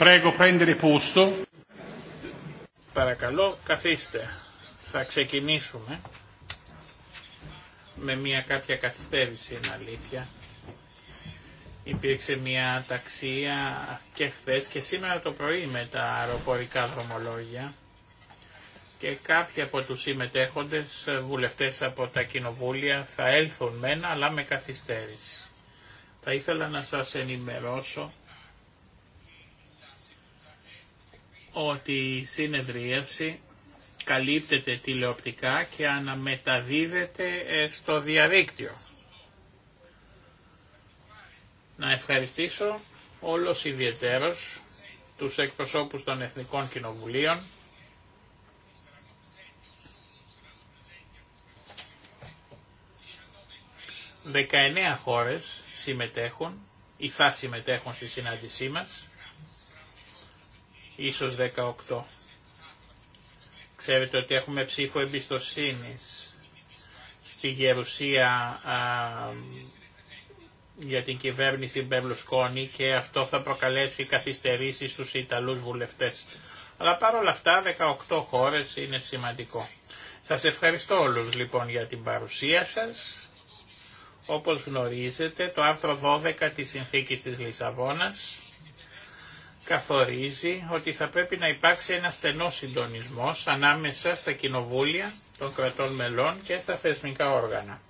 Prego prendere posto. Παρακαλώ καθίστε. Θα ξεκινήσουμε με μια κάποια καθυστέρηση είναι αλήθεια. Υπήρξε μια ταξία και χθε και σήμερα το πρωί με τα αεροπορικά δρομολόγια και κάποιοι από τους συμμετέχοντες βουλευτές από τα κοινοβούλια θα έλθουν μένα αλλά με καθυστέρηση. Θα ήθελα να σας ενημερώσω ότι η συνεδρίαση καλύπτεται τηλεοπτικά και αναμεταδίδεται ε, στο διαδίκτυο. Να ευχαριστήσω όλος ιδιαιτέρως τους εκπροσώπους των Εθνικών Κοινοβουλίων Δεκαεννέα χώρες συμμετέχουν ή θα συμμετέχουν στη συνάντησή μας ίσως 18. Ξέρετε ότι έχουμε ψήφο εμπιστοσύνης στη Γερουσία α, για την κυβέρνηση Μπερλουσκόνη και αυτό θα προκαλέσει καθυστερήσεις στους Ιταλούς βουλευτές. Αλλά παρόλα αυτά 18 χώρες είναι σημαντικό. Σας ευχαριστώ όλους λοιπόν για την παρουσία σας. Όπως γνωρίζετε το άρθρο 12 της Συνθήκης της Λισαβόνας καθορίζει ότι θα πρέπει να υπάρξει ένα στενό συντονισμός ανάμεσα στα κοινοβούλια των κρατών μελών και στα θεσμικά όργανα.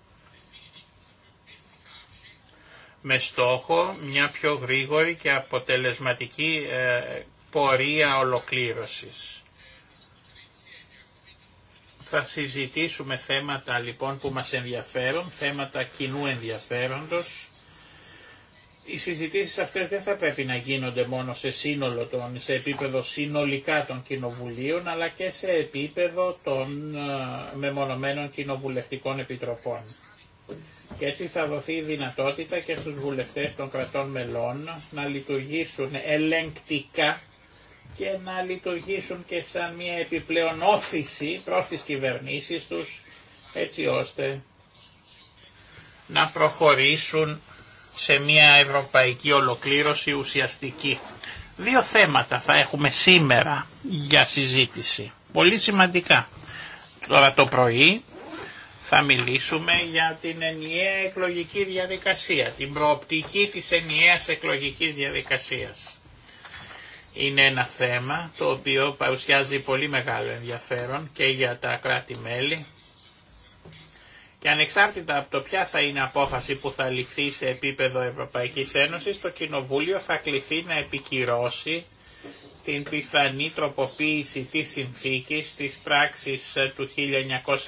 Με στόχο μια πιο γρήγορη και αποτελεσματική ε, πορεία ολοκλήρωσης. Θα συζητήσουμε θέματα λοιπόν που μας ενδιαφέρουν, θέματα κοινού ενδιαφέροντος, οι συζητήσεις αυτές δεν θα πρέπει να γίνονται μόνο σε σύνολο των, σε επίπεδο συνολικά των κοινοβουλίων, αλλά και σε επίπεδο των ε, μεμονωμένων κοινοβουλευτικών επιτροπών. Και έτσι θα δοθεί η δυνατότητα και στους βουλευτές των κρατών μελών να λειτουργήσουν ελεγκτικά και να λειτουργήσουν και σαν μια επιπλέον όθηση προς τις κυβερνήσεις τους, έτσι ώστε να προχωρήσουν σε μια ευρωπαϊκή ολοκλήρωση ουσιαστική. Δύο θέματα θα έχουμε σήμερα για συζήτηση. Πολύ σημαντικά. Τώρα το πρωί θα μιλήσουμε για την ενιαία εκλογική διαδικασία, την προοπτική της ενιαίας εκλογικής διαδικασίας. Είναι ένα θέμα το οποίο παρουσιάζει πολύ μεγάλο ενδιαφέρον και για τα κράτη-μέλη και ανεξάρτητα από το ποια θα είναι απόφαση που θα ληφθεί σε επίπεδο Ευρωπαϊκής Ένωσης, το Κοινοβούλιο θα κληθεί να επικυρώσει την πιθανή τροποποίηση της συνθήκης της πράξης ε, του 1976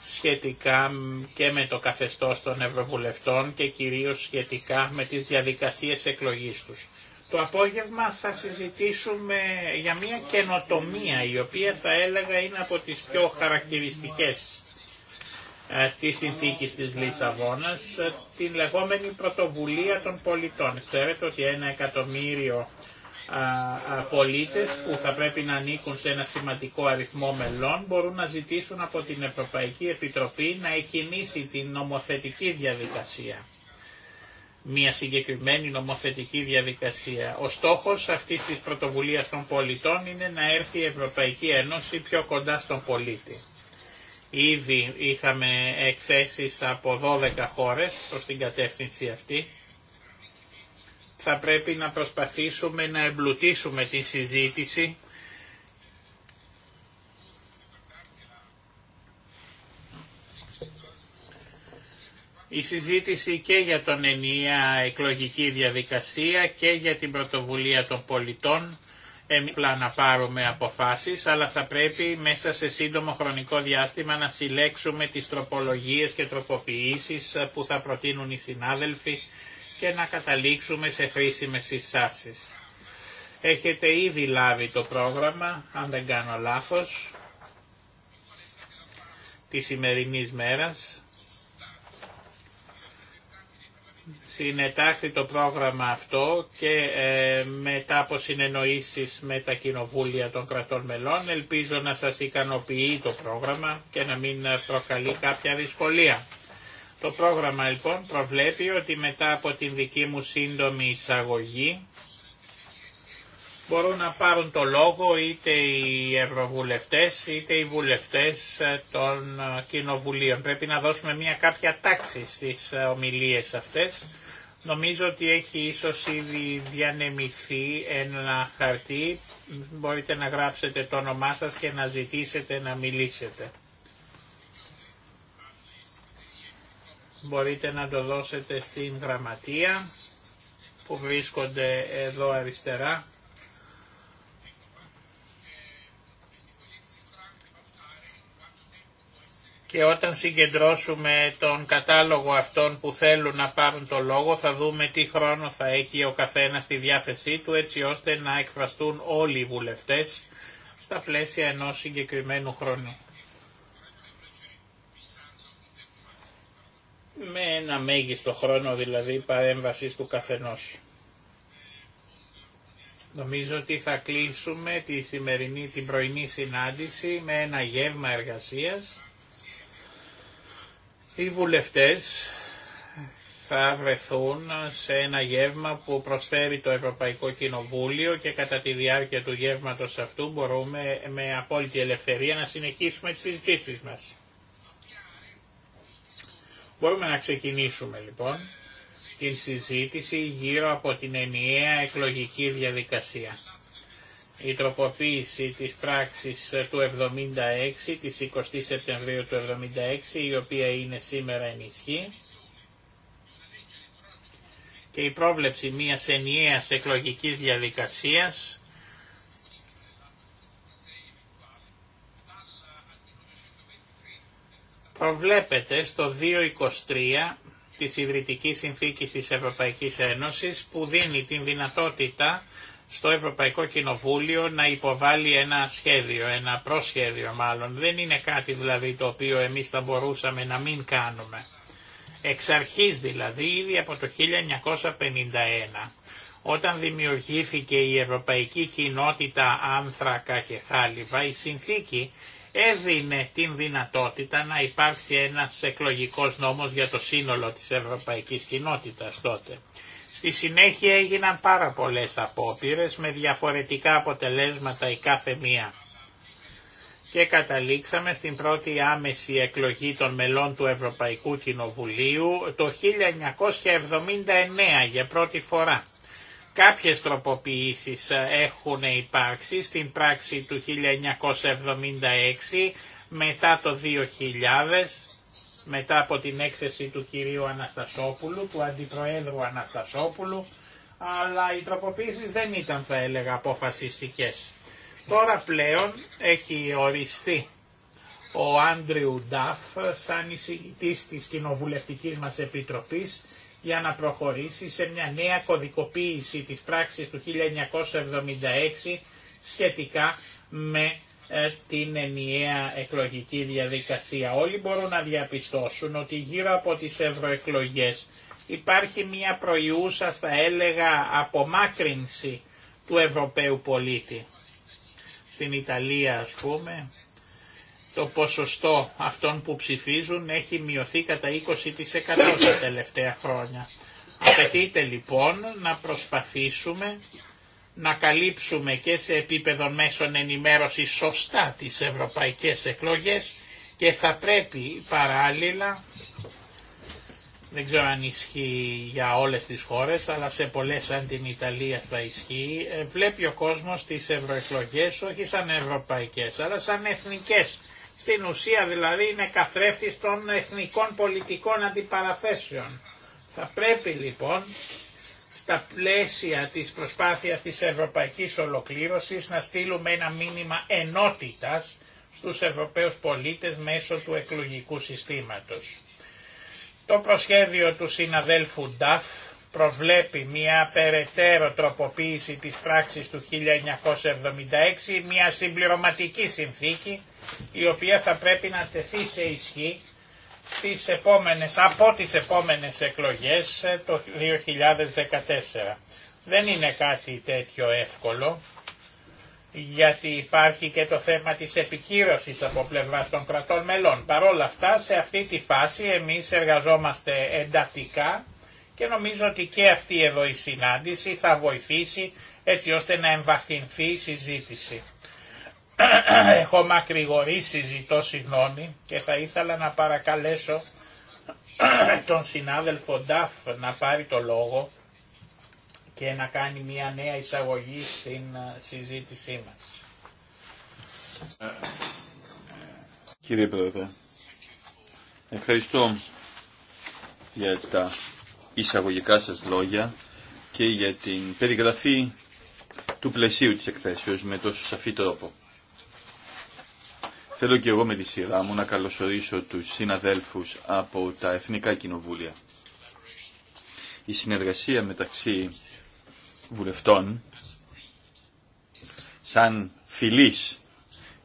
σχετικά και με το καθεστώς των Ευρωβουλευτών και κυρίως σχετικά με τις διαδικασίες εκλογής τους. Το απόγευμα θα συζητήσουμε για μια καινοτομία η οποία θα έλεγα είναι από τις πιο χαρακτηριστικές ε, της συνθήκης της Λισαβόνας, ε, την λεγόμενη πρωτοβουλία των πολιτών. Ξέρετε ότι ένα εκατομμύριο πολίτες που θα πρέπει να ανήκουν σε ένα σημαντικό αριθμό μελών μπορούν να ζητήσουν από την Ευρωπαϊκή Επιτροπή να εκινήσει την νομοθετική διαδικασία μια συγκεκριμένη νομοθετική διαδικασία. Ο στόχος αυτής της πρωτοβουλίας των πολιτών είναι να έρθει η Ευρωπαϊκή Ένωση πιο κοντά στον πολίτη. Ήδη είχαμε εκθέσεις από 12 χώρες προ την κατεύθυνση αυτή. Θα πρέπει να προσπαθήσουμε να εμπλουτίσουμε τη συζήτηση Η συζήτηση και για τον ενιαία εκλογική διαδικασία και για την πρωτοβουλία των πολιτών εμείς απλά να πάρουμε αποφάσεις, αλλά θα πρέπει μέσα σε σύντομο χρονικό διάστημα να συλλέξουμε τις τροπολογίες και τροποποιήσεις που θα προτείνουν οι συνάδελφοι και να καταλήξουμε σε χρήσιμες συστάσεις. Έχετε ήδη λάβει το πρόγραμμα, αν δεν κάνω λάθος, της σημερινής μέρας συνετάχθη το πρόγραμμα αυτό και ε, μετά από συνεννοήσεις με τα κοινοβούλια των κρατών μελών ελπίζω να σας ικανοποιεί το πρόγραμμα και να μην προκαλεί κάποια δυσκολία. Το πρόγραμμα λοιπόν προβλέπει ότι μετά από την δική μου σύντομη εισαγωγή μπορούν να πάρουν το λόγο είτε οι ευρωβουλευτές είτε οι βουλευτές των κοινοβουλίων. Πρέπει να δώσουμε μια κάποια τάξη στις ομιλίες αυτές. Νομίζω ότι έχει ίσως ήδη διανεμηθεί ένα χαρτί. Μπορείτε να γράψετε το όνομά σας και να ζητήσετε να μιλήσετε. Μπορείτε να το δώσετε στην γραμματεία που βρίσκονται εδώ αριστερά. και όταν συγκεντρώσουμε τον κατάλογο αυτών που θέλουν να πάρουν το λόγο θα δούμε τι χρόνο θα έχει ο καθένας στη διάθεσή του έτσι ώστε να εκφραστούν όλοι οι βουλευτές στα πλαίσια ενός συγκεκριμένου χρόνου. Με ένα μέγιστο χρόνο δηλαδή παρέμβασης του καθενός. Νομίζω ότι θα κλείσουμε τη σημερινή, την πρωινή συνάντηση με ένα γεύμα εργασίας οι βουλευτές θα βρεθούν σε ένα γεύμα που προσφέρει το Ευρωπαϊκό Κοινοβούλιο και κατά τη διάρκεια του γεύματο αυτού μπορούμε με απόλυτη ελευθερία να συνεχίσουμε τις συζητήσεις μας. Μπορούμε να ξεκινήσουμε λοιπόν την συζήτηση γύρω από την ενιαία εκλογική διαδικασία η τροποποίηση της πράξης του 76, της 20 Σεπτεμβρίου του 76, η οποία είναι σήμερα ενισχύ και η πρόβλεψη μιας ενιαίας εκλογικής διαδικασίας προβλέπεται στο 2.23 της Ιδρυτικής Συνθήκης της Ευρωπαϊκής Ένωσης που δίνει την δυνατότητα στο Ευρωπαϊκό Κοινοβούλιο να υποβάλει ένα σχέδιο, ένα προσχέδιο μάλλον. Δεν είναι κάτι δηλαδή το οποίο εμείς θα μπορούσαμε να μην κάνουμε. Εξ αρχής δηλαδή ήδη από το 1951 όταν δημιουργήθηκε η Ευρωπαϊκή Κοινότητα Άνθρακα και Χάλιβα η συνθήκη έδινε την δυνατότητα να υπάρξει ένας εκλογικός νόμος για το σύνολο της Ευρωπαϊκής Κοινότητας τότε. Στη συνέχεια έγιναν πάρα πολλές απόπειρες με διαφορετικά αποτελέσματα η κάθε μία. Και καταλήξαμε στην πρώτη άμεση εκλογή των μελών του Ευρωπαϊκού Κοινοβουλίου το 1979 για πρώτη φορά. Κάποιες τροποποιήσεις έχουν υπάρξει στην πράξη του 1976 μετά το 2000 μετά από την έκθεση του κυρίου Αναστασόπουλου, του Αντιπροέδρου Αναστασόπουλου, αλλά οι τροποποίησεις δεν ήταν θα έλεγα αποφασιστικές. Τώρα πλέον έχει οριστεί ο Άντριου Νταφ σαν εισηγητής της κοινοβουλευτικής μας επιτροπής για να προχωρήσει σε μια νέα κωδικοποίηση της πράξης του 1976 σχετικά με την ενιαία εκλογική διαδικασία. Όλοι μπορούν να διαπιστώσουν ότι γύρω από τις ευρωεκλογές υπάρχει μια προϊούσα θα έλεγα απομάκρυνση του Ευρωπαίου πολίτη. Στην Ιταλία ας πούμε το ποσοστό αυτών που ψηφίζουν έχει μειωθεί κατά 20% τα τελευταία χρόνια. Απαιτείται λοιπόν να προσπαθήσουμε να καλύψουμε και σε επίπεδο μέσων ενημέρωσης σωστά τις ευρωπαϊκές εκλογές και θα πρέπει παράλληλα, δεν ξέρω αν ισχύει για όλες τις χώρες, αλλά σε πολλές σαν την Ιταλία θα ισχύει, ε, βλέπει ο κόσμος τις ευρωεκλογές όχι σαν ευρωπαϊκές, αλλά σαν εθνικές. Στην ουσία δηλαδή είναι καθρέφτης των εθνικών πολιτικών αντιπαραθέσεων. Θα πρέπει λοιπόν στα πλαίσια της προσπάθειας της ευρωπαϊκής ολοκλήρωσης να στείλουμε ένα μήνυμα ενότητας στους Ευρωπαίους πολίτες μέσω του εκλογικού συστήματος. Το προσχέδιο του συναδέλφου Νταφ προβλέπει μια περαιτέρω τροποποίηση της πράξης του 1976, μια συμπληρωματική συνθήκη η οποία θα πρέπει να τεθεί σε ισχύ τις επόμενες, από τις επόμενες εκλογές ε, το 2014. Δεν είναι κάτι τέτοιο εύκολο γιατί υπάρχει και το θέμα της επικύρωσης από πλευρά των κρατών μελών. Παρ' όλα αυτά, σε αυτή τη φάση εμείς εργαζόμαστε εντατικά και νομίζω ότι και αυτή εδώ η συνάντηση θα βοηθήσει έτσι ώστε να εμβαθυνθεί η συζήτηση έχω μακρηγορήσει, ζητώ συγγνώμη και θα ήθελα να παρακαλέσω τον συνάδελφο Νταφ να πάρει το λόγο και να κάνει μια νέα εισαγωγή στην ε, συζήτησή μας. Κύριε Πρόεδρε, ευχαριστώ για τα εισαγωγικά σας λόγια και για την περιγραφή του πλαισίου της εκθέσεως με τόσο σαφή τρόπο. Θέλω και εγώ με τη σειρά μου να καλωσορίσω τους συναδέλφους από τα Εθνικά Κοινοβούλια. Η συνεργασία μεταξύ βουλευτών σαν φιλής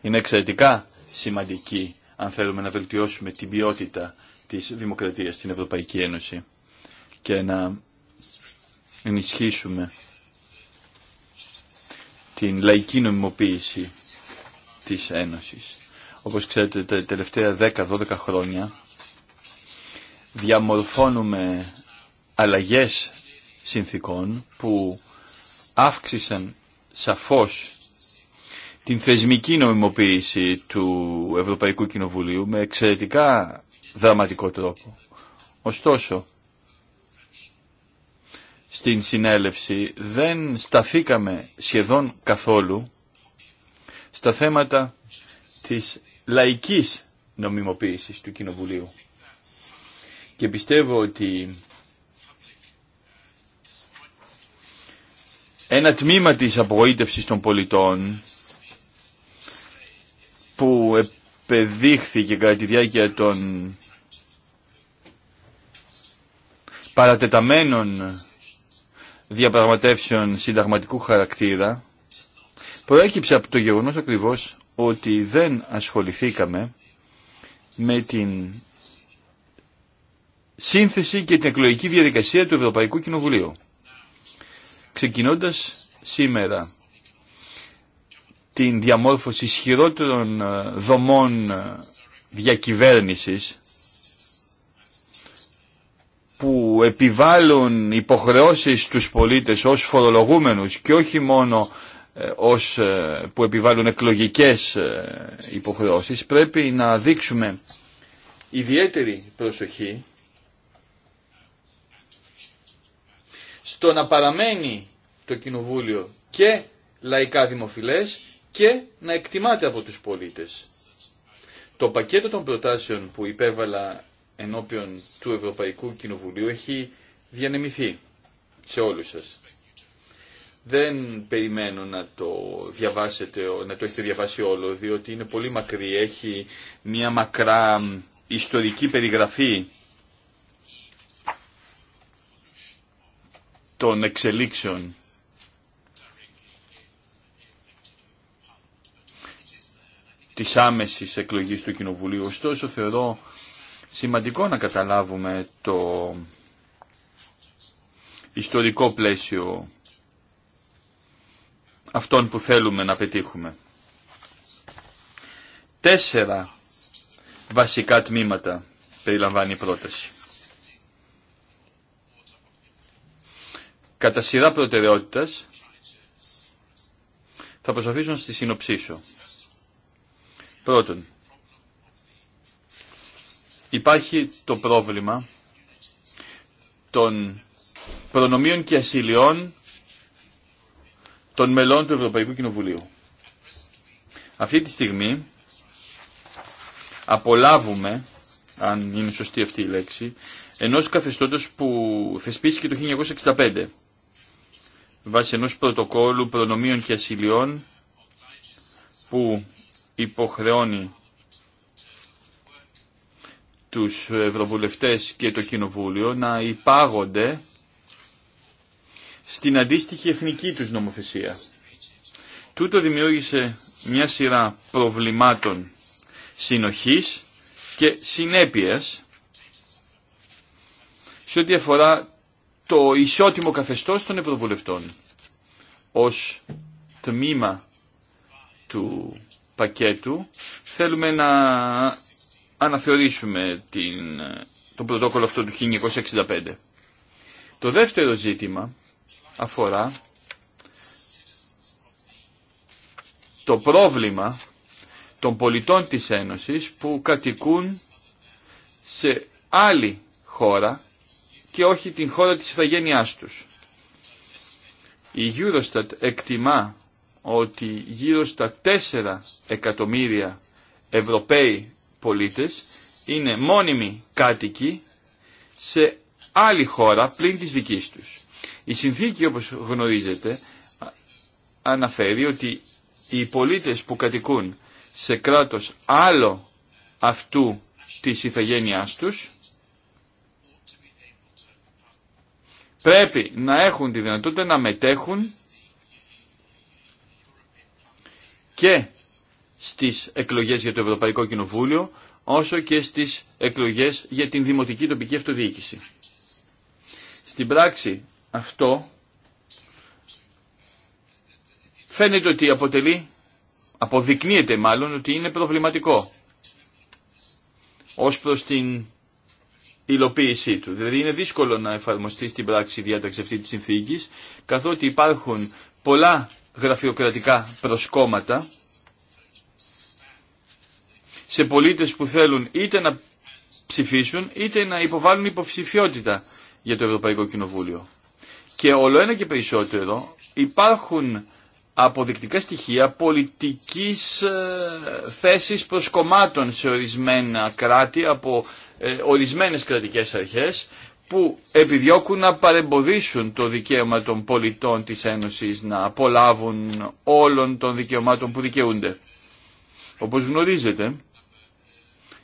είναι εξαιρετικά σημαντική αν θέλουμε να βελτιώσουμε την ποιότητα της δημοκρατίας στην Ευρωπαϊκή Ένωση και να ενισχύσουμε την λαϊκή νομιμοποίηση της Ένωσης. Όπως ξέρετε, τα τελευταία 10-12 χρόνια διαμορφώνουμε αλλαγές συνθήκων που αύξησαν σαφώς την θεσμική νομιμοποίηση του Ευρωπαϊκού Κοινοβουλίου με εξαιρετικά δραματικό τρόπο. Ωστόσο, στην συνέλευση δεν σταθήκαμε σχεδόν καθόλου στα θέματα της λαϊκής νομιμοποίησης του Κοινοβουλίου. Και πιστεύω ότι ένα τμήμα της απογοήτευσης των πολιτών που επεδείχθηκε κατά τη διάρκεια των παρατεταμένων διαπραγματεύσεων συνταγματικού χαρακτήρα προέκυψε από το γεγονός ακριβώς ότι δεν ασχοληθήκαμε με την σύνθεση και την εκλογική διαδικασία του Ευρωπαϊκού Κοινοβουλίου. Ξεκινώντας σήμερα την διαμόρφωση ισχυρότερων ε, δομών ε, διακυβέρνησης που επιβάλλουν υποχρεώσεις στους πολίτες ως φορολογούμενους και όχι μόνο ε, ως, ε, που επιβάλλουν εκλογικές ε, υποχρεώσεις πρέπει να δείξουμε ιδιαίτερη προσοχή στο να παραμένει το Κοινοβούλιο και λαϊκά δημοφιλές και να εκτιμάται από τους πολίτες. Το πακέτο των προτάσεων που υπέβαλα ενώπιον του Ευρωπαϊκού Κοινοβουλίου έχει διανεμηθεί σε όλους σας. Δεν περιμένω να το διαβάσετε, να το έχετε διαβάσει όλο, διότι είναι πολύ μακρύ. Έχει μια μακρά ιστορική περιγραφή των εξελίξεων. της άμεση εκλογής του Κοινοβουλίου. Ωστόσο θεωρώ σημαντικό να καταλάβουμε το ιστορικό πλαίσιο Αυτόν που θέλουμε να πετύχουμε. Τέσσερα βασικά τμήματα περιλαμβάνει η πρόταση. Κατά σειρά προτεραιότητας θα προσπαθήσω να στη συνοψίσω. Πρώτον, υπάρχει το πρόβλημα των προνομίων και ασύλειών των μελών του Ευρωπαϊκού Κοινοβουλίου. Αυτή τη στιγμή απολάβουμε, αν είναι σωστή αυτή η λέξη, ενός καθεστώτος που θεσπίστηκε το 1965 βάσει ενός πρωτοκόλου προνομίων και ασυλιών που υποχρεώνει τους Ευρωβουλευτές και το Κοινοβούλιο να υπάγονται στην αντίστοιχη εθνική τους νομοθεσία. Τούτο δημιούργησε μια σειρά προβλημάτων συνοχής και συνέπειας σε ό,τι αφορά το ισότιμο καθεστώς των ευρωβουλευτών ως τμήμα του πακέτου θέλουμε να αναθεωρήσουμε την, το πρωτόκολλο αυτό του 1965. Το δεύτερο ζήτημα αφορά το πρόβλημα των πολιτών της Ένωσης που κατοικούν σε άλλη χώρα και όχι την χώρα της ηθαγένειάς τους. Η Eurostat εκτιμά ότι γύρω στα 4 εκατομμύρια Ευρωπαίοι πολίτες είναι μόνιμοι κάτοικοι σε άλλη χώρα πλην της δικής τους. Η συνθήκη όπως γνωρίζετε αναφέρει ότι οι πολίτες που κατοικούν σε κράτος άλλο αυτού της ηθαγένειάς τους πρέπει να έχουν τη δυνατότητα να μετέχουν και στις εκλογές για το Ευρωπαϊκό Κοινοβούλιο όσο και στις εκλογές για την Δημοτική Τοπική Αυτοδιοίκηση. Στην πράξη αυτό φαίνεται ότι αποτελεί, αποδεικνύεται μάλλον ότι είναι προβληματικό ως προς την υλοποίησή του. Δηλαδή είναι δύσκολο να εφαρμοστεί στην πράξη η διάταξη αυτή της συνθήκης, καθότι υπάρχουν πολλά γραφειοκρατικά προσκόμματα σε πολίτες που θέλουν είτε να ψηφίσουν είτε να υποβάλουν υποψηφιότητα για το Ευρωπαϊκό Κοινοβούλιο. Και όλο ένα και περισσότερο υπάρχουν αποδεικτικά στοιχεία πολιτικής ε, θέσης προς κομμάτων σε ορισμένα κράτη από ε, ορισμένες κρατικές αρχές που επιδιώκουν να παρεμποδίσουν το δικαίωμα των πολιτών της Ένωσης να απολάβουν όλων των δικαιωμάτων που δικαιούνται. Όπως γνωρίζετε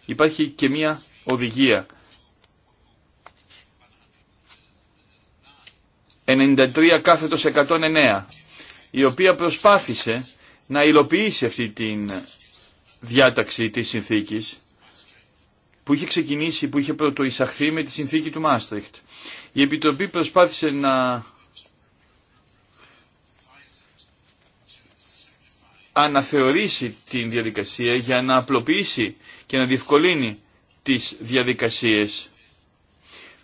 υπάρχει και μια οδηγία 93 κάθετος 109, η οποία προσπάθησε να υλοποιήσει αυτή την διάταξη της συνθήκης που είχε ξεκινήσει, που είχε πρωτοεισαχθεί με τη συνθήκη του Μάστριχτ. Η Επιτροπή προσπάθησε να αναθεωρήσει την διαδικασία για να απλοποιήσει και να διευκολύνει τις διαδικασίες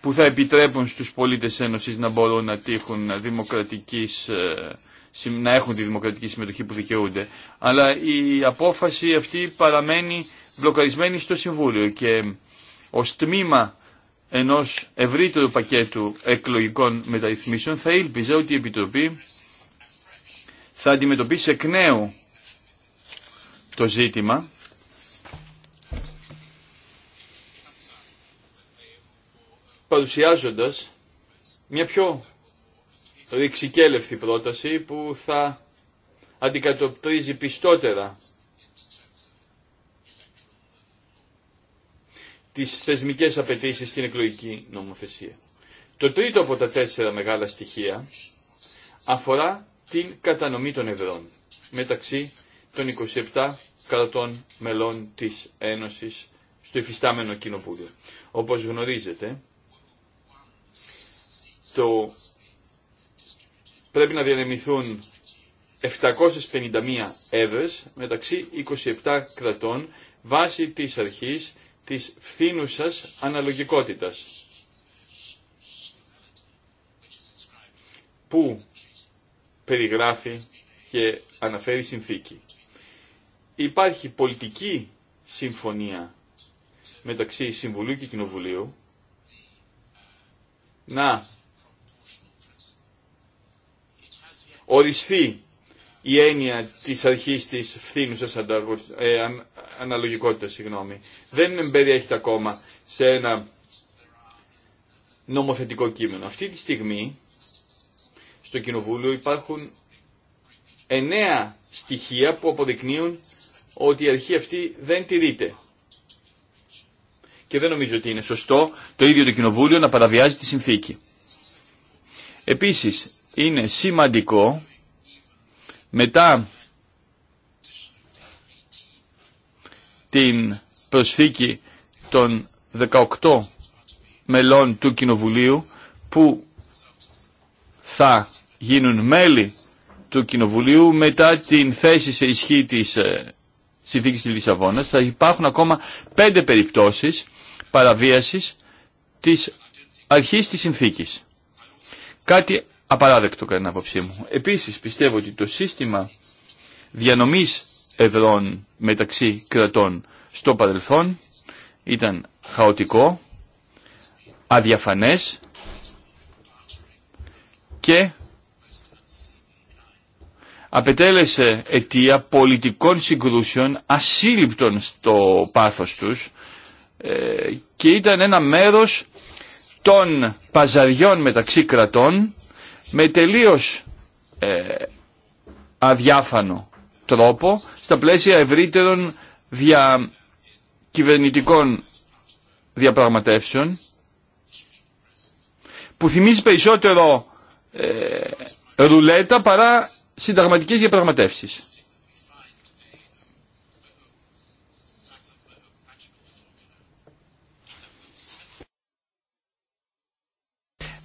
που θα επιτρέπουν στους πολίτες Ένωσης να μπορούν να, τύχουν δημοκρατικής, ε, να έχουν τη δημοκρατική συμμετοχή που δικαιούνται. Αλλά η απόφαση αυτή παραμένει μπλοκαρισμένη στο Συμβούλιο και ως τμήμα ενός ευρύτερου πακέτου εκλογικών μεταρρυθμίσεων θα ήλπιζα ότι η Επιτροπή θα αντιμετωπίσει εκ νέου το ζήτημα παρουσιάζοντας μια πιο ρηξικέλευτη πρόταση που θα αντικατοπτρίζει πιστότερα τις θεσμικές απαιτήσει στην εκλογική νομοθεσία. Το τρίτο από τα τέσσερα μεγάλα στοιχεία αφορά την κατανομή των ευρών μεταξύ των 27 κρατών μελών της Ένωσης στο υφιστάμενο κοινοπούλιο. Όπως γνωρίζετε, το πρέπει να διανεμηθούν 751 έδρες μεταξύ 27 κρατών βάσει της αρχής της φθήνουσας αναλογικότητας που περιγράφει και αναφέρει συνθήκη. Υπάρχει πολιτική συμφωνία μεταξύ Συμβουλίου και Κοινοβουλίου να οριστεί η έννοια της αρχής της φθήνουσας ε, αναλογικότητας. Συγγνώμη. Δεν περιέχεται ακόμα σε ένα νομοθετικό κείμενο. Αυτή τη στιγμή στο Κοινοβούλιο υπάρχουν εννέα στοιχεία που αποδεικνύουν ότι η αρχή αυτή δεν τηρείται και δεν νομίζω ότι είναι σωστό το ίδιο το Κοινοβούλιο να παραβιάζει τη συνθήκη. Επίσης, είναι σημαντικό μετά την προσθήκη των 18 μελών του Κοινοβουλίου που θα γίνουν μέλη του Κοινοβουλίου μετά την θέση σε ισχύ της ε, συνθήκης της Λισαβόνας. Θα υπάρχουν ακόμα πέντε περιπτώσεις παραβίασης της αρχής της συνθήκης. Κάτι απαράδεκτο κατά την άποψή μου. Επίσης πιστεύω ότι το σύστημα διανομής ευρών μεταξύ κρατών στο παρελθόν ήταν χαοτικό, αδιαφανές και απετέλεσε αιτία πολιτικών συγκρούσεων ασύλληπτων στο πάθος τους ε, και ήταν ένα μέρος των παζαριών μεταξύ κρατών με τελείως ε, αδιάφανο τρόπο στα πλαίσια ευρύτερων δια κυβερνητικών διαπραγματεύσεων που θυμίζει περισσότερο ε, ρουλέτα παρά συνταγματικές διαπραγματεύσεις.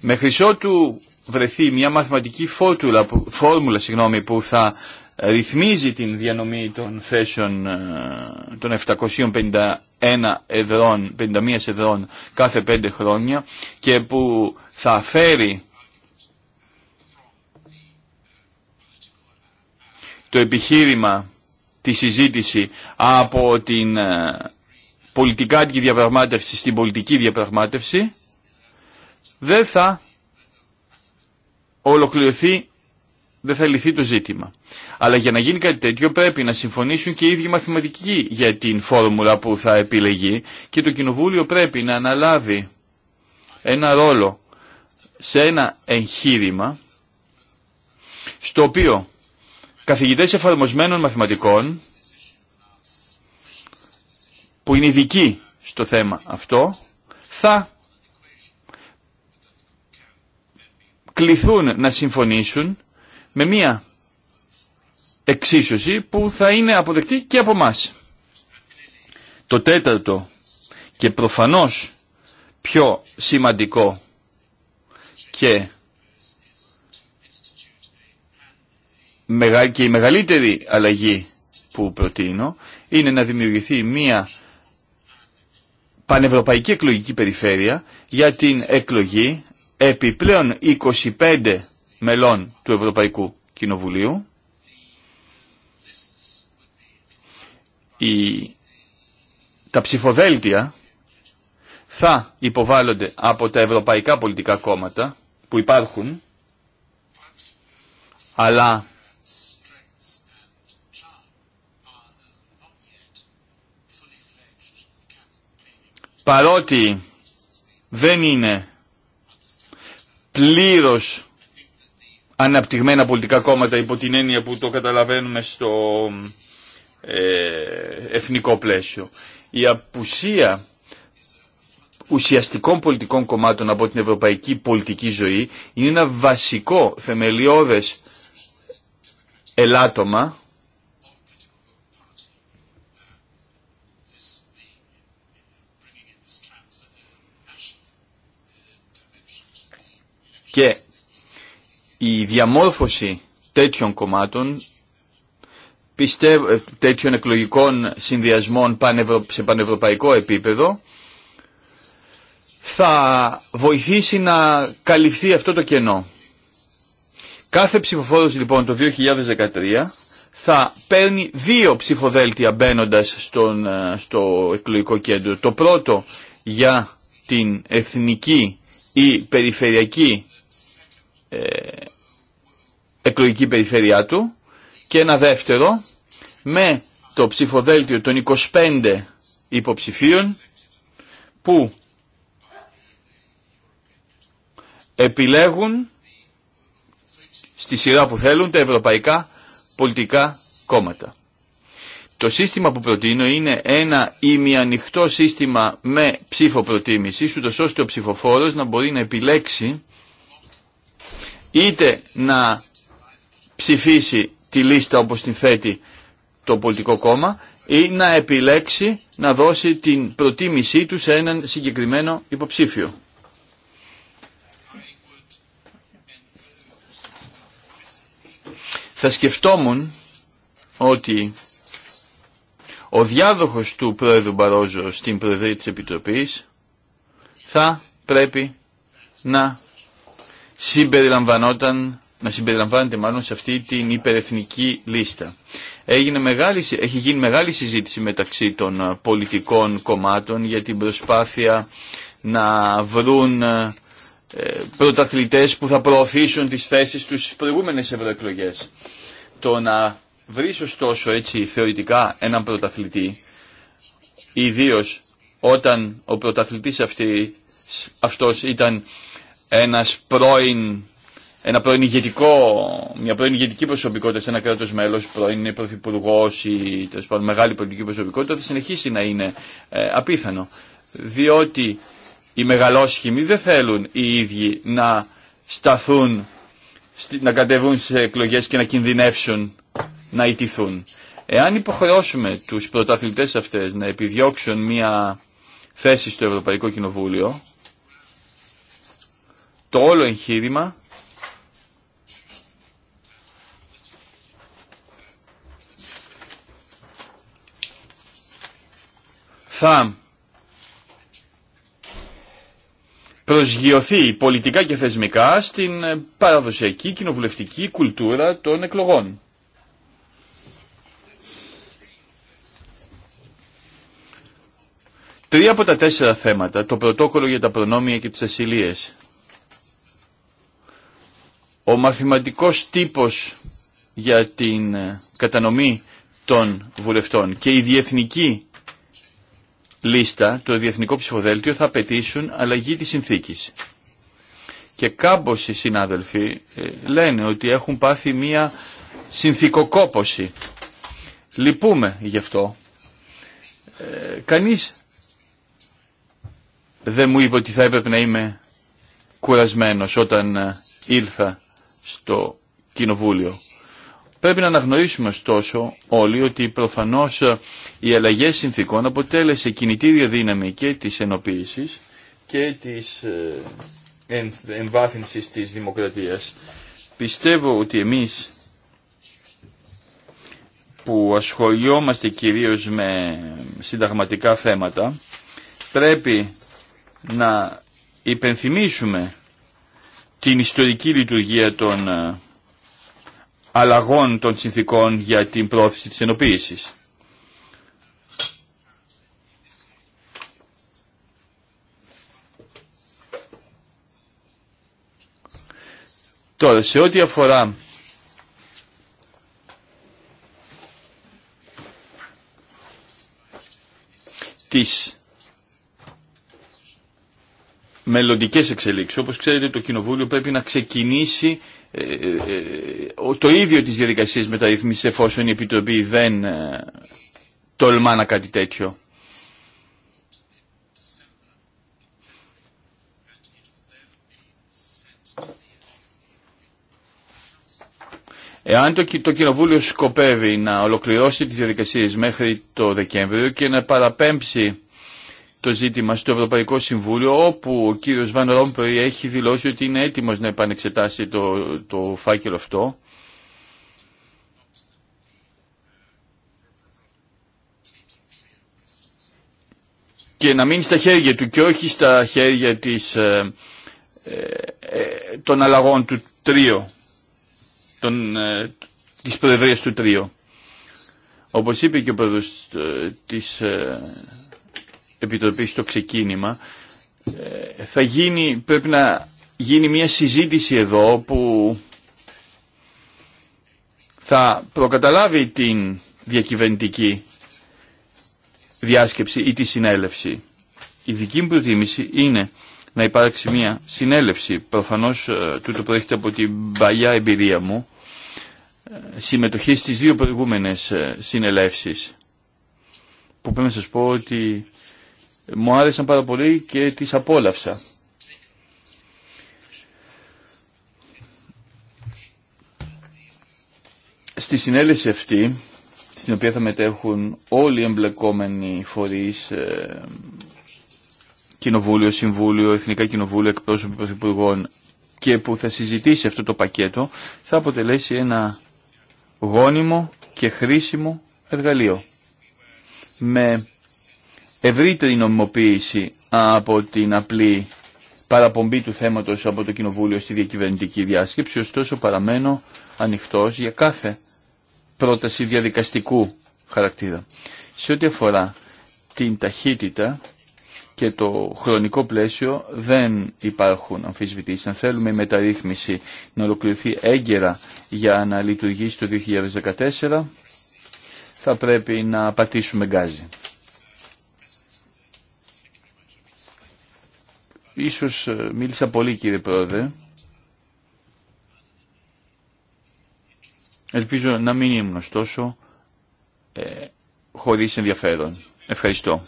Μέχρι ότου βρεθεί μια μαθηματική φόρμουλα συγγνώμη, που θα ρυθμίζει την διανομή των θέσεων ε, των 751 ευρών, 51 κάθε πέντε χρόνια και που θα φέρει το επιχείρημα τη συζήτηση από την ε, πολιτικά διαπραγμάτευση στην πολιτική διαπραγμάτευση δεν θα ολοκληρωθεί, δεν θα λυθεί το ζήτημα. Αλλά για να γίνει κάτι τέτοιο πρέπει να συμφωνήσουν και οι ίδιοι μαθηματικοί για την φόρμουλα που θα επιλεγεί και το Κοινοβούλιο πρέπει να αναλάβει ένα ρόλο σε ένα εγχείρημα στο οποίο καθηγητές εφαρμοσμένων μαθηματικών που είναι ειδικοί στο θέμα αυτό θα κληθούν να συμφωνήσουν με μία εξίσωση που θα είναι αποδεκτή και από μας. Το τέταρτο και προφανώς πιο σημαντικό και και η μεγαλύτερη αλλαγή που προτείνω είναι να δημιουργηθεί μία πανευρωπαϊκή εκλογική περιφέρεια για την εκλογή επιπλέον 25 μελών του Ευρωπαϊκού Κοινοβουλίου. Η, τα ψηφοδέλτια θα υποβάλλονται από τα ευρωπαϊκά πολιτικά κόμματα που υπάρχουν, αλλά παρότι δεν είναι πλήρως αναπτυγμένα πολιτικά κόμματα υπό την έννοια που το καταλαβαίνουμε στο ε, εθνικό πλαίσιο. Η απουσία ουσιαστικών πολιτικών κομμάτων από την ευρωπαϊκή πολιτική ζωή είναι ένα βασικό θεμελιώδες ελάττωμα Και η διαμόρφωση τέτοιων κομμάτων, ε, τέτοιων εκλογικών συνδυασμών σε πανευρωπαϊκό επίπεδο, θα βοηθήσει να καλυφθεί αυτό το κενό. Κάθε ψηφοφόρος λοιπόν το 2013 θα παίρνει δύο ψηφοδέλτια μπαίνοντα ε, στο εκλογικό κέντρο. Το πρώτο για την εθνική ή περιφερειακή ε, εκλογική περιφέρειά του και ένα δεύτερο με το ψηφοδέλτιο των 25 υποψηφίων που επιλέγουν στη σειρά που θέλουν τα ευρωπαϊκά πολιτικά κόμματα. Το σύστημα που προτείνω είναι ένα ημιανοιχτό σύστημα με ψήφο προτίμηση ούτως ώστε ο ψηφοφόρος να μπορεί να επιλέξει είτε να ψηφίσει τη λίστα όπως την θέτει το πολιτικό κόμμα ή να επιλέξει να δώσει την προτίμησή του σε έναν συγκεκριμένο υποψήφιο. Θα σκεφτόμουν ότι ο διάδοχος του πρόεδρου Μπαρόζο στην Προεδρία της Επιτροπής θα πρέπει να συμπεριλαμβανόταν να συμπεριλαμβάνεται μάλλον σε αυτή την υπερεθνική λίστα. Έγινε μεγάλη, έχει γίνει μεγάλη συζήτηση μεταξύ των ε, πολιτικών κομμάτων για την προσπάθεια να βρουν ε, ε, πρωταθλητές που θα προωθήσουν τις θέσεις τους στις προηγούμενες ευρωεκλογέ. Το να βρεις ωστόσο έτσι θεωρητικά έναν πρωταθλητή, ιδίω όταν ο πρωταθλητής αυτή, αυτός ήταν ένας πρώην, ένα πρώην ηγετικό, μια πρώην ηγετική προσωπικότητα σε ένα κράτος μέλος, πρώην είναι πρωθυπουργός ή τέλος μεγάλη πολιτική προσωπικότητα, θα συνεχίσει να είναι ε, απίθανο. Διότι οι μεγαλόσχημοι δεν θέλουν οι ίδιοι να σταθούν, να κατεβούν σε εκλογές και να κινδυνεύσουν να ιτηθούν. Εάν υποχρεώσουμε τους πρωταθλητές αυτές να επιδιώξουν μια θέση στο Ευρωπαϊκό Κοινοβούλιο, το όλο εγχείρημα θα προσγειωθεί πολιτικά και θεσμικά στην παραδοσιακή κοινοβουλευτική κουλτούρα των εκλογών. Τρία από τα τέσσερα θέματα, το πρωτόκολλο για τα προνόμια και τις ασυλίες, ο μαθηματικός τύπος για την ε, κατανομή των βουλευτών και η διεθνική λίστα, το διεθνικό ψηφοδέλτιο θα απαιτήσουν αλλαγή της συνθήκης. Και οι συνάδελφοι ε, λένε ότι έχουν πάθει μία συνθηκοκόπωση. Λυπούμε γι' αυτό. Ε, κανείς δεν μου είπε ότι θα έπρεπε να είμαι κουρασμένος όταν ε, ήλθα στο Κοινοβούλιο. Πρέπει να αναγνωρίσουμε ωστόσο όλοι ότι προφανώς ε, οι αλλαγέ συνθήκων αποτέλεσε κινητήρια δύναμη και της ενοποίησης και της ε, εμβάθυνσης της δημοκρατίας. Πιστεύω ότι εμείς που ασχολιόμαστε κυρίως με συνταγματικά θέματα πρέπει να υπενθυμίσουμε την ιστορική λειτουργία των ε, αλλαγών των συνθήκων για την πρόθεση της ενοποίησης. Τώρα, σε ό,τι αφορά τις μελλοντικές εξελίξει. Όπως ξέρετε το Κοινοβούλιο πρέπει να ξεκινήσει ε, ε, ε, το ίδιο της διαδικασίας μεταρρύθμιση εφόσον η Επιτροπή δεν τολμά να κάτι τέτοιο. Εάν το, το Κοινοβούλιο σκοπεύει να ολοκληρώσει τις διαδικασίες μέχρι το Δεκέμβριο και να παραπέμψει το ζήτημα στο Ευρωπαϊκό Συμβούλιο όπου ο κύριος Βαν Ρόμπερ έχει δηλώσει ότι είναι έτοιμος να επανεξετάσει το, το φάκελο αυτό. και να μείνει στα χέρια του και όχι στα χέρια της, ε, ε, ε, των αλλαγών του τρίο, των, ε, της προεδρίας του Τρίου Όπως είπε και ο πρόεδρος της Επιτροπή στο ξεκίνημα, ε, θα γίνει, πρέπει να γίνει μια συζήτηση εδώ που θα προκαταλάβει την διακυβερνητική διάσκεψη ή τη συνέλευση. Η δική μου προτίμηση είναι να υπάρξει μια συνέλευση. Προφανώς ε, τούτο προέρχεται από την παλιά εμπειρία μου ε, συμμετοχή στις δύο προηγούμενες συνελεύσεις που πρέπει να σας πω ότι μου άρεσαν πάρα πολύ και τις απόλαυσα. Στη συνέλευση αυτή, στην οποία θα μετέχουν όλοι οι εμπλεκόμενοι φορείς, ε, Κοινοβούλιο, Συμβούλιο, Εθνικά Κοινοβούλια, εκπρόσωποι Πρωθυπουργών και που θα συζητήσει αυτό το πακέτο, θα αποτελέσει ένα γόνιμο και χρήσιμο εργαλείο. Με ευρύτερη νομιμοποίηση από την απλή παραπομπή του θέματος από το Κοινοβούλιο στη διακυβερνητική διάσκεψη, ωστόσο παραμένω ανοιχτός για κάθε πρόταση διαδικαστικού χαρακτήρα. Σε ό,τι αφορά την ταχύτητα και το χρονικό πλαίσιο δεν υπάρχουν αμφισβητήσεις. Αν θέλουμε η μεταρρύθμιση να ολοκληρωθεί έγκαιρα για να λειτουργήσει το 2014, θα πρέπει να πατήσουμε γκάζι. Ίσως ε, μίλησα πολύ κύριε Πρόεδρε. Ελπίζω να μην ήμουν ωστόσο ε, χωρίς ενδιαφέρον. Ευχαριστώ.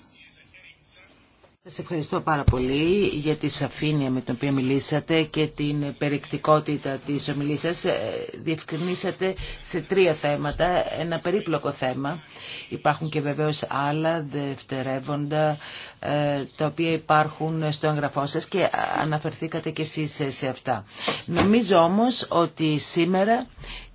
Σας ευχαριστώ πάρα πολύ για τη σαφήνεια με την οποία μιλήσατε και την περιεκτικότητα της ομιλής σας. Ε, διευκρινίσατε σε τρία θέματα, ένα περίπλοκο θέμα. Υπάρχουν και βεβαίως άλλα δευτερεύοντα ε, τα οποία υπάρχουν στο εγγραφό σας και αναφερθήκατε και εσείς σε αυτά. Νομίζω όμως ότι σήμερα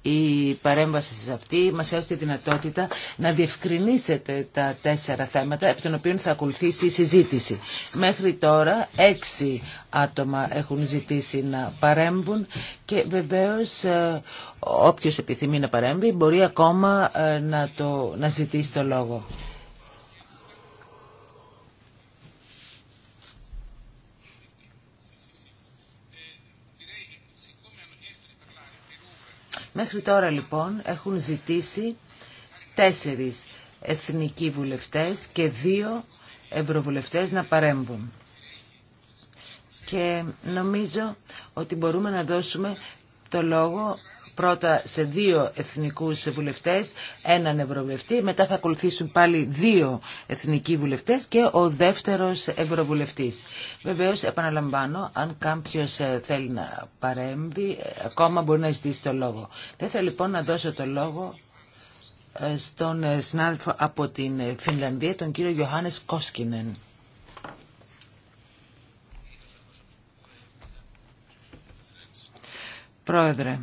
η παρέμβαση σας αυτή μας έδωσε τη δυνατότητα να διευκρινίσετε τα τέσσερα θέματα από τον οποίο θα ακολουθήσει η συζήτηση. Μέχρι τώρα έξι άτομα έχουν ζητήσει να παρέμβουν και βεβαίως ε, όποιος επιθυμεί να παρέμβει μπορεί ακόμα ε, να, το, να ζητήσει το λόγο. Μέχρι τώρα λοιπόν έχουν ζητήσει τέσσερις εθνικοί βουλευτές και δύο ευρωβουλευτές να παρέμβουν. Και νομίζω ότι μπορούμε να δώσουμε το λόγο πρώτα σε δύο εθνικούς βουλευτές, έναν ευρωβουλευτή, μετά θα ακολουθήσουν πάλι δύο εθνικοί βουλευτές και ο δεύτερος ευρωβουλευτής. Βεβαίως, επαναλαμβάνω, αν κάποιος ε, θέλει να παρέμβει, ε, ακόμα μπορεί να ζητήσει το λόγο. Θα θα λοιπόν να δώσω το λόγο ε, στον συνάδελφο από την Φινλανδία, τον κύριο Γιωάννης Κόσκινεν. Πρόεδρε,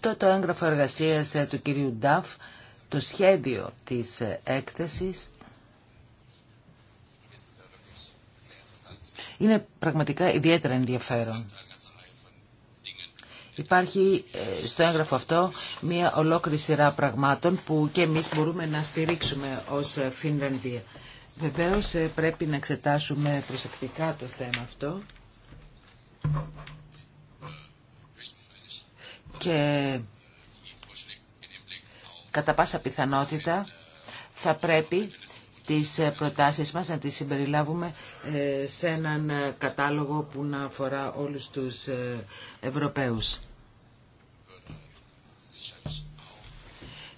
Αυτό το έγγραφο εργασίας ε, του κυρίου Νταφ, το σχέδιο της ε, έκθεσης, είναι πραγματικά ιδιαίτερα ενδιαφέρον. Υπάρχει ε, στο έγγραφο αυτό μια ολόκληρη σειρά πραγμάτων που και εμείς μπορούμε να στηρίξουμε ως Φινλανδία. Βεβαίως πρέπει να εξετάσουμε προσεκτικά το θέμα αυτό και κατά πάσα πιθανότητα θα πρέπει τις προτάσεις μας να τις συμπεριλάβουμε ε, σε έναν κατάλογο που να αφορά όλους τους ε, Ευρωπαίους.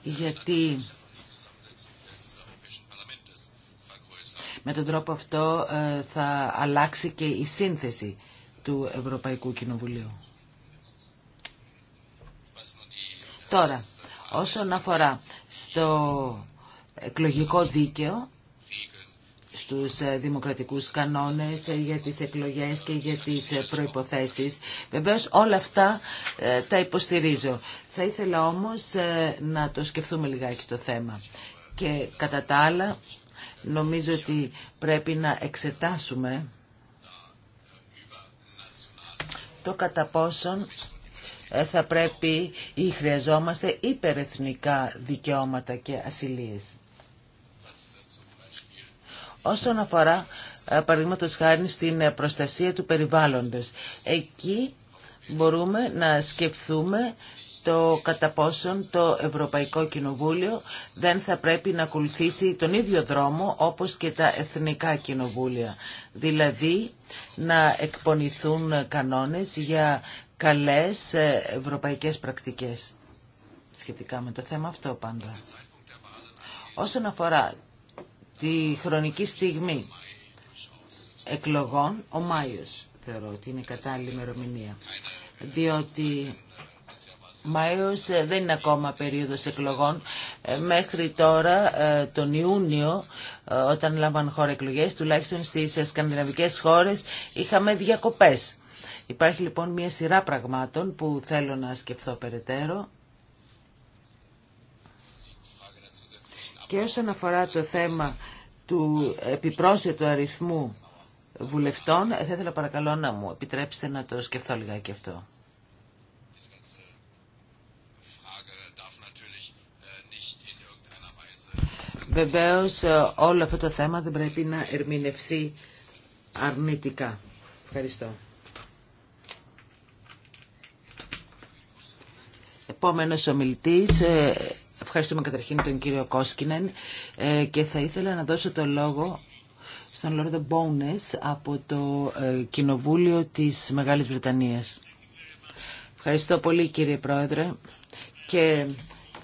Γιατί με τον τρόπο αυτό ε, θα αλλάξει και η σύνθεση του Ευρωπαϊκού Κοινοβουλίου. Τώρα, όσον αφορά στο εκλογικό δίκαιο, στους ε, δημοκρατικούς κανόνες ε, για τις εκλογές και για τις ε, προϋποθέσεις. Βεβαίως όλα αυτά τα υποστηρίζω. Θα ήθελα όμως να το σκεφτούμε λιγάκι το θέμα. Και κατά τα άλλα νομίζω ότι πρέπει να εξετάσουμε το κατά πόσον ε, θα πρέπει ή χρειαζόμαστε υπερεθνικά δικαιώματα και ασυλίες. Όσον αφορά, ε, παραδείγματο χάρη, στην ε, προστασία του περιβάλλοντος, εκεί μπορούμε να σκεφτούμε το κατά πόσον το Ευρωπαϊκό Κοινοβούλιο δεν θα πρέπει να ακολουθήσει τον ίδιο δρόμο όπως και τα εθνικά κοινοβούλια. Δηλαδή να εκπονηθούν κανόνες για καλές ε, ευρωπαϊκές πρακτικές σχετικά με το θέμα αυτό πάντα. Όσον αφορά τη χρονική στιγμή εκλογών, ο Μάιος θεωρώ ότι είναι κατάλληλη ημερομηνία, διότι Μάιος ε, δεν είναι ακόμα περίοδος εκλογών. Ε, μέχρι τώρα, τον Ιούνιο, όταν λάμβαν χώρα εκλογές, τουλάχιστον στις σκανδιναβικές χώρες, είχαμε διακοπές. Υπάρχει λοιπόν μια σειρά πραγμάτων που θέλω να σκεφτώ περαιτέρω. Και όσον αφορά το θέμα του επιπρόσθετου αριθμού βουλευτών, θα ήθελα παρακαλώ να μου επιτρέψετε να το σκεφτώ λιγάκι αυτό. Βεβαίως όλο αυτό το θέμα δεν πρέπει να ερμηνευθεί αρνητικά. Ευχαριστώ. Επόμενος ομιλητής, ε, ευχαριστούμε καταρχήν τον κύριο Κόσκινεν ε, και θα ήθελα να δώσω το λόγο στον Λόρδο Μπόουνες από το ε, Κοινοβούλιο της Μεγάλης Βρετανίας. Ευχαριστώ πολύ κύριε Πρόεδρε και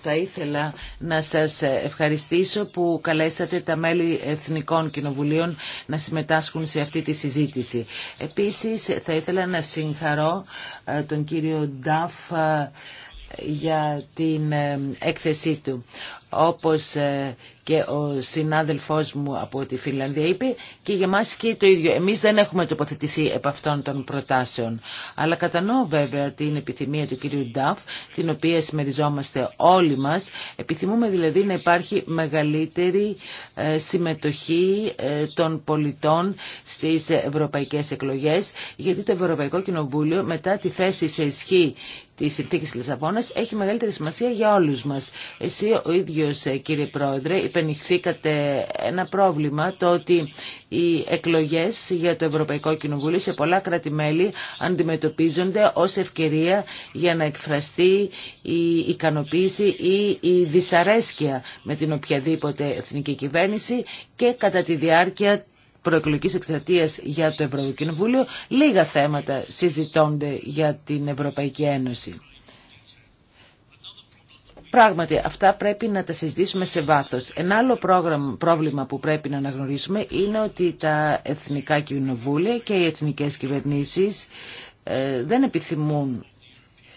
θα ήθελα να σας ευχαριστήσω που καλέσατε τα μέλη Εθνικών Κοινοβουλίων να συμμετάσχουν σε αυτή τη συζήτηση. Επίσης θα ήθελα να συγχαρώ τον κύριο Ντάφ για την ε, έκθεσή του. Όπως ε, και ο συνάδελφός μου από τη Φιλανδία είπε και για μας και το ίδιο. Εμείς δεν έχουμε τοποθετηθεί επ' αυτών των προτάσεων. Αλλά κατανοώ βέβαια την επιθυμία του κυρίου Νταφ, την οποία συμμεριζόμαστε όλοι μας. Επιθυμούμε δηλαδή να υπάρχει μεγαλύτερη ε, συμμετοχή ε, των πολιτών στις ευρωπαϊκές εκλογές, γιατί το Ευρωπαϊκό Κοινοβούλιο μετά τη θέση σε ισχύ τη συνθήκη Λισαβόνα έχει μεγαλύτερη σημασία για όλου μα. Εσύ ο ίδιο, ε, κύριε Πρόεδρε, Υπενηχθήκατε ένα πρόβλημα, το ότι οι εκλογές για το Ευρωπαϊκό Κοινοβούλιο σε πολλά κράτη-μέλη αντιμετωπίζονται ως ευκαιρία για να εκφραστεί η ικανοποίηση ή η δυσαρέσκεια με την οποιαδήποτε εθνική κυβέρνηση και κατά τη διάρκεια προεκλογικής εκστρατείας για το Ευρωκοινοβούλιο λίγα θέματα συζητώνται για την Ευρωπαϊκή Ένωση. Πράγματι, αυτά πρέπει να τα συζητήσουμε σε βάθος. Ένα άλλο πρόβλημα που πρέπει να αναγνωρίσουμε είναι ότι τα εθνικά κοινοβούλια και οι εθνικές κυβερνήσεις ε, δεν επιθυμούν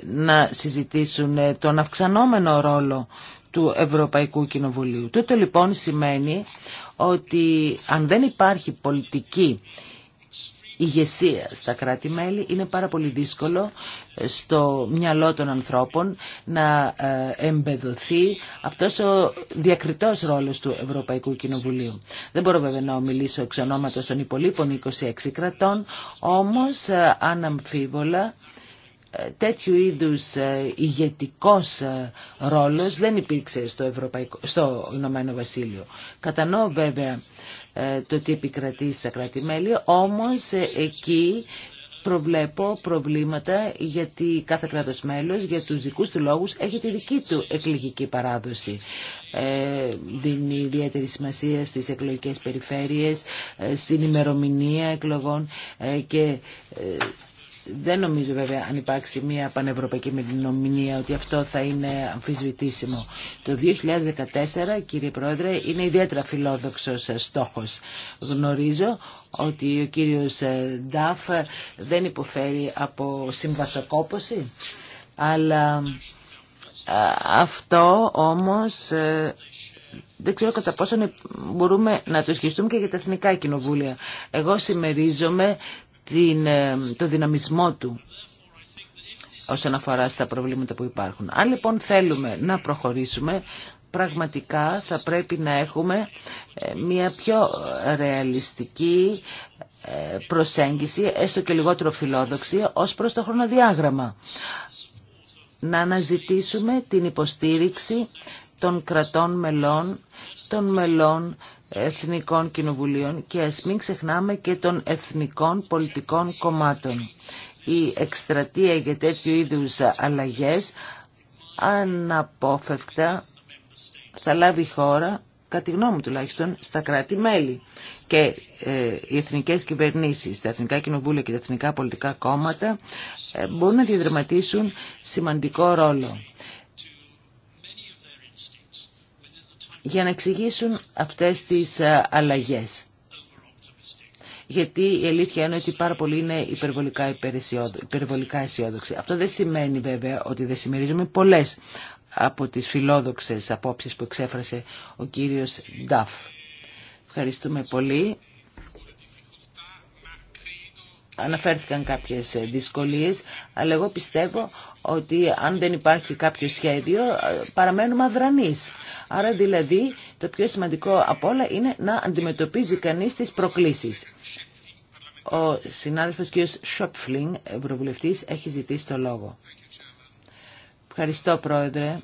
να συζητήσουν ε, τον αυξανόμενο ρόλο του Ευρωπαϊκού Κοινοβουλίου. Τούτο λοιπόν σημαίνει ότι αν δεν υπάρχει πολιτική ηγεσία στα κράτη-μέλη. Είναι πάρα πολύ δύσκολο ε, στο μυαλό των ανθρώπων να ε, εμπεδοθεί αυτός ο διακριτός ρόλος του Ευρωπαϊκού Κοινοβουλίου. Δεν μπορώ βέβαια να ομιλήσω εξ ονόματος των υπολείπων 26 κρατών, όμως ε, αναμφίβολα τέτοιου είδους ε, ηγετικός ε, ρόλος δεν υπήρξε στο, Ευρωπαϊκό, στο Ηνωμένο Βασίλειο. Κατανοώ βέβαια ε, το τι επικρατεί στα κράτη-μέλη, όμως εκεί προβλέπω προβλήματα γιατί κάθε κράτος μέλος για τους δικούς του λόγους έχει τη δική του εκλογική παράδοση. Ε, δίνει ιδιαίτερη σημασία στις εκλογικές περιφέρειες, στην ημερομηνία εκλογών και δεν νομίζω βέβαια αν υπάρξει μια πανευρωπαϊκή μερινομηνία ότι αυτό θα είναι αμφισβητήσιμο. Το 2014, κύριε Πρόεδρε, είναι ιδιαίτερα φιλόδοξος στόχος. Γνωρίζω ότι ο κύριος ε, Νταφ δεν υποφέρει από συμβασοκόπωση, αλλά ε, αυτό όμως ε, δεν ξέρω κατά πόσο μπορούμε να το ισχυστούμε και για τα εθνικά κοινοβούλια. Εγώ συμμερίζομαι ε, το δυναμισμό του όσον αφορά στα προβλήματα που υπάρχουν. Αν λοιπόν θέλουμε να προχωρήσουμε, πραγματικά θα πρέπει να έχουμε ε, μια πιο ρεαλιστική ε, προσέγγιση, έστω και λιγότερο φιλόδοξη, ως προς το χρονοδιάγραμμα. Να αναζητήσουμε την υποστήριξη των κρατών μελών, των μελών εθνικών κοινοβουλίων και ας μην ξεχνάμε και των εθνικών πολιτικών κομμάτων. Η εκστρατεία για τέτοιου είδους αλλαγές αναπόφευκτα θα λάβει χώρα, κατά τη γνώμη τουλάχιστον, στα κράτη-μέλη. Και ε, οι εθνικές κυβερνήσεις, τα εθνικά κοινοβούλια και τα εθνικά πολιτικά κόμματα ε, μπορούν να διαδραματίσουν σημαντικό ρόλο. για να εξηγήσουν αυτές τις ε, αλλαγές. Γιατί η αλήθεια είναι ότι πάρα πολλοί είναι υπερβολικά, υπερβολικά αισιόδοξοι. Αυτό δεν σημαίνει βέβαια ότι δεν συμμερίζουμε πολλές από τις φιλόδοξες απόψεις που εξέφρασε ο κύριος Νταφ. Ευχαριστούμε πολύ. Αναφέρθηκαν κάποιες ε, δυσκολίες, αλλά εγώ πιστεύω ότι αν δεν υπάρχει κάποιο σχέδιο ε, παραμένουμε αδρανείς. Άρα δηλαδή το πιο σημαντικό από όλα είναι να αντιμετωπίζει κανείς τις προκλήσεις. Ο συνάδελφος κ. Σόπφλινγκ, ευρωβουλευτής, έχει ζητήσει το λόγο. Ευχαριστώ Πρόεδρε.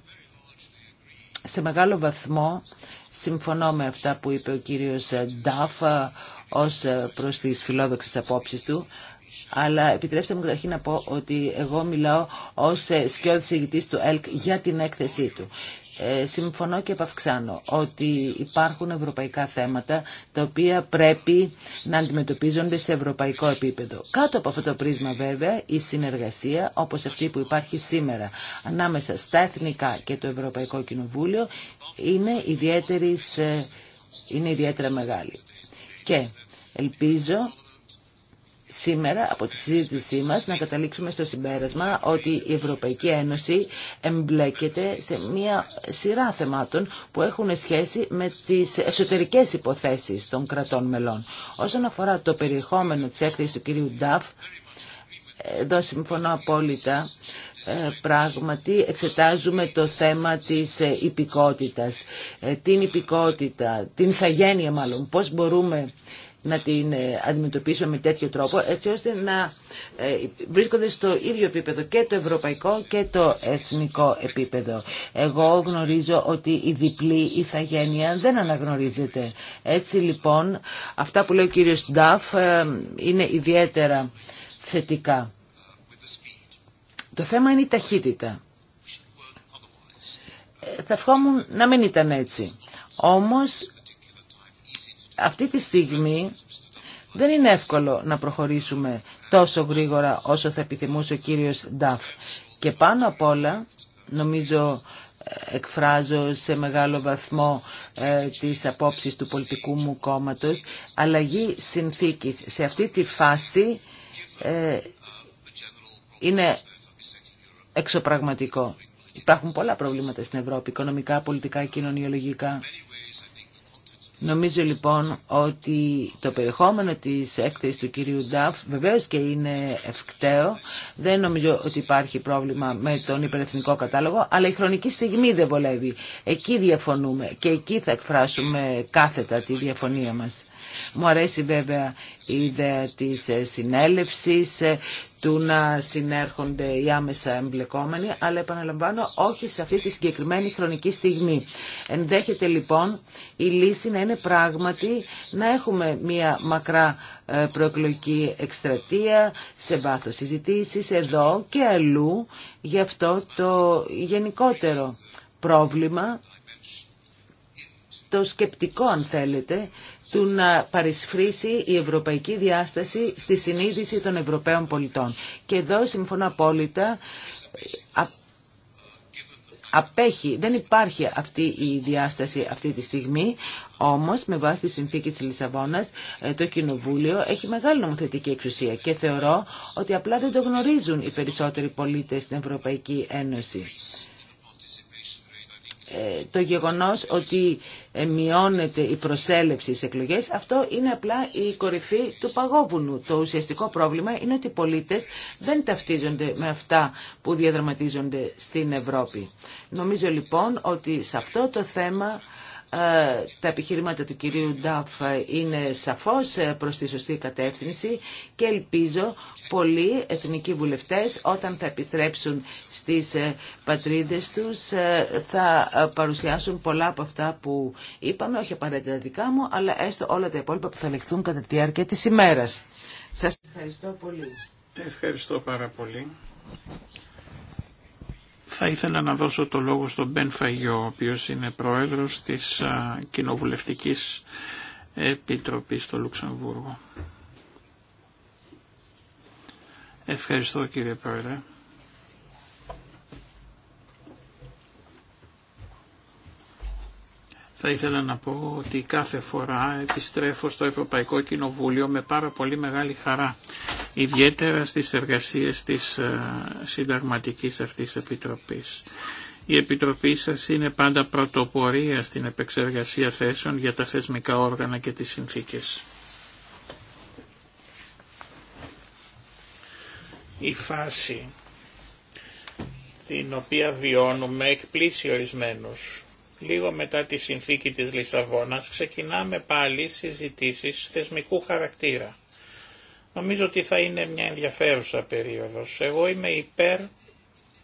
Σε μεγάλο βαθμό συμφωνώ με αυτά που είπε ο κύριος Ντάφ ε, ως ε, προς τις φιλόδοξες απόψεις του. Αλλά επιτρέψτε μου καταρχήν να πω ότι εγώ μιλάω ως ε, σκιώδης ηγητής του ΕΛΚ για την έκθεσή του. Ε, συμφωνώ και επαυξάνω ότι υπάρχουν ευρωπαϊκά θέματα τα οποία πρέπει να αντιμετωπίζονται σε ευρωπαϊκό επίπεδο. Κάτω από αυτό το πρίσμα βέβαια η συνεργασία όπως αυτή που υπάρχει σήμερα ανάμεσα στα εθνικά και το Ευρωπαϊκό Κοινοβούλιο είναι, ε, είναι ιδιαίτερα μεγάλη. Και ελπίζω σήμερα από τη συζήτησή μας να καταλήξουμε στο συμπέρασμα ότι η Ευρωπαϊκή Ένωση εμπλέκεται σε μία σειρά θεμάτων που έχουν σχέση με τις εσωτερικές υποθέσεις των κρατών μελών. Όσον αφορά το περιεχόμενο της έκθεσης του κυρίου Νταφ, εδώ συμφωνώ απόλυτα, ε, πράγματι εξετάζουμε το θέμα της ε, υπηκότητας, ε, την υπηκότητα, την θαγένεια μάλλον, πώς μπορούμε να την ε, αντιμετωπίσουμε με τέτοιο τρόπο έτσι ώστε να ε, βρίσκονται στο ίδιο επίπεδο και το ευρωπαϊκό και το εθνικό επίπεδο. Εγώ γνωρίζω ότι η διπλή ηθαγένεια δεν αναγνωρίζεται. Έτσι λοιπόν αυτά που λέει ο κύριος Νταφ ε, είναι ιδιαίτερα θετικά. Το θέμα είναι η ταχύτητα. Θα ευχόμουν να μην ήταν έτσι. Όμως αυτή τη στιγμή δεν είναι εύκολο να προχωρήσουμε τόσο γρήγορα όσο θα επιθυμούσε ο κύριος Νταφ. Και πάνω απ' όλα, νομίζω εκφράζω σε μεγάλο βαθμό ε, τις απόψεις του πολιτικού μου κόμματος, αλλαγή συνθήκης. Σε αυτή τη φάση ε, είναι εξωπραγματικό. Υπάρχουν πολλά προβλήματα στην Ευρώπη, οικονομικά, πολιτικά, κοινωνιολογικά. Νομίζω λοιπόν ότι το περιεχόμενο της έκθεσης του κυρίου Νταφ βεβαίως και είναι ευκταίο. Δεν νομίζω ότι υπάρχει πρόβλημα με τον υπερεθνικό κατάλογο, αλλά η χρονική στιγμή δεν βολεύει. Εκεί διαφωνούμε και εκεί θα εκφράσουμε κάθετα τη διαφωνία μας. Μου αρέσει βέβαια η ιδέα της ε, συνέλευσης, ε, του να συνέρχονται οι άμεσα εμπλεκόμενοι, αλλά επαναλαμβάνω όχι σε αυτή τη συγκεκριμένη χρονική στιγμή. Ενδέχεται λοιπόν η λύση να είναι πράγματι να έχουμε μία μακρά ε, προεκλογική εκστρατεία σε βάθος συζητήσεις εδώ και αλλού για αυτό το γενικότερο πρόβλημα το σκεπτικό αν θέλετε του να παρισφρήσει η ευρωπαϊκή διάσταση στη συνείδηση των Ευρωπαίων πολιτών. Και εδώ συμφωνώ απόλυτα, απέχει, δεν υπάρχει αυτή η διάσταση αυτή τη στιγμή, όμως με βάση τη συνθήκη της Λισαβόνας ε, το Κοινοβούλιο έχει μεγάλη νομοθετική εξουσία και θεωρώ ότι απλά δεν το γνωρίζουν οι περισσότεροι πολίτες στην Ευρωπαϊκή Ένωση. Ε, το γεγονός ότι ε, μειώνεται η προσέλευση στις εκλογές, αυτό είναι απλά η κορυφή του παγόβουνου. Το ουσιαστικό πρόβλημα είναι ότι οι πολίτες δεν ταυτίζονται με αυτά που διαδραματίζονται στην Ευρώπη. Νομίζω λοιπόν ότι σε αυτό το θέμα ε, τα επιχείρηματα του κυρίου Νταφ είναι σαφώς προς τη σωστή κατεύθυνση και ελπίζω πολλοί εθνικοί βουλευτές όταν θα επιστρέψουν στις ε, πατρίδες τους ε, θα παρουσιάσουν πολλά από αυτά που είπαμε, όχι απαραίτητα δικά μου, αλλά έστω όλα τα υπόλοιπα που θα λεχθούν κατά τη διάρκεια της ημέρας. Σας ευχαριστώ πολύ. Ευχαριστώ πάρα πολύ. Θα ήθελα να δώσω το λόγο στον Μπεν Φαγιό, ο οποίος είναι πρόεδρος της Κοινοβουλευτικής Επιτροπής στο Λουξεμβούργο. Ευχαριστώ κύριε Πρόεδρε. Θα ήθελα να πω ότι κάθε φορά επιστρέφω στο Ευρωπαϊκό Κοινοβούλιο με πάρα πολύ μεγάλη χαρά ιδιαίτερα στις εργασίες της ε, συνταγματικής αυτής επιτροπής. Η Επιτροπή σας είναι πάντα πρωτοπορία στην επεξεργασία θέσεων για τα θεσμικά όργανα και τις συνθήκες. Η φάση την οποία βιώνουμε εκπλήσει ορισμένου Λίγο μετά τη συνθήκη της Λισαβόνας ξεκινάμε πάλι συζητήσεις θεσμικού χαρακτήρα. Νομίζω ότι θα είναι μια ενδιαφέρουσα περίοδος. Εγώ είμαι υπέρ,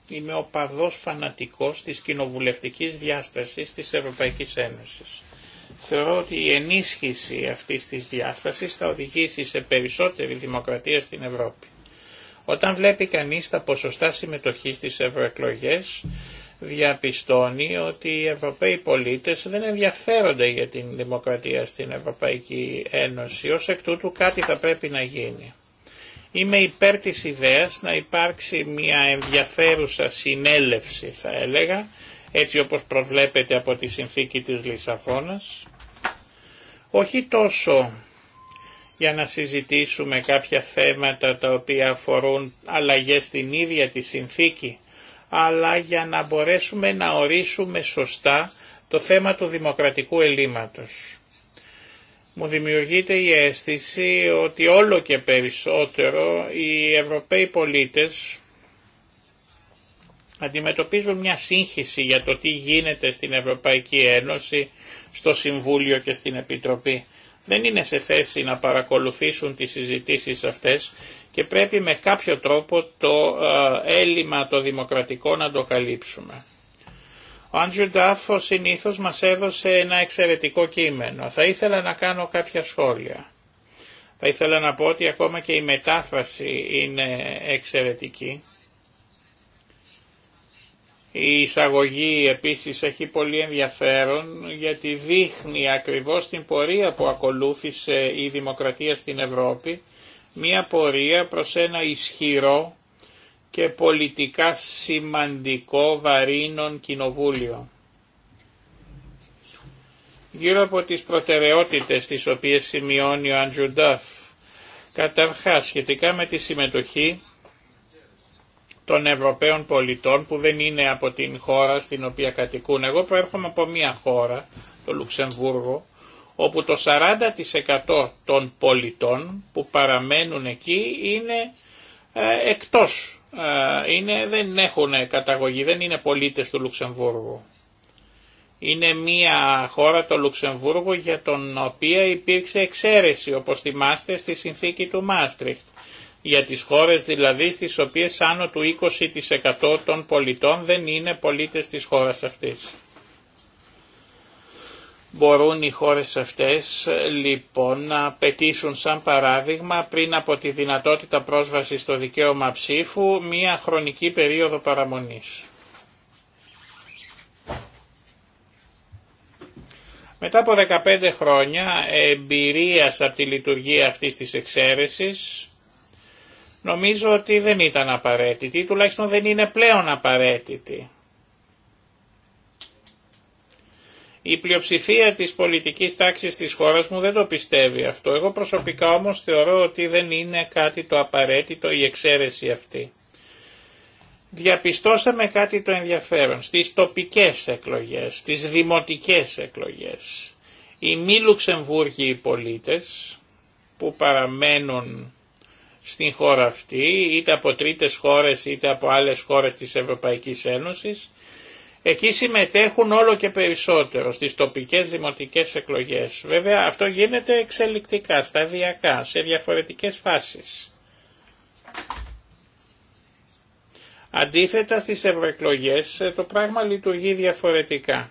είμαι ο παδός φανατικός της κοινοβουλευτικής διάστασης της Ευρωπαϊκής Ένωσης. Θεωρώ ότι η ενίσχυση αυτής της διάστασης θα οδηγήσει σε περισσότερη δημοκρατία στην Ευρώπη. Όταν βλέπει κανείς τα ποσοστά συμμετοχής στις ευρωεκλογές, διαπιστώνει ότι οι Ευρωπαίοι πολίτες δεν ενδιαφέρονται για την δημοκρατία στην Ευρωπαϊκή Ένωση, ως εκ τούτου κάτι θα πρέπει να γίνει. Είμαι υπέρ της ιδέας να υπάρξει μια ενδιαφέρουσα συνέλευση θα έλεγα, έτσι όπως προβλέπεται από τη συνθήκη της Λισαφώνας, όχι τόσο για να συζητήσουμε κάποια θέματα τα οποία αφορούν αλλαγές στην ίδια τη συνθήκη, αλλά για να μπορέσουμε να ορίσουμε σωστά το θέμα του δημοκρατικού ελλείμματος. Μου δημιουργείται η αίσθηση ότι όλο και περισσότερο οι Ευρωπαίοι πολίτες αντιμετωπίζουν μια σύγχυση για το τι γίνεται στην Ευρωπαϊκή Ένωση, στο Συμβούλιο και στην Επιτροπή. Δεν είναι σε θέση να παρακολουθήσουν τις συζητήσεις αυτές και πρέπει με κάποιο τρόπο το ε, έλλειμμα το δημοκρατικό να το καλύψουμε. Ο Άντζιου Ντάφο συνήθως μας έδωσε ένα εξαιρετικό κείμενο. Θα ήθελα να κάνω κάποια σχόλια. Θα ήθελα να πω ότι ακόμα και η μετάφραση είναι εξαιρετική. Η εισαγωγή επίσης έχει πολύ ενδιαφέρον γιατί δείχνει ακριβώς την πορεία που ακολούθησε η δημοκρατία στην Ευρώπη μία πορεία προς ένα ισχυρό και πολιτικά σημαντικό βαρύνων κοινοβούλιο. Γύρω από τις προτεραιότητες τις οποίες σημειώνει ο Αντζουνταφ, καταρχάς σχετικά με τη συμμετοχή των Ευρωπαίων πολιτών που δεν είναι από την χώρα στην οποία κατοικούν. Εγώ προέρχομαι από μία χώρα, το Λουξεμβούργο, όπου το 40% των πολιτών που παραμένουν εκεί είναι ε, εκτός, ε, είναι, δεν έχουν καταγωγή, δεν είναι πολίτες του Λουξεμβούργου. Είναι μια χώρα το Λουξεμβούργο για τον οποία υπήρξε εξαίρεση όπως θυμάστε στη συνθήκη του Μάστριχτ για τις χώρες δηλαδή στις οποίες άνω του 20% των πολιτών δεν είναι πολίτες της χώρας αυτής μπορούν οι χώρες αυτές λοιπόν να πετήσουν σαν παράδειγμα πριν από τη δυνατότητα πρόσβασης στο δικαίωμα ψήφου μία χρονική περίοδο παραμονής. Μετά από 15 χρόνια εμπειρίας από τη λειτουργία αυτής της εξαίρεσης, νομίζω ότι δεν ήταν απαραίτητη, τουλάχιστον δεν είναι πλέον απαραίτητη. Η πλειοψηφία της πολιτικής τάξης της χώρας μου δεν το πιστεύει αυτό. Εγώ προσωπικά όμως θεωρώ ότι δεν είναι κάτι το απαραίτητο η εξαίρεση αυτή. Διαπιστώσαμε κάτι το ενδιαφέρον στις τοπικές εκλογές, στις δημοτικές εκλογές. Οι μη Λουξεμβούργοι πολίτες που παραμένουν στην χώρα αυτή, είτε από τρίτες χώρες είτε από άλλες χώρες της Ευρωπαϊκής Ένωσης, Εκεί συμμετέχουν όλο και περισσότερο στις τοπικές δημοτικές εκλογές. Βέβαια αυτό γίνεται εξελικτικά, σταδιακά, σε διαφορετικές φάσεις. Αντίθετα στις ευρωεκλογέ το πράγμα λειτουργεί διαφορετικά.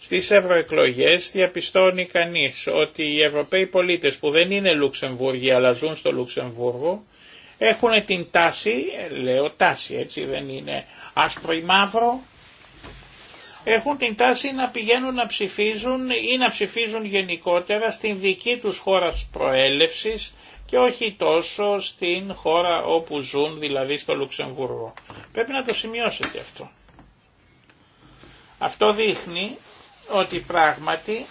Στις ευρωεκλογέ διαπιστώνει κανείς ότι οι Ευρωπαίοι πολίτες που δεν είναι Λουξεμβούργοι αλλά ζουν στο Λουξεμβούργο έχουν την τάση, λέω τάση έτσι δεν είναι άσπρο ή μαύρο, έχουν την τάση να πηγαίνουν να ψηφίζουν ή να ψηφίζουν γενικότερα στην δική τους χώρα προέλευσης και όχι τόσο στην χώρα όπου ζουν, δηλαδή στο Λουξεμβούργο. Πρέπει να το σημειώσετε αυτό. Αυτό δείχνει ότι πράγματι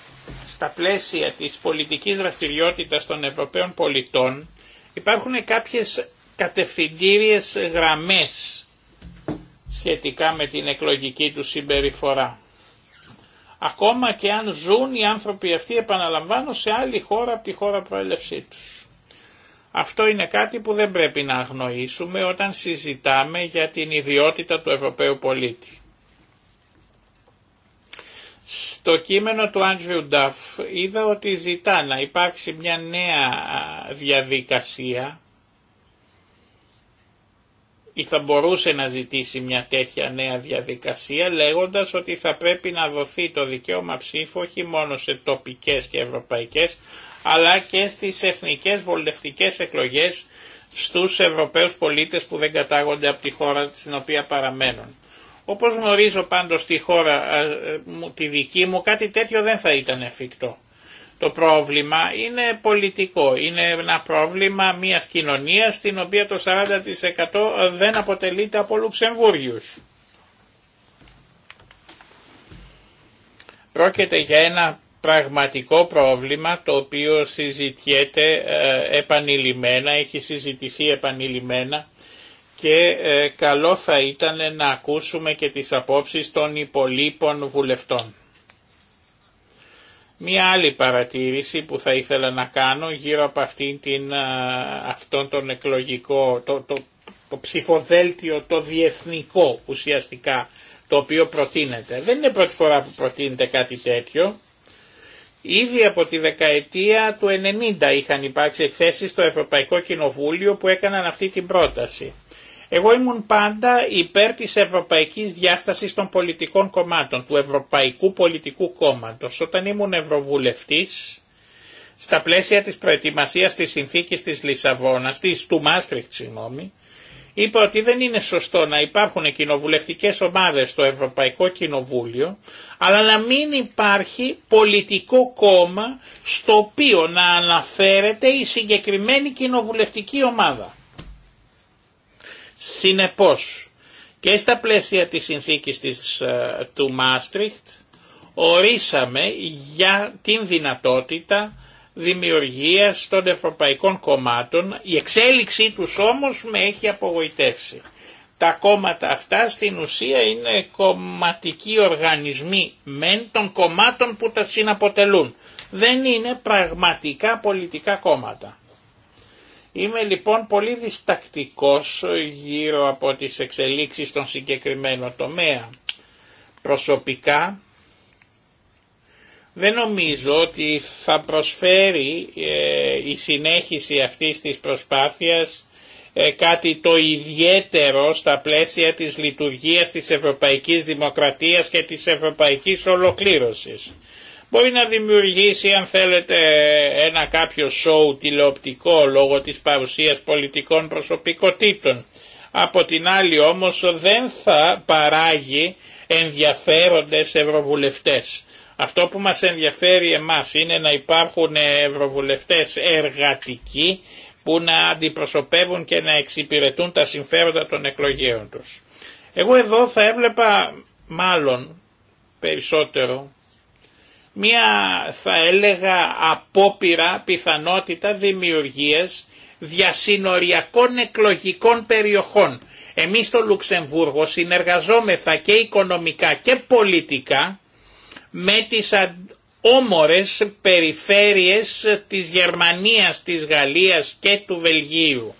στα πλαίσια της πολιτικής δραστηριότητας των Ευρωπαίων πολιτών υπάρχουν κάποιες κατευθυντήριες γραμμές σχετικά με την εκλογική του συμπεριφορά. Ακόμα και αν ζουν οι άνθρωποι αυτοί επαναλαμβάνω σε άλλη χώρα από τη χώρα προέλευσή τους. Αυτό είναι κάτι που δεν πρέπει να αγνοήσουμε όταν συζητάμε για την ιδιότητα του Ευρωπαίου πολίτη. Στο κείμενο του Άντζιου Νταφ είδα ότι ζητά να υπάρξει μια νέα διαδικασία ή θα μπορούσε να ζητήσει μια τέτοια νέα διαδικασία λέγοντας ότι θα πρέπει να δοθεί το δικαίωμα ψήφου όχι μόνο σε τοπικές και ευρωπαϊκές αλλά και στις εθνικές βολευτικές εκλογές στους Ευρωπαίους πολίτες που δεν κατάγονται από τη χώρα στην οποία παραμένουν. Όπως γνωρίζω πάντως τη χώρα ε, ε, τη δική μου κάτι τέτοιο δεν θα ήταν εφικτό. Το πρόβλημα είναι πολιτικό, είναι ένα πρόβλημα μιας κοινωνίας στην οποία το 40% δεν αποτελείται από λουξεμβούργιους. Πρόκειται για ένα πραγματικό πρόβλημα το οποίο συζητιέται ε, επανειλημμένα, έχει συζητηθεί επανειλημμένα και ε, καλό θα ήταν να ακούσουμε και τις απόψεις των υπολείπων βουλευτών. Μία άλλη παρατήρηση που θα ήθελα να κάνω γύρω από αυτήν την, αυτόν τον εκλογικό, το, το, το ψηφοδέλτιο, το διεθνικό ουσιαστικά, το οποίο προτείνεται. Δεν είναι πρώτη φορά που προτείνεται κάτι τέτοιο. Ήδη από τη δεκαετία του 90 είχαν υπάρξει εκθέσεις στο Ευρωπαϊκό Κοινοβούλιο που έκαναν αυτή την πρόταση. Εγώ ήμουν πάντα υπέρ της ευρωπαϊκής διάστασης των πολιτικών κομμάτων, του Ευρωπαϊκού Πολιτικού Κόμματος. Όταν ήμουν ευρωβουλευτής, στα πλαίσια της προετοιμασίας της συνθήκης της Λισαβόνας, της του Μάστριχτ συγγνώμη, είπα ότι δεν είναι σωστό να υπάρχουν κοινοβουλευτικέ ομάδες στο Ευρωπαϊκό Κοινοβούλιο, αλλά να μην υπάρχει πολιτικό κόμμα στο οποίο να αναφέρεται η συγκεκριμένη κοινοβουλευτική ομάδα. Συνεπώς και στα πλαίσια της συνθήκης της, ε, του Μάστριχτ ορίσαμε για την δυνατότητα δημιουργίας των ευρωπαϊκών κομμάτων. Η εξέλιξή τους όμως με έχει απογοητεύσει. Τα κόμματα αυτά στην ουσία είναι κομματικοί οργανισμοί μεν των κομμάτων που τα συναποτελούν. Δεν είναι πραγματικά πολιτικά κόμματα. Είμαι λοιπόν πολύ διστακτικός γύρω από τις εξελίξεις στον συγκεκριμένο τομέα. Προσωπικά δεν νομίζω ότι θα προσφέρει ε, η συνέχιση αυτής της προσπάθειας ε, κάτι το ιδιαίτερο στα πλαίσια της λειτουργίας της Ευρωπαϊκής Δημοκρατίας και της Ευρωπαϊκής Ολοκλήρωσης. Μπορεί να δημιουργήσει αν θέλετε ένα κάποιο σοου τηλεοπτικό λόγω της παρουσίας πολιτικών προσωπικότητων. Από την άλλη όμως δεν θα παράγει ενδιαφέροντες ευρωβουλευτές. Αυτό που μας ενδιαφέρει εμάς είναι να υπάρχουν ευρωβουλευτές εργατικοί που να αντιπροσωπεύουν και να εξυπηρετούν τα συμφέροντα των εκλογέων τους. Εγώ εδώ θα έβλεπα μάλλον περισσότερο μια θα έλεγα απόπειρα πιθανότητα δημιουργίας διασυνοριακών εκλογικών περιοχών. Εμείς στο Λουξεμβούργο συνεργαζόμεθα και οικονομικά και πολιτικά με τις όμορες περιφέρειες της Γερμανίας, της Γαλλίας και του Βελγίου.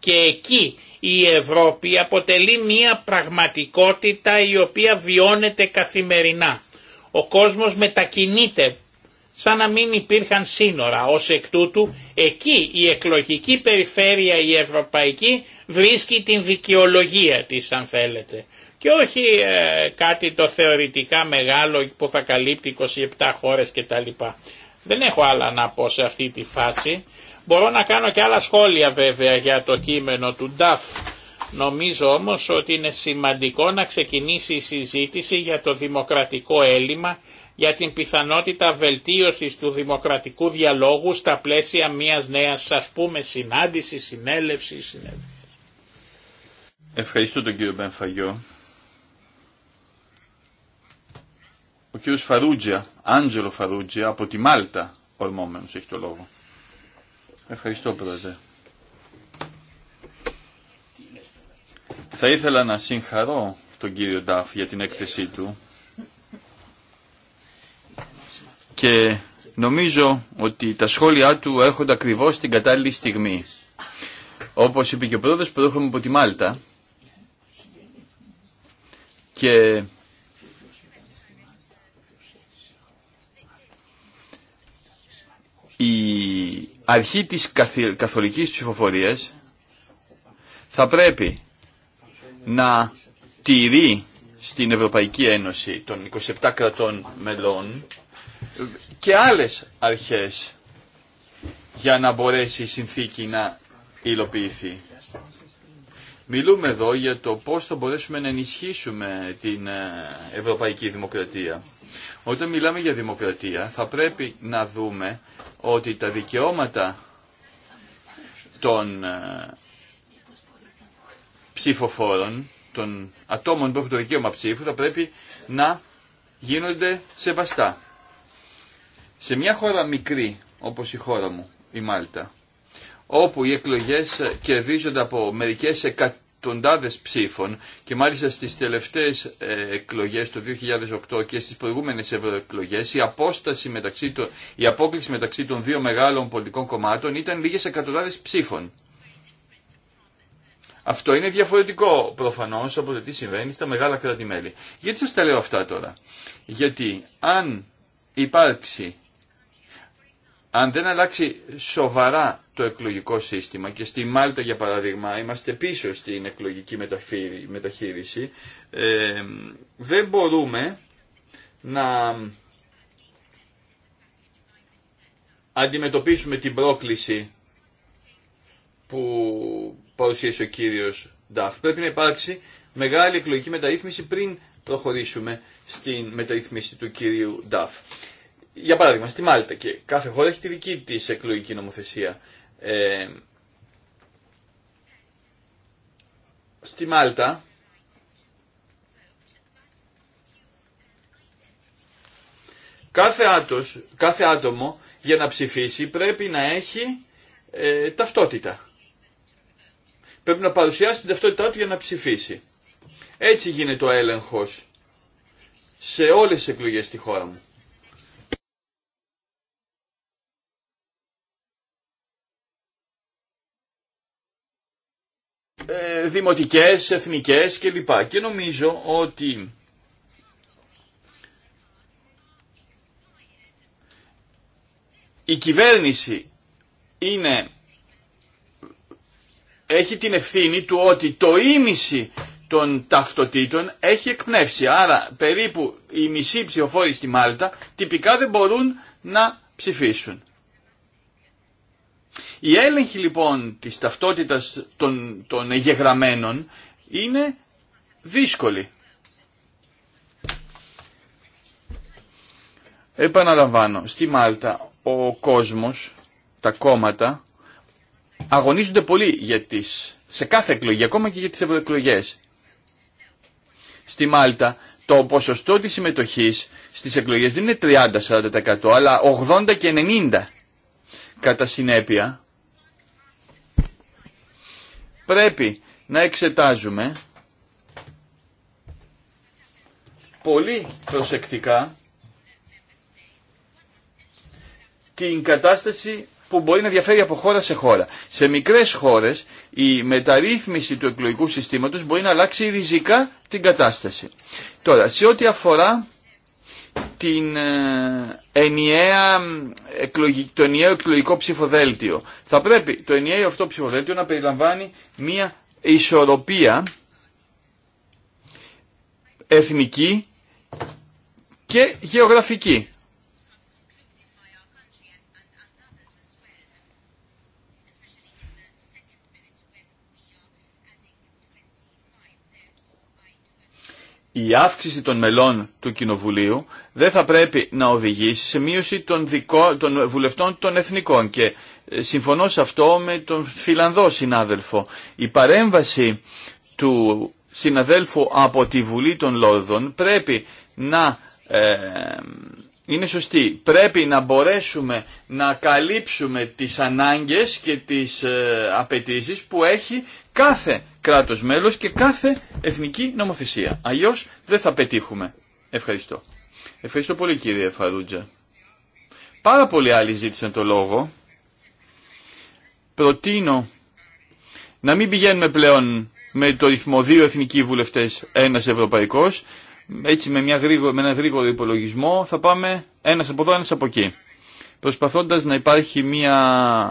Και εκεί η Ευρώπη αποτελεί μια πραγματικότητα η οποία βιώνεται καθημερινά. Ο κόσμος μετακινείται σαν να μην υπήρχαν σύνορα. Ως εκ τούτου εκεί η εκλογική περιφέρεια η ευρωπαϊκή βρίσκει την δικαιολογία της αν θέλετε. Και όχι ε, κάτι το θεωρητικά μεγάλο που θα καλύπτει 27 χώρες κτλ. Δεν έχω άλλα να πω σε αυτή τη φάση. Μπορώ να κάνω και άλλα σχόλια βέβαια για το κείμενο του Νταφ Νομίζω όμως ότι είναι σημαντικό να ξεκινήσει η συζήτηση για το δημοκρατικό έλλειμμα, για την πιθανότητα βελτίωσης του δημοκρατικού διαλόγου στα πλαίσια μιας νέας ας πούμε συνάντησης, συνέλευσης. συνέλευσης. Ευχαριστώ τον κύριο Μπενφαγιό. Ο κύριος Φαρούτζια, Άντζελο Φαρούτζια από τη Μάλτα, ορμόμενος έχει το λόγο. Ευχαριστώ πρόεδρε. Θα ήθελα να συγχαρώ τον κύριο Νταφ για την έκθεσή του και νομίζω ότι τα σχόλιά του έρχονται ακριβώς την κατάλληλη στιγμή. Όπως είπε και ο πρόεδρος, προέρχομαι από τη Μάλτα και η αρχή της καθολικής ψηφοφορίας θα πρέπει να τηρεί στην Ευρωπαϊκή Ένωση των 27 κρατών μελών και άλλες αρχές για να μπορέσει η συνθήκη να υλοποιηθεί. Μιλούμε εδώ για το πώς θα μπορέσουμε να ενισχύσουμε την ε, ευρωπαϊκή δημοκρατία. Όταν μιλάμε για δημοκρατία θα πρέπει να δούμε ότι τα δικαιώματα των ε, ψηφοφόρων, των ατόμων που έχουν το δικαίωμα ψήφου, θα πρέπει να γίνονται σεβαστά. Σε μια χώρα μικρή, όπως η χώρα μου, η Μάλτα, όπου οι εκλογές κερδίζονται από μερικές εκατοντάδες ψήφων και μάλιστα στις τελευταίες ε, εκλογές το 2008 και στις προηγούμενες ευρωεκλογές η, απόσταση μεταξύ των, η απόκληση μεταξύ των δύο μεγάλων πολιτικών κομμάτων ήταν λίγες εκατοντάδες ψήφων. Αυτό είναι διαφορετικό προφανώς από το τι συμβαίνει στα μεγάλα κράτη-μέλη. Γιατί σα τα λέω αυτά τώρα. Γιατί αν υπάρξει, αν δεν αλλάξει σοβαρά το εκλογικό σύστημα και στη Μάλτα για παράδειγμα είμαστε πίσω στην εκλογική μεταχείριση, ε, δεν μπορούμε να αντιμετωπίσουμε την πρόκληση που παρουσίασε ο κύριο Νταφ. Πρέπει να υπάρξει μεγάλη εκλογική μεταρρύθμιση πριν προχωρήσουμε στην μεταρρύθμιση του κύριου Νταφ. Για παράδειγμα, στη Μάλτα και κάθε χώρα έχει τη δική της εκλογική νομοθεσία. Ε, στη Μάλτα κάθε, άτος, κάθε άτομο για να ψηφίσει πρέπει να έχει ε, ταυτότητα. Πρέπει να παρουσιάσει την ταυτότητά του για να ψηφίσει. Έτσι γίνεται ο έλεγχος σε όλες τις εκλογές στη χώρα μου. Ε, δημοτικές, εθνικές κλπ. Και νομίζω ότι η κυβέρνηση είναι έχει την ευθύνη του ότι το ίμιση των ταυτοτήτων έχει εκπνεύσει. Άρα περίπου οι μισοί ψηφοφόροι στη Μάλτα τυπικά δεν μπορούν να ψηφίσουν. Η έλεγχη λοιπόν της ταυτότητας των, των είναι δύσκολη. Επαναλαμβάνω, στη Μάλτα ο κόσμος, τα κόμματα αγωνίζονται πολύ για τις, σε κάθε εκλογή, ακόμα και για τις ευρωεκλογέ. Στη Μάλτα το ποσοστό της συμμετοχής στις εκλογές δεν είναι 30-40% αλλά 80 και 90% κατά συνέπεια. Πρέπει να εξετάζουμε πολύ προσεκτικά την κατάσταση που μπορεί να διαφέρει από χώρα σε χώρα. Σε μικρές χώρες η μεταρρύθμιση του εκλογικού συστήματος μπορεί να αλλάξει ριζικά την κατάσταση. Τώρα, σε ό,τι αφορά την ε, ενιαία, το ενιαίο εκλογικό ψηφοδέλτιο. Θα πρέπει το ενιαίο αυτό ψηφοδέλτιο να περιλαμβάνει μια ισορροπία εθνική και γεωγραφική. η αύξηση των μελών του Κοινοβουλίου δεν θα πρέπει να οδηγήσει σε μείωση των, δικό, των βουλευτών των εθνικών και ε, συμφωνώ σε αυτό με τον Φιλανδό συνάδελφο. Η παρέμβαση του συναδέλφου από τη Βουλή των Λόδων πρέπει να ε, είναι σωστή. Πρέπει να μπορέσουμε να καλύψουμε τις ανάγκες και τις ε, απαιτήσεις που έχει κάθε κράτος μέλος και κάθε εθνική νομοθεσία. Αλλιώς δεν θα πετύχουμε. Ευχαριστώ. Ευχαριστώ πολύ κύριε Φαρούτζα. Πάρα πολλοί άλλοι ζήτησαν το λόγο. Προτείνω να μην πηγαίνουμε πλέον με το ρυθμό δύο εθνικοί βουλευτές, ένας ευρωπαϊκός. Έτσι με, μια με ένα γρήγορο υπολογισμό θα πάμε ένας από εδώ, ένας από εκεί προσπαθώντας να υπάρχει μια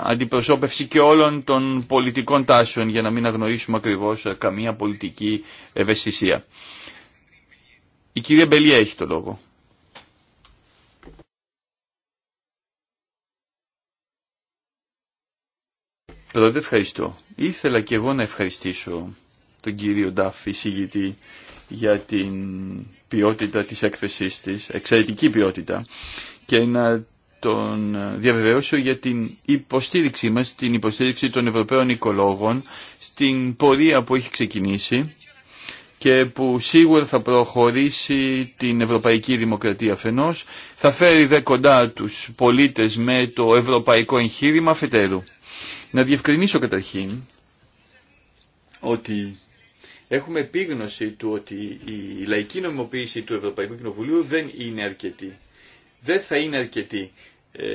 αντιπροσώπευση και όλων των πολιτικών τάσεων για να μην αγνοήσουμε ακριβώς ε, καμία πολιτική ευαισθησία. Η κυρία Μπελία έχει το λόγο. Πρώτα ευχαριστώ. Ήθελα και εγώ να ευχαριστήσω τον κύριο Ντάφ, εισηγητή, για την ποιότητα της έκθεσής της, εξαιρετική ποιότητα, και να τον ε, διαβεβαιώσω για την υποστήριξή μας, την υποστήριξη των Ευρωπαίων οικολόγων στην πορεία που έχει ξεκινήσει και που σίγουρα θα προχωρήσει την ευρωπαϊκή δημοκρατία αφενός, θα φέρει δε κοντά τους πολίτες με το ευρωπαϊκό εγχείρημα αφετέρου. Να διευκρινίσω καταρχήν ότι έχουμε επίγνωση του ότι η λαϊκή νομιμοποίηση του Ευρωπαϊκού Κοινοβουλίου δεν είναι αρκετή. Δεν θα είναι αρκετή ε,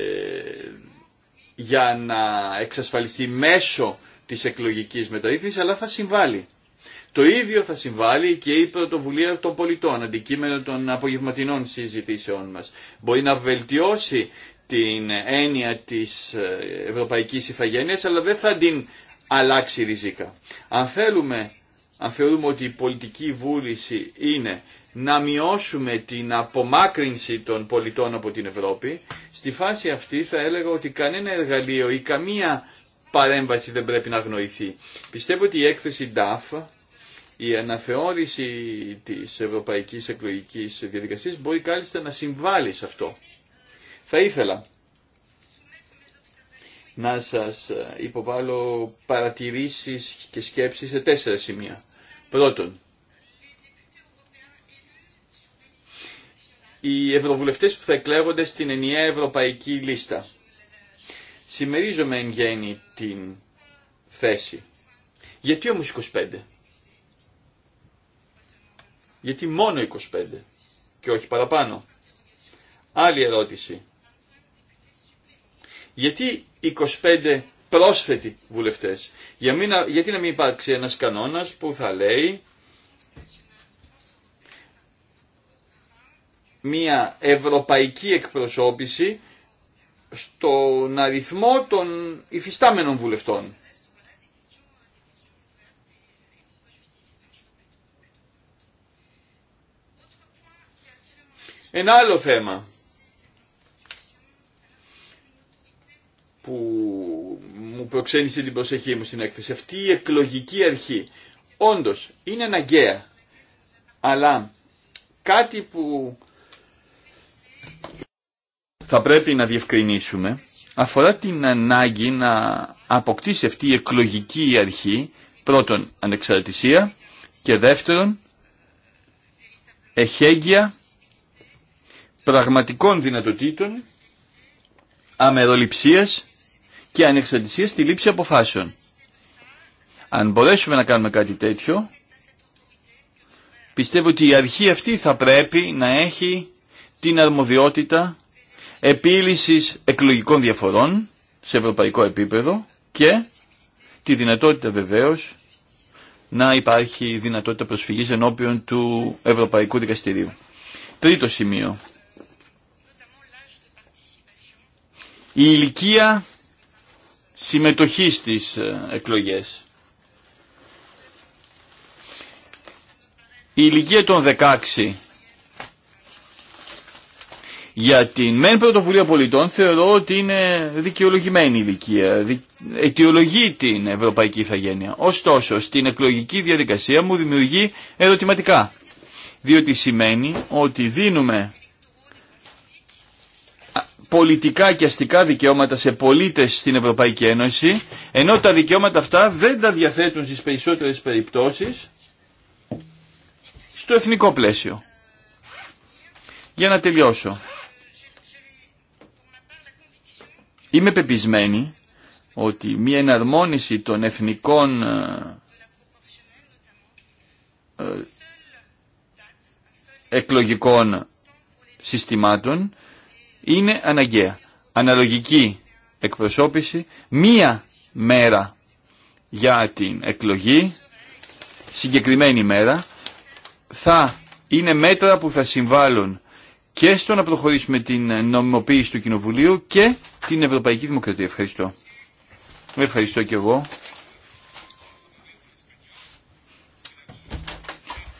για να εξασφαλιστεί μέσω της εκλογικής μεταρρύθμισης, αλλά θα συμβάλλει. Το ίδιο θα συμβάλλει και η πρωτοβουλία των πολιτών, αντικείμενο των απογευματινών συζητήσεών μας. Μπορεί να βελτιώσει την έννοια της ε, ευρωπαϊκής ηθαγένειας, αλλά δεν θα την αλλάξει ριζίκα. Αν θέλουμε, θεωρούμε ότι η πολιτική βούληση είναι να μειώσουμε την απομάκρυνση των πολιτών από την Ευρώπη, στη φάση αυτή θα έλεγα ότι κανένα εργαλείο ή καμία παρέμβαση δεν πρέπει να αγνοηθεί. Πιστεύω ότι η έκθεση DAF, η αναθεώρηση της ευρωπαϊκής εκλογικής διαδικασίας μπορεί κάλλιστα να συμβάλλει σε αυτό. Θα ήθελα να σας υποβάλω παρατηρήσεις και σκέψεις σε τέσσερα σημεία. Πρώτον, οι ευρωβουλευτές που θα εκλέγονται στην ενιαία ευρωπαϊκή λίστα. Συμμερίζομαι εν γέννη την θέση. Γιατί όμως 25? Γιατί μόνο 25 και όχι παραπάνω. Άλλη ερώτηση. Γιατί 25 πρόσθετοι βουλευτές. Για γιατί να μην υπάρξει ένας κανόνας που θα λέει μια ευρωπαϊκή εκπροσώπηση στον αριθμό των υφιστάμενων βουλευτών. Ένα άλλο θέμα που μου προξένησε την προσοχή μου στην έκθεση. Αυτή η εκλογική αρχή όντως είναι αναγκαία αλλά κάτι που θα πρέπει να διευκρινίσουμε αφορά την ανάγκη να αποκτήσει αυτή η εκλογική αρχή πρώτον ανεξαρτησία και δεύτερον εχέγγυα πραγματικών δυνατοτήτων αμεροληψίας και ανεξαρτησίας στη λήψη αποφάσεων. Αν μπορέσουμε να κάνουμε κάτι τέτοιο, πιστεύω ότι η αρχή αυτή θα πρέπει να έχει την αρμοδιότητα επίλυσης εκλογικών διαφορών σε ευρωπαϊκό επίπεδο και τη δυνατότητα βεβαίως να υπάρχει δυνατότητα προσφυγής ενώπιον του Ευρωπαϊκού Δικαστηρίου. Τρίτο σημείο. Η ηλικία συμμετοχής στις ε, εκλογές. Η ηλικία των 16 για την μεν πρωτοβουλία πολιτών θεωρώ ότι είναι δικαιολογημένη η ηλικία, αιτιολογεί την ευρωπαϊκή ηθαγένεια. Ωστόσο, στην εκλογική διαδικασία μου δημιουργεί ερωτηματικά, διότι σημαίνει ότι δίνουμε πολιτικά και αστικά δικαιώματα σε πολίτες στην Ευρωπαϊκή Ένωση, ενώ τα δικαιώματα αυτά δεν τα διαθέτουν στις περισσότερες περιπτώσεις στο εθνικό πλαίσιο. Για να τελειώσω. Είμαι πεπισμένη ότι μια εναρμόνιση των εθνικών ε, ε, εκλογικών συστημάτων είναι αναγκαία. Αναλογική εκπροσώπηση, μία μέρα για την εκλογή, συγκεκριμένη μέρα, θα είναι μέτρα που θα συμβάλλουν και στο να προχωρήσουμε την νομιμοποίηση του Κοινοβουλίου και την Ευρωπαϊκή Δημοκρατία. Ευχαριστώ. Ευχαριστώ και εγώ.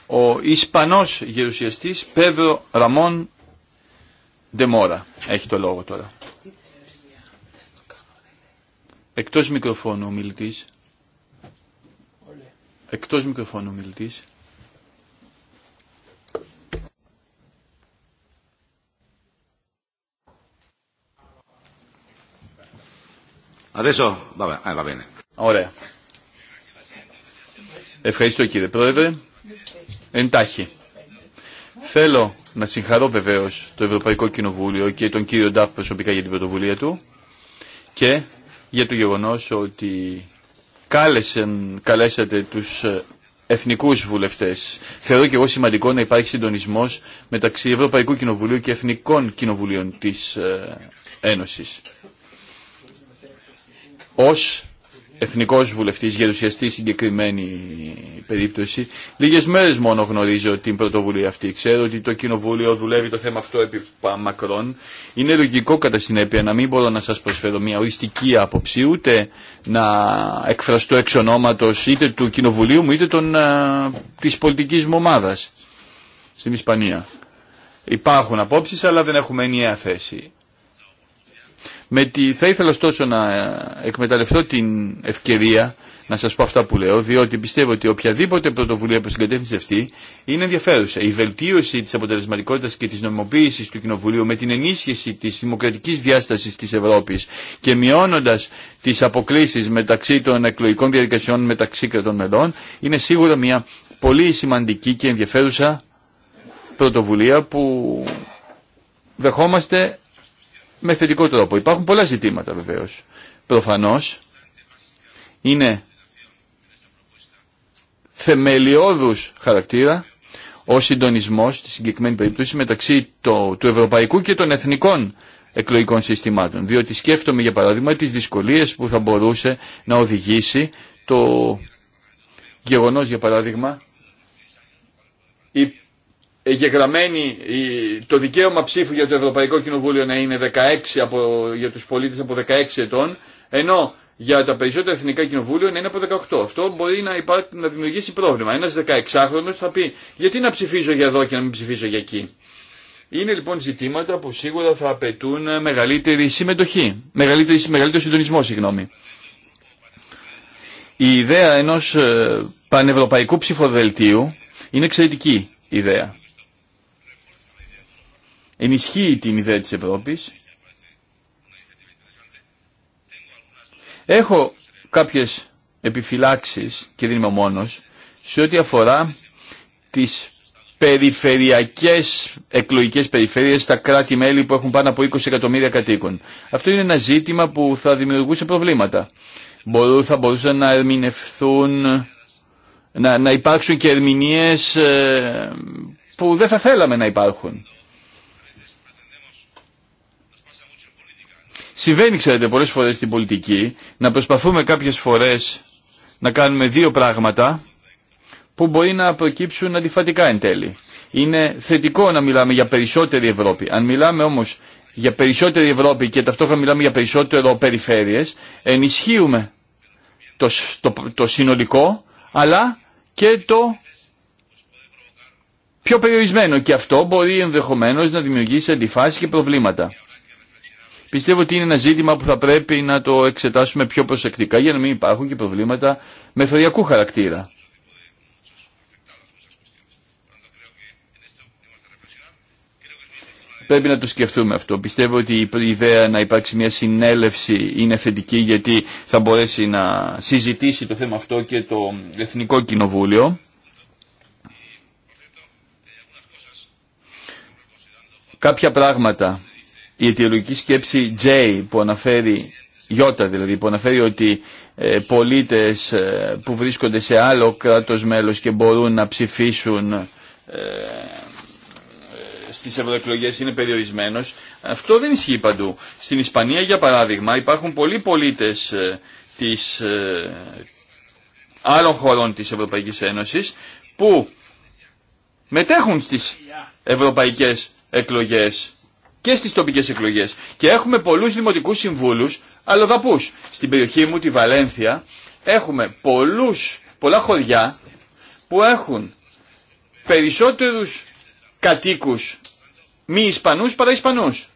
Ο Ισπανός γερουσιαστής Πέδρο Ραμόν Ντεμόρα έχει το λόγο τώρα. Εκτός μικροφώνου ο μιλητής. Εκτός μικροφώνου ο μιλητής. Adesso, va, va bene. Ευχαριστώ κύριε Πρόεδρε. Εντάχει. Θέλω να συγχαρώ βεβαίω το Ευρωπαϊκό Κοινοβούλιο και τον κύριο Ντάφ προσωπικά για την πρωτοβουλία του και για το γεγονό ότι κάλεσαν, καλέσατε του ε, εθνικού βουλευτέ. Θεωρώ και εγώ σημαντικό να υπάρχει συντονισμό μεταξύ Ευρωπαϊκού Κοινοβουλίου και Εθνικών Κοινοβουλίων τη ε, Ένωσης ως εθνικός βουλευτής γερουσιαστή συγκεκριμένη περίπτωση. Λίγες μέρες μόνο γνωρίζω την πρωτοβουλία αυτή. Ξέρω ότι το Κοινοβούλιο δουλεύει το θέμα αυτό επί μακρόν. Είναι λογικό κατά συνέπεια να μην μπορώ να σας προσφέρω μια οριστική άποψη ούτε να εκφραστώ εξ ονόματος είτε του Κοινοβουλίου μου είτε των, α, της πολιτικής μου ομάδας στην Ισπανία. Υπάρχουν απόψεις αλλά δεν έχουμε ενιαία θέση. Με τη... Θα ήθελα ωστόσο να εκμεταλλευτώ την ευκαιρία να σας πω αυτά που λέω, διότι πιστεύω ότι οποιαδήποτε πρωτοβουλία που συγκατεύθυνση αυτή είναι ενδιαφέρουσα. Η βελτίωση της αποτελεσματικότητας και της νομιμοποίησης του Κοινοβουλίου με την ενίσχυση της δημοκρατικής διάστασης της Ευρώπης και μειώνοντας τις αποκλήσεις μεταξύ των εκλογικών διαδικασιών μεταξύ κρατών μελών είναι σίγουρα μια πολύ σημαντική και ενδιαφέρουσα πρωτοβουλία που δεχόμαστε με θετικό τρόπο. Υπάρχουν πολλά ζητήματα βεβαίως. Προφανώς είναι θεμελιώδους χαρακτήρα ο συντονισμό στη συγκεκριμένη περίπτωση μεταξύ το, του ευρωπαϊκού και των εθνικών εκλογικών συστημάτων. Διότι σκέφτομαι για παράδειγμα τις δυσκολίε που θα μπορούσε να οδηγήσει το γεγονός για παράδειγμα η εγγεγραμμένη το δικαίωμα ψήφου για το Ευρωπαϊκό Κοινοβούλιο να είναι 16 από, για τους πολίτες από 16 ετών, ενώ για τα περισσότερα εθνικά κοινοβούλια να είναι από 18. Αυτό μπορεί να, υπά, να δημιουργήσει πρόβλημα. Ένας 16χρονος θα πει γιατί να ψηφίζω για εδώ και να μην ψηφίζω για εκεί. Είναι λοιπόν ζητήματα που σίγουρα θα απαιτούν μεγαλύτερη συμμετοχή, μεγαλύτερη, μεγαλύτερο συντονισμό, συγγνώμη. Η ιδέα ενός ε, πανευρωπαϊκού ψηφοδελτίου είναι εξαιρετική ιδέα ενισχύει την ιδέα της Ευρώπης. Έχω κάποιες επιφυλάξεις και δεν είμαι μόνος σε ό,τι αφορά τις περιφερειακές εκλογικές περιφέρειες στα κράτη-μέλη που έχουν πάνω από 20 εκατομμύρια κατοίκων. Αυτό είναι ένα ζήτημα που θα δημιουργούσε προβλήματα. Μπορού, θα μπορούσαν να ερμηνευθούν, να, να υπάρξουν και ερμηνείες ε, που δεν θα θέλαμε να υπάρχουν. Συμβαίνει, ξέρετε, πολλές φορές στην πολιτική να προσπαθούμε κάποιες φορές να κάνουμε δύο πράγματα που μπορεί να προκύψουν αντιφατικά εν τέλει. Είναι θετικό να μιλάμε για περισσότερη Ευρώπη. Αν μιλάμε όμως για περισσότερη Ευρώπη και ταυτόχρονα μιλάμε για περισσότερο περιφέρειες, ενισχύουμε το, το, συνολικό αλλά και το πιο περιορισμένο και αυτό μπορεί ενδεχομένω να δημιουργήσει αντιφάσει και προβλήματα. Πιστεύω ότι είναι ένα ζήτημα που θα πρέπει να το εξετάσουμε πιο προσεκτικά για να μην υπάρχουν και προβλήματα μεθοδιακού χαρακτήρα. Πρέπει να το σκεφτούμε αυτό. Πιστεύω ότι η ιδέα να υπάρξει μια συνέλευση είναι θετική γιατί θα μπορέσει να συζητήσει το θέμα αυτό και το Εθνικό Κοινοβούλιο. Κάποια πράγματα η αιτιολογική σκέψη J που αναφέρει, J δηλαδή, που αναφέρει ότι ε, πολίτες ε, που βρίσκονται σε άλλο κράτος μέλος και μπορούν να ψηφίσουν ε, στις ευρωεκλογές είναι περιορισμένος. Αυτό δεν ισχύει παντού. Στην Ισπανία, για παράδειγμα, υπάρχουν πολλοί πολίτες της, άλλων χωρών της Ευρωπαϊκής Ένωσης που μετέχουν στις ευρωπαϊκές εκλογές και στις τοπικές εκλογές. Και έχουμε πολλούς δημοτικούς συμβούλους αλλοδαπούς. Στην περιοχή μου, τη Βαλένθια, έχουμε πολλούς, πολλά χωριά που έχουν περισσότερους κατοίκους μη Ισπανούς παρά Ισπανούς.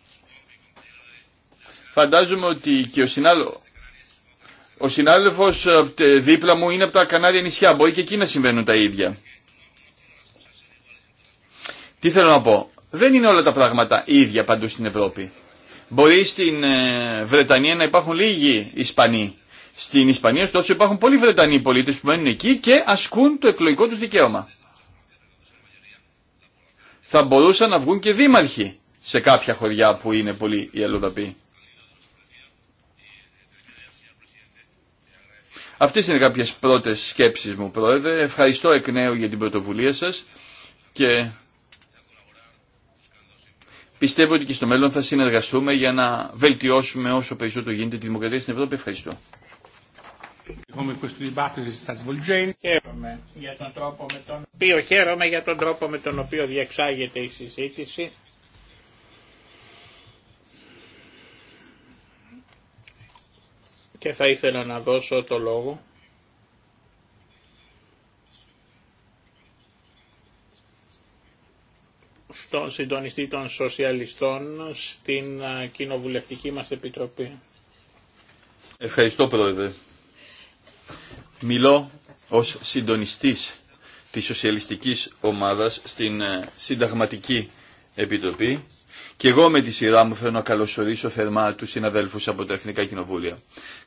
Φαντάζομαι ότι και ο, συνάλλο... ο συνάδελφος ε, δίπλα μου είναι από τα Κανάρια νησιά. Μπορεί και εκεί να συμβαίνουν τα ίδια. Τι θέλω να πω. Δεν είναι όλα τα πράγματα ίδια παντού στην Ευρώπη. Μπορεί στην ε, Βρετανία να υπάρχουν λίγοι Ισπανοί. Στην Ισπανία, ωστόσο, υπάρχουν πολλοί Βρετανοί πολίτε που μένουν εκεί και ασκούν το εκλογικό του δικαίωμα. Θα μπορούσαν να βγουν και δήμαρχοι σε κάποια χωριά που είναι πολύ οι αλλοδαποί. Αυτές είναι κάποιε πρώτε σκέψει μου, Πρόεδρε. Ευχαριστώ εκ νέου για την πρωτοβουλία σα και Πιστεύω ότι και στο μέλλον θα συνεργαστούμε για να βελτιώσουμε όσο περισσότερο γίνεται τη δημοκρατία στην Ευρώπη. Ευχαριστώ. Χαίρομαι για τον τρόπο με τον οποίο, χαίρομαι για τον τρόπο με τον οποίο διεξάγεται η συζήτηση. Και θα ήθελα να δώσω το λόγο τον συντονιστή των σοσιαλιστών στην ε, κοινοβουλευτική μας επιτροπή. Ευχαριστώ πρόεδρε. Μιλώ ως συντονιστής της σοσιαλιστικής ομάδας στην ε, συνταγματική επιτροπή και εγώ με τη σειρά μου θέλω να καλωσορίσω θερμά τους συναδέλφους από τα Εθνικά Κοινοβούλια.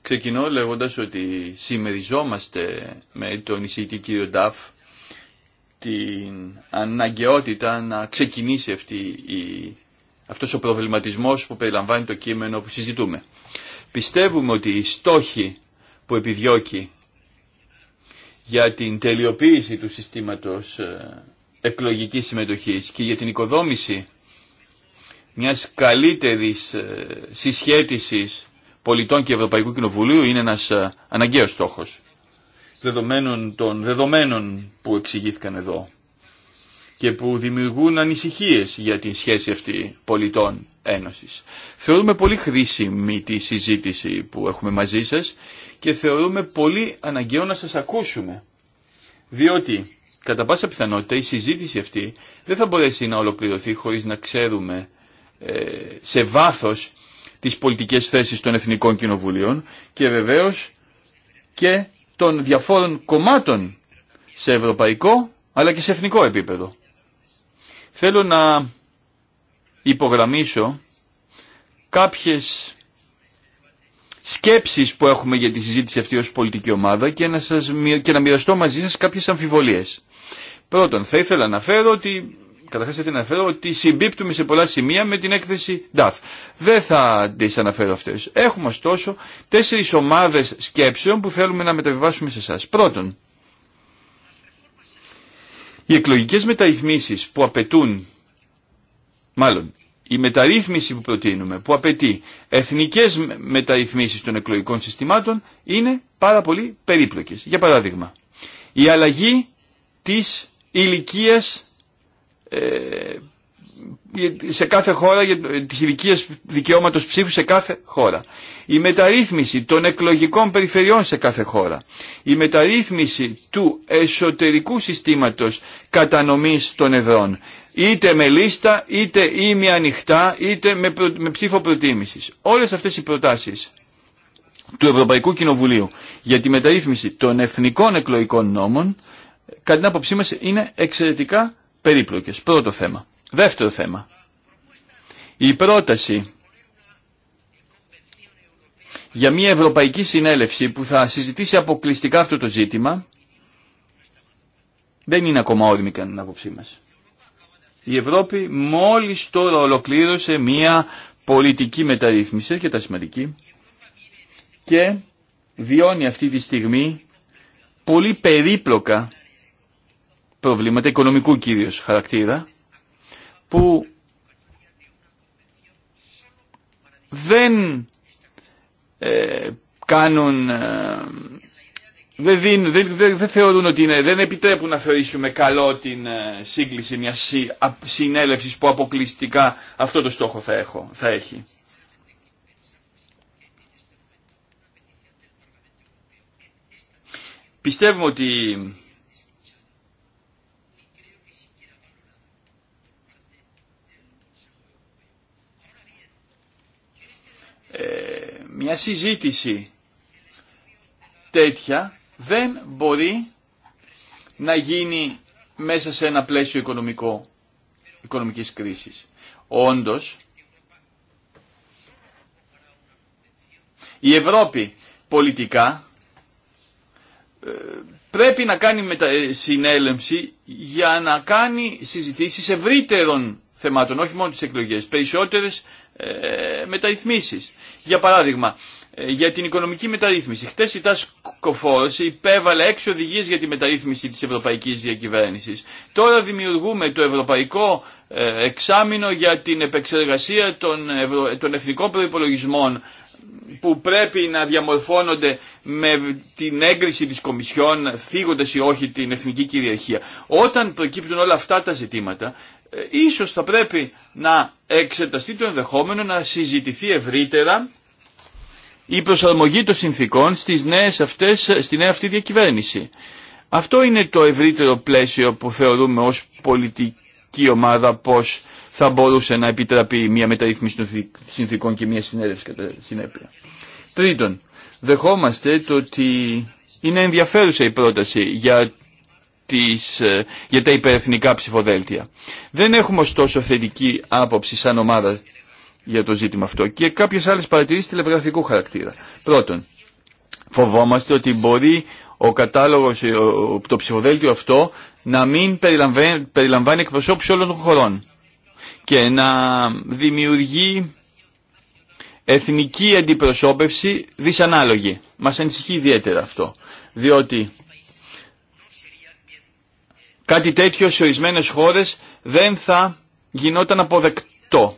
Ξεκινώ λέγοντας ότι συμμεριζόμαστε με τον εισηγητή κύριο Νταφ την αναγκαιότητα να ξεκινήσει αυτή η, αυτός ο προβληματισμός που περιλαμβάνει το κείμενο που συζητούμε. Πιστεύουμε ότι οι στόχοι που επιδιώκει για την τελειοποίηση του συστήματος ε, εκλογικής συμμετοχής και για την οικοδόμηση μιας καλύτερης ε, συσχέτισης πολιτών και Ευρωπαϊκού Κοινοβουλίου είναι ένας ε, αναγκαίος στόχος δεδομένων των δεδομένων που εξηγήθηκαν εδώ και που δημιουργούν ανησυχίες για την σχέση αυτή πολιτών ένωσης. Θεωρούμε πολύ χρήσιμη τη συζήτηση που έχουμε μαζί σας και θεωρούμε πολύ αναγκαίο να σας ακούσουμε. Διότι, κατά πάσα πιθανότητα, η συζήτηση αυτή δεν θα μπορέσει να ολοκληρωθεί χωρίς να ξέρουμε ε, σε βάθος τις πολιτικές θέσεις των Εθνικών Κοινοβουλίων και βεβαίως και των διαφόρων κομμάτων σε ευρωπαϊκό αλλά και σε εθνικό επίπεδο. Θέλω να υπογραμμίσω κάποιες σκέψεις που έχουμε για τη συζήτηση αυτή ως πολιτική ομάδα και να, και μοιραστώ μαζί σας κάποιες αμφιβολίες. Πρώτον, θα ήθελα να φέρω ότι την αναφέρω ότι συμπίπτουμε σε πολλά σημεία με την έκθεση DAF. Δεν θα τι αναφέρω αυτέ. Έχουμε ωστόσο τέσσερις ομάδες σκέψεων που θέλουμε να μεταβιβάσουμε σε εσά. Πρώτον, οι εκλογικέ μεταρρυθμίσει που απαιτούν, μάλλον η μεταρρύθμιση που προτείνουμε, που απαιτεί εθνικές μεταρρυθμίσει των εκλογικών συστημάτων, είναι πάρα πολύ περίπλοκε. Για παράδειγμα, η αλλαγή τη ηλικία. Ε, σε κάθε χώρα, για τις ηλικίες δικαιώματος ψήφου σε κάθε χώρα. Η μεταρρύθμιση των εκλογικών περιφερειών σε κάθε χώρα. Η μεταρρύθμιση του εσωτερικού συστήματος κατανομής των εδρών. Είτε με λίστα, είτε ήμια ανοιχτά, είτε με, με ψήφο προτίμησης. Όλες αυτές οι προτάσεις του Ευρωπαϊκού Κοινοβουλίου για τη μεταρρύθμιση των εθνικών εκλογικών νόμων, κατά την άποψή μας, είναι εξαιρετικά περίπλοκες. Πρώτο θέμα. Δεύτερο θέμα. Η πρόταση για μια ευρωπαϊκή συνέλευση που θα συζητήσει αποκλειστικά αυτό το ζήτημα δεν είναι ακόμα όριμη κατά άποψή μας. Η Ευρώπη μόλις τώρα ολοκλήρωσε μια πολιτική μεταρρύθμιση και τα σημαντική και βιώνει αυτή τη στιγμή πολύ περίπλοκα προβλήματα οικονομικού κυρίως χαρακτήρα που δεν ε, κάνουν ε, δεν, δεν, δεν, θεωρούν ότι είναι, δεν επιτρέπουν να θεωρήσουμε καλό την ε, σύγκληση μιας συνέλευσης που αποκλειστικά αυτό το στόχο θα, έχω, θα έχει. Πιστεύουμε ότι Ε, μια συζήτηση τέτοια δεν μπορεί να γίνει μέσα σε ένα πλαίσιο οικονομικό, οικονομικής κρίσης. Όντως, η Ευρώπη πολιτικά ε, πρέπει να κάνει μετα... Ε, συνέλευση για να κάνει συζητήσεις ευρύτερων θεμάτων, όχι μόνο τις εκλογές, περισσότερες ε, μεταρρυθμίσει. Για παράδειγμα, ε, για την οικονομική μεταρρύθμιση. Χθε η Τάσκο υπέβαλε έξι οδηγίε για τη μεταρρύθμιση τη ευρωπαϊκή διακυβέρνηση. Τώρα δημιουργούμε το ευρωπαϊκό ε, εξάμεινο για την επεξεργασία των, ευρω... των εθνικών προπολογισμών που πρέπει να διαμορφώνονται με την έγκριση της Κομισιόν, θίγοντας ή όχι την εθνική κυριαρχία. Όταν προκύπτουν όλα αυτά τα ζητήματα, ε, ίσως θα πρέπει να εξεταστεί το ενδεχόμενο να συζητηθεί ευρύτερα η προσαρμογή των συνθήκων στις νέες αυτές, στη νέα αυτή διακυβέρνηση. Αυτό είναι το ευρύτερο πλαίσιο που θεωρούμε ως πολιτική ομάδα πως θα μπορούσε να επιτραπεί μια μεταρρύθμιση των συνθήκων και μια συνέλευση κατά συνέπεια. Τρίτον, δεχόμαστε το ότι είναι ενδιαφέρουσα η πρόταση για ε, για τα υπερεθνικά ψηφοδέλτια. Δεν έχουμε ωστόσο θετική άποψη σαν ομάδα για το ζήτημα αυτό και κάποιες άλλες παρατηρήσεις τηλεγραφικού χαρακτήρα. Πρώτον, φοβόμαστε ότι μπορεί ο κατάλογος, ε, το ψηφοδέλτιο αυτό να μην περιλαμβάνει, περιλαμβάνει όλων των χωρών και να δημιουργεί εθνική αντιπροσώπευση δυσανάλογη. Μας ανησυχεί ιδιαίτερα αυτό, διότι Κάτι τέτοιο σε ορισμένε χώρε δεν θα γινόταν αποδεκτό.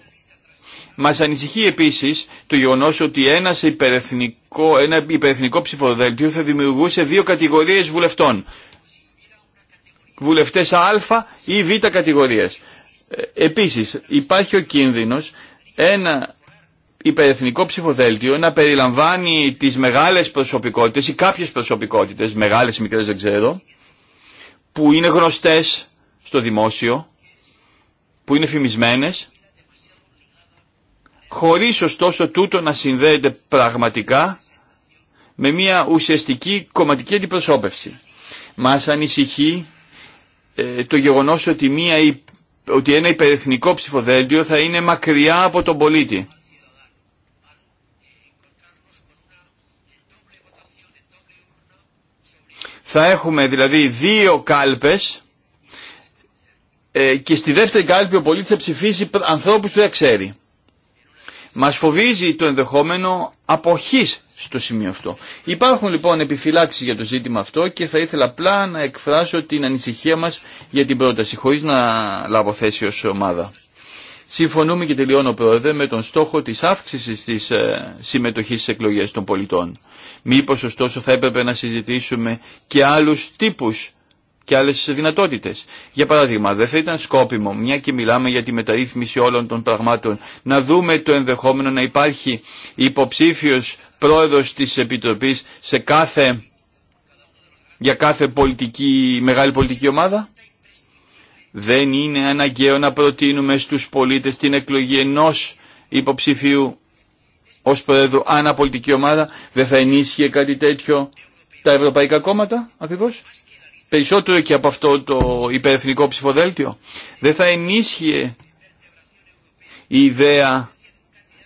Μας ανησυχεί επίσης το γεγονός ότι ένας υπερεθνικό, ένα υπερεθνικό ψηφοδέλτιο θα δημιουργούσε δύο κατηγορίες βουλευτών. Βουλευτές Α ή Β κατηγορίες. Ε, επίσης υπάρχει ο κίνδυνο, ένα υπερεθνικό ψηφοδέλτιο να περιλαμβάνει τις μεγάλες προσωπικότητες ή κάποιες προσωπικότητες, μεγάλες ή μικρές δεν ξέρω, που είναι γνωστές στο δημόσιο, που είναι φημισμένες, χωρίς ωστόσο τούτο να συνδέεται πραγματικά με μια ουσιαστική κομματική αντιπροσώπευση. Μας ανησυχεί ε, το γεγονός ότι, μια, ότι ένα υπερεθνικό ψηφοδέλτιο θα είναι μακριά από τον πολίτη. Θα έχουμε δηλαδή δύο κάλπες ε, και στη δεύτερη κάλπη ο πολίτης θα ψηφίσει ανθρώπους που δεν ξέρει. Μας φοβίζει το ενδεχόμενο αποχής στο σημείο αυτό. Υπάρχουν λοιπόν επιφυλάξεις για το ζήτημα αυτό και θα ήθελα απλά να εκφράσω την ανησυχία μας για την πρόταση χωρίς να λάβω θέση ως ομάδα. Συμφωνούμε και τελειώνω πρόεδρε με τον στόχο της αύξησης της ε, συμμετοχής στις εκλογές των πολιτών. Μήπως ωστόσο θα έπρεπε να συζητήσουμε και άλλους τύπους και άλλες δυνατότητες. Για παράδειγμα, δεν θα ήταν σκόπιμο, μια και μιλάμε για τη μεταρρύθμιση όλων των πραγμάτων, να δούμε το ενδεχόμενο να υπάρχει υποψήφιος πρόεδρος της Επιτροπής σε κάθε, για κάθε πολιτική, μεγάλη πολιτική ομάδα. Δεν είναι αναγκαίο να προτείνουμε στους πολίτες την εκλογή ενός υποψηφίου ως πρόεδρο αναπολιτική ομάδα. Δεν θα ενίσχυε κάτι τέτοιο τα ευρωπαϊκά κόμματα ακριβώς. Περισσότερο και από αυτό το υπερεθνικό ψηφοδέλτιο. Δεν θα ενίσχυε η ιδέα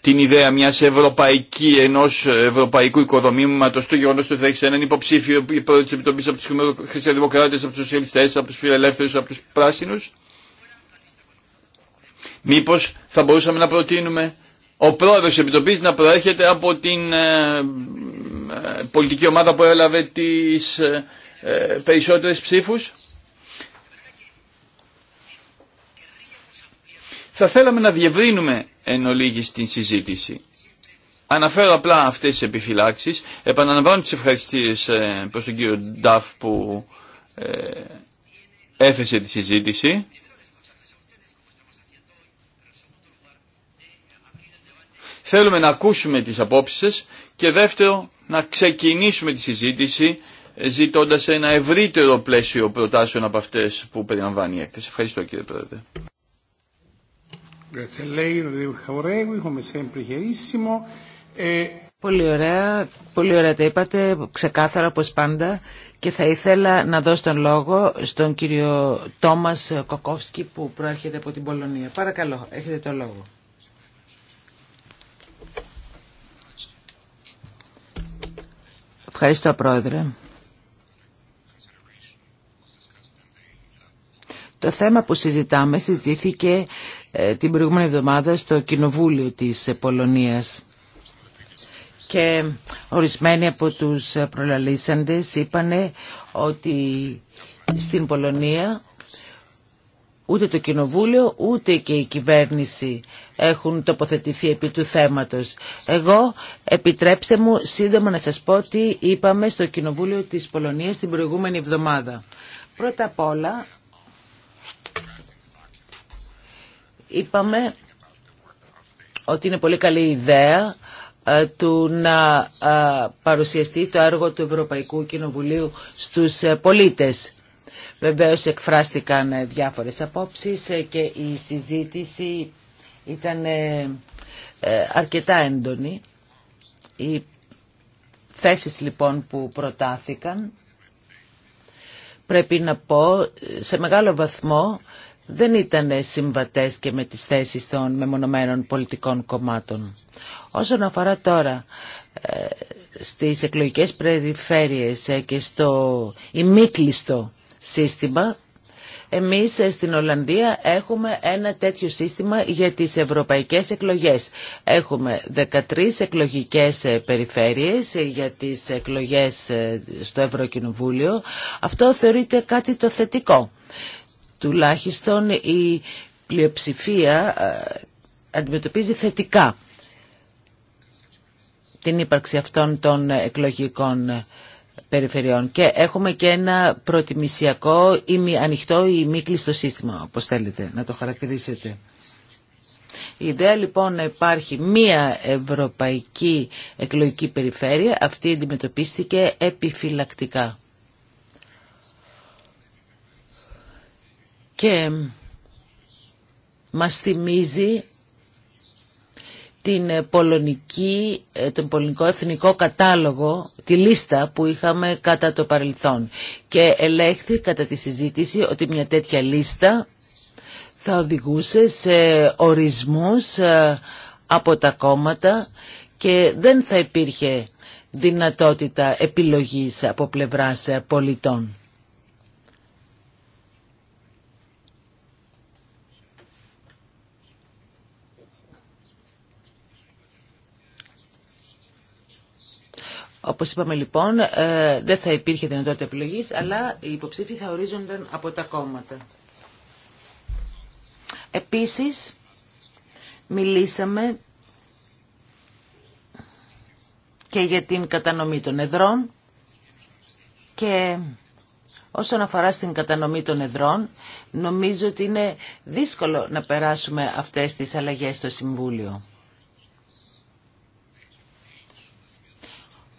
την ιδέα μιας ευρωπαϊκή, ενός ευρωπαϊκού οικοδομήματος, το γεγονό ότι θα έχει έναν υποψήφιο πρόεδρο της Επιτροπή από του χριστιαδημοκράτες, από του σοσιαλιστέ, από του φιλελεύθερου, από του πράσινους. Μήπως θα μπορούσαμε να προτείνουμε ο πρόεδρος τη επιτροπή να προέρχεται από την ε, ε, πολιτική ομάδα που έλαβε τις ε, περισσότερε ψήφου. Θα θέλαμε να διευρύνουμε εν ολίγης την συζήτηση. Αναφέρω απλά αυτές τις επιφυλάξεις. Επαναλαμβάνω τις ευχαριστίες ε, προς τον κύριο Νταφ που ε, έφεσε τη συζήτηση. Θέλουμε να ακούσουμε τις απόψεις σας και δεύτερο να ξεκινήσουμε τη συζήτηση ε, ζητώντας ένα ευρύτερο πλαίσιο προτάσεων από αυτές που περιλαμβάνει η έκθεση. Ευχαριστώ κύριε Πρόεδρε. Grazie a lei, come sempre chiarissimo. E πολύ ωραία, πολύ ωραία τα είπατε, ξεκάθαρα όπως πάντα και θα ήθελα να δώσω τον λόγο στον κύριο Τόμας Κοκόφσκι που προέρχεται από την Πολωνία. Παρακαλώ, έχετε το λόγο. Ευχαριστώ πρόεδρε. Το θέμα που συζητάμε συζητήθηκε ε, την προηγούμενη εβδομάδα στο Κοινοβούλιο της ε, Πολωνίας και ορισμένοι από τους ε, προλαλήσαντες είπανε ότι στην Πολωνία ούτε το Κοινοβούλιο ούτε και η κυβέρνηση έχουν τοποθετηθεί επί του θέματος. Εγώ επιτρέψτε μου σύντομα να σας πω τι είπαμε στο Κοινοβούλιο της Πολωνίας την προηγούμενη εβδομάδα. Πρώτα απ' όλα είπαμε ότι είναι πολύ καλή ιδέα ε, του να ε, παρουσιαστεί το έργο του Ευρωπαϊκού Κοινοβουλίου στους ε, πολίτες. Βεβαίως εκφράστηκαν διάφορες απόψεις και η συζήτηση ήταν αρκετά έντονη. Οι θέσεις λοιπόν που προτάθηκαν πρέπει να πω σε μεγάλο βαθμό δεν ήταν συμβατές και με τις θέσεις των μεμονωμένων πολιτικών κομμάτων. Όσον αφορά τώρα ε, στις εκλογικές περιφέρειες ε, και στο ημίκλειστο σύστημα, εμείς ε, στην Ολλανδία έχουμε ένα τέτοιο σύστημα για τις ευρωπαϊκές εκλογές. Έχουμε 13 εκλογικές περιφέρειες για τις εκλογές στο Ευρωκοινοβούλιο. Αυτό θεωρείται κάτι το θετικό τουλάχιστον η πλειοψηφία ε, αντιμετωπίζει θετικά την ύπαρξη αυτών των εκλογικών περιφερειών και έχουμε και ένα προτιμησιακό ή μη ανοιχτό ή μη κλειστό σύστημα όπως θέλετε να το χαρακτηρίσετε. Η ιδέα λοιπόν να υπάρχει μία ευρωπαϊκή εκλογική περιφέρεια αυτή αντιμετωπίστηκε επιφυλακτικά. και μας θυμίζει την πολωνική, ε, τον πολωνικό εθνικό κατάλογο, τη λίστα που είχαμε κατά το παρελθόν. Και ελέγχθη κατά τη συζήτηση ότι μια τέτοια λίστα θα οδηγούσε σε ορισμούς ε, από τα κόμματα και δεν θα υπήρχε δυνατότητα επιλογής από πλευράς ε, πολιτών. Όπως είπαμε λοιπόν, ε, δεν θα υπήρχε δυνατότητα επιλογής, αλλά οι υποψήφοι θα ορίζονταν από τα κόμματα. Επίσης, μιλήσαμε και για την κατανομή των εδρών και όσον αφορά στην κατανομή των εδρών, νομίζω ότι είναι δύσκολο να περάσουμε αυτές τις αλλαγές στο Συμβούλιο.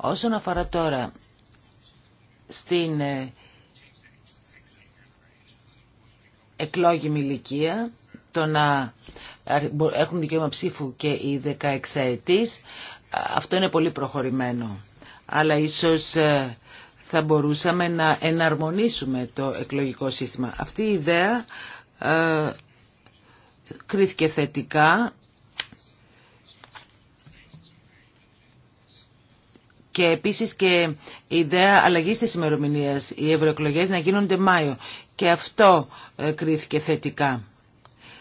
Όσον αφορά τώρα στην ε, εκλόγιμη ηλικία, το να έχουν δικαίωμα ψήφου και οι 16 ετής, αυτό είναι πολύ προχωρημένο. Αλλά ίσως ε, θα μπορούσαμε να εναρμονίσουμε το εκλογικό σύστημα. Αυτή η ιδέα ε, κρίθηκε θετικά και επίσης και η ιδέα αλλαγής της ημερομηνία, οι ευρωεκλογέ να γίνονται Μάιο. Και αυτό ε, κρίθηκε θετικά.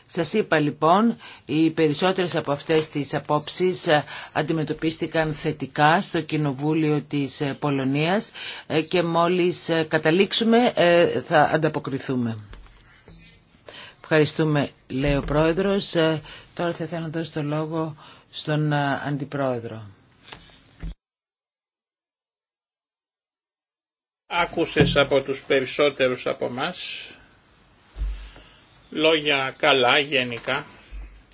Σας είπα λοιπόν, οι περισσότερες από αυτές τις απόψεις ε, αντιμετωπίστηκαν θετικά στο Κοινοβούλιο της ε, Πολωνίας και μόλις καταλήξουμε θα ανταποκριθούμε. Ευχαριστούμε, λέει ο Πρόεδρος. Τώρα θα ήθελα να δώσω το λόγο στον Αντιπρόεδρο. Άκουσες από τους περισσότερους από μας λόγια καλά γενικά,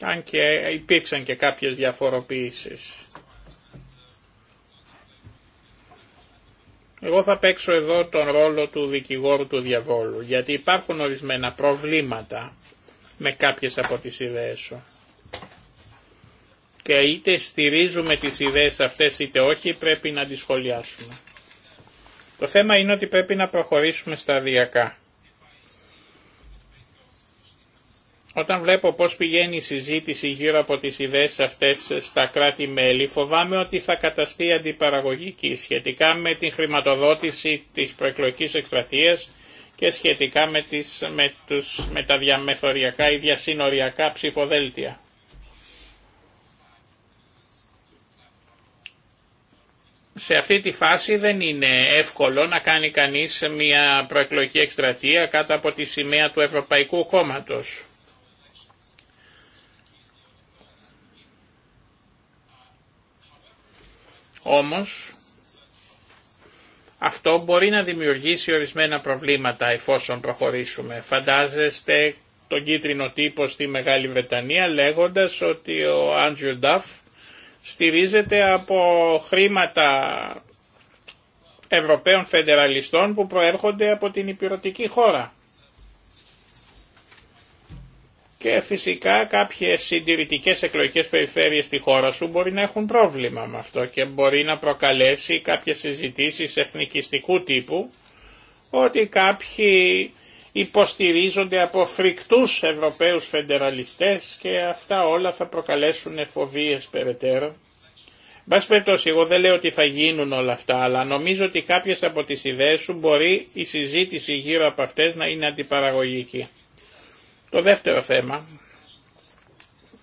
αν και υπήρξαν και κάποιες διαφοροποίησεις. Εγώ θα παίξω εδώ τον ρόλο του δικηγόρου του διαβόλου, γιατί υπάρχουν ορισμένα προβλήματα με κάποιες από τις ιδέες σου. Και είτε στηρίζουμε τις ιδέες αυτές είτε όχι πρέπει να τις σχολιάσουμε. Το θέμα είναι ότι πρέπει να προχωρήσουμε σταδιακά. Όταν βλέπω πώς πηγαίνει η συζήτηση γύρω από τις ιδέες αυτές στα κράτη-μέλη, φοβάμαι ότι θα καταστεί αντιπαραγωγική σχετικά με την χρηματοδότηση της προεκλογικής εκστρατείας και σχετικά με, τις, με, τους, με τα διαμεθοριακά ή διασύνοριακά ψηφοδέλτια. σε αυτή τη φάση δεν είναι εύκολο να κάνει κανείς μια προεκλογική εκστρατεία κάτω από τη σημαία του Ευρωπαϊκού Κόμματος. Όμως, αυτό μπορεί να δημιουργήσει ορισμένα προβλήματα εφόσον προχωρήσουμε. Φαντάζεστε τον κίτρινο τύπο στη Μεγάλη Βρετανία λέγοντας ότι ο Άντζιου Νταφ στηρίζεται από χρήματα Ευρωπαίων Φεντεραλιστών που προέρχονται από την υπηρετική χώρα. Και φυσικά κάποιες συντηρητικές εκλογικές περιφέρειες στη χώρα σου μπορεί να έχουν πρόβλημα με αυτό και μπορεί να προκαλέσει κάποιες συζητήσεις εθνικιστικού τύπου ότι κάποιοι υποστηρίζονται από φρικτούς Ευρωπαίους φεντεραλιστές και αυτά όλα θα προκαλέσουν φοβίες περαιτέρω. Μπας περιπτώσει, εγώ δεν λέω ότι θα γίνουν όλα αυτά, αλλά νομίζω ότι κάποιες από τις ιδέες σου μπορεί η συζήτηση γύρω από αυτές να είναι αντιπαραγωγική. Το δεύτερο θέμα,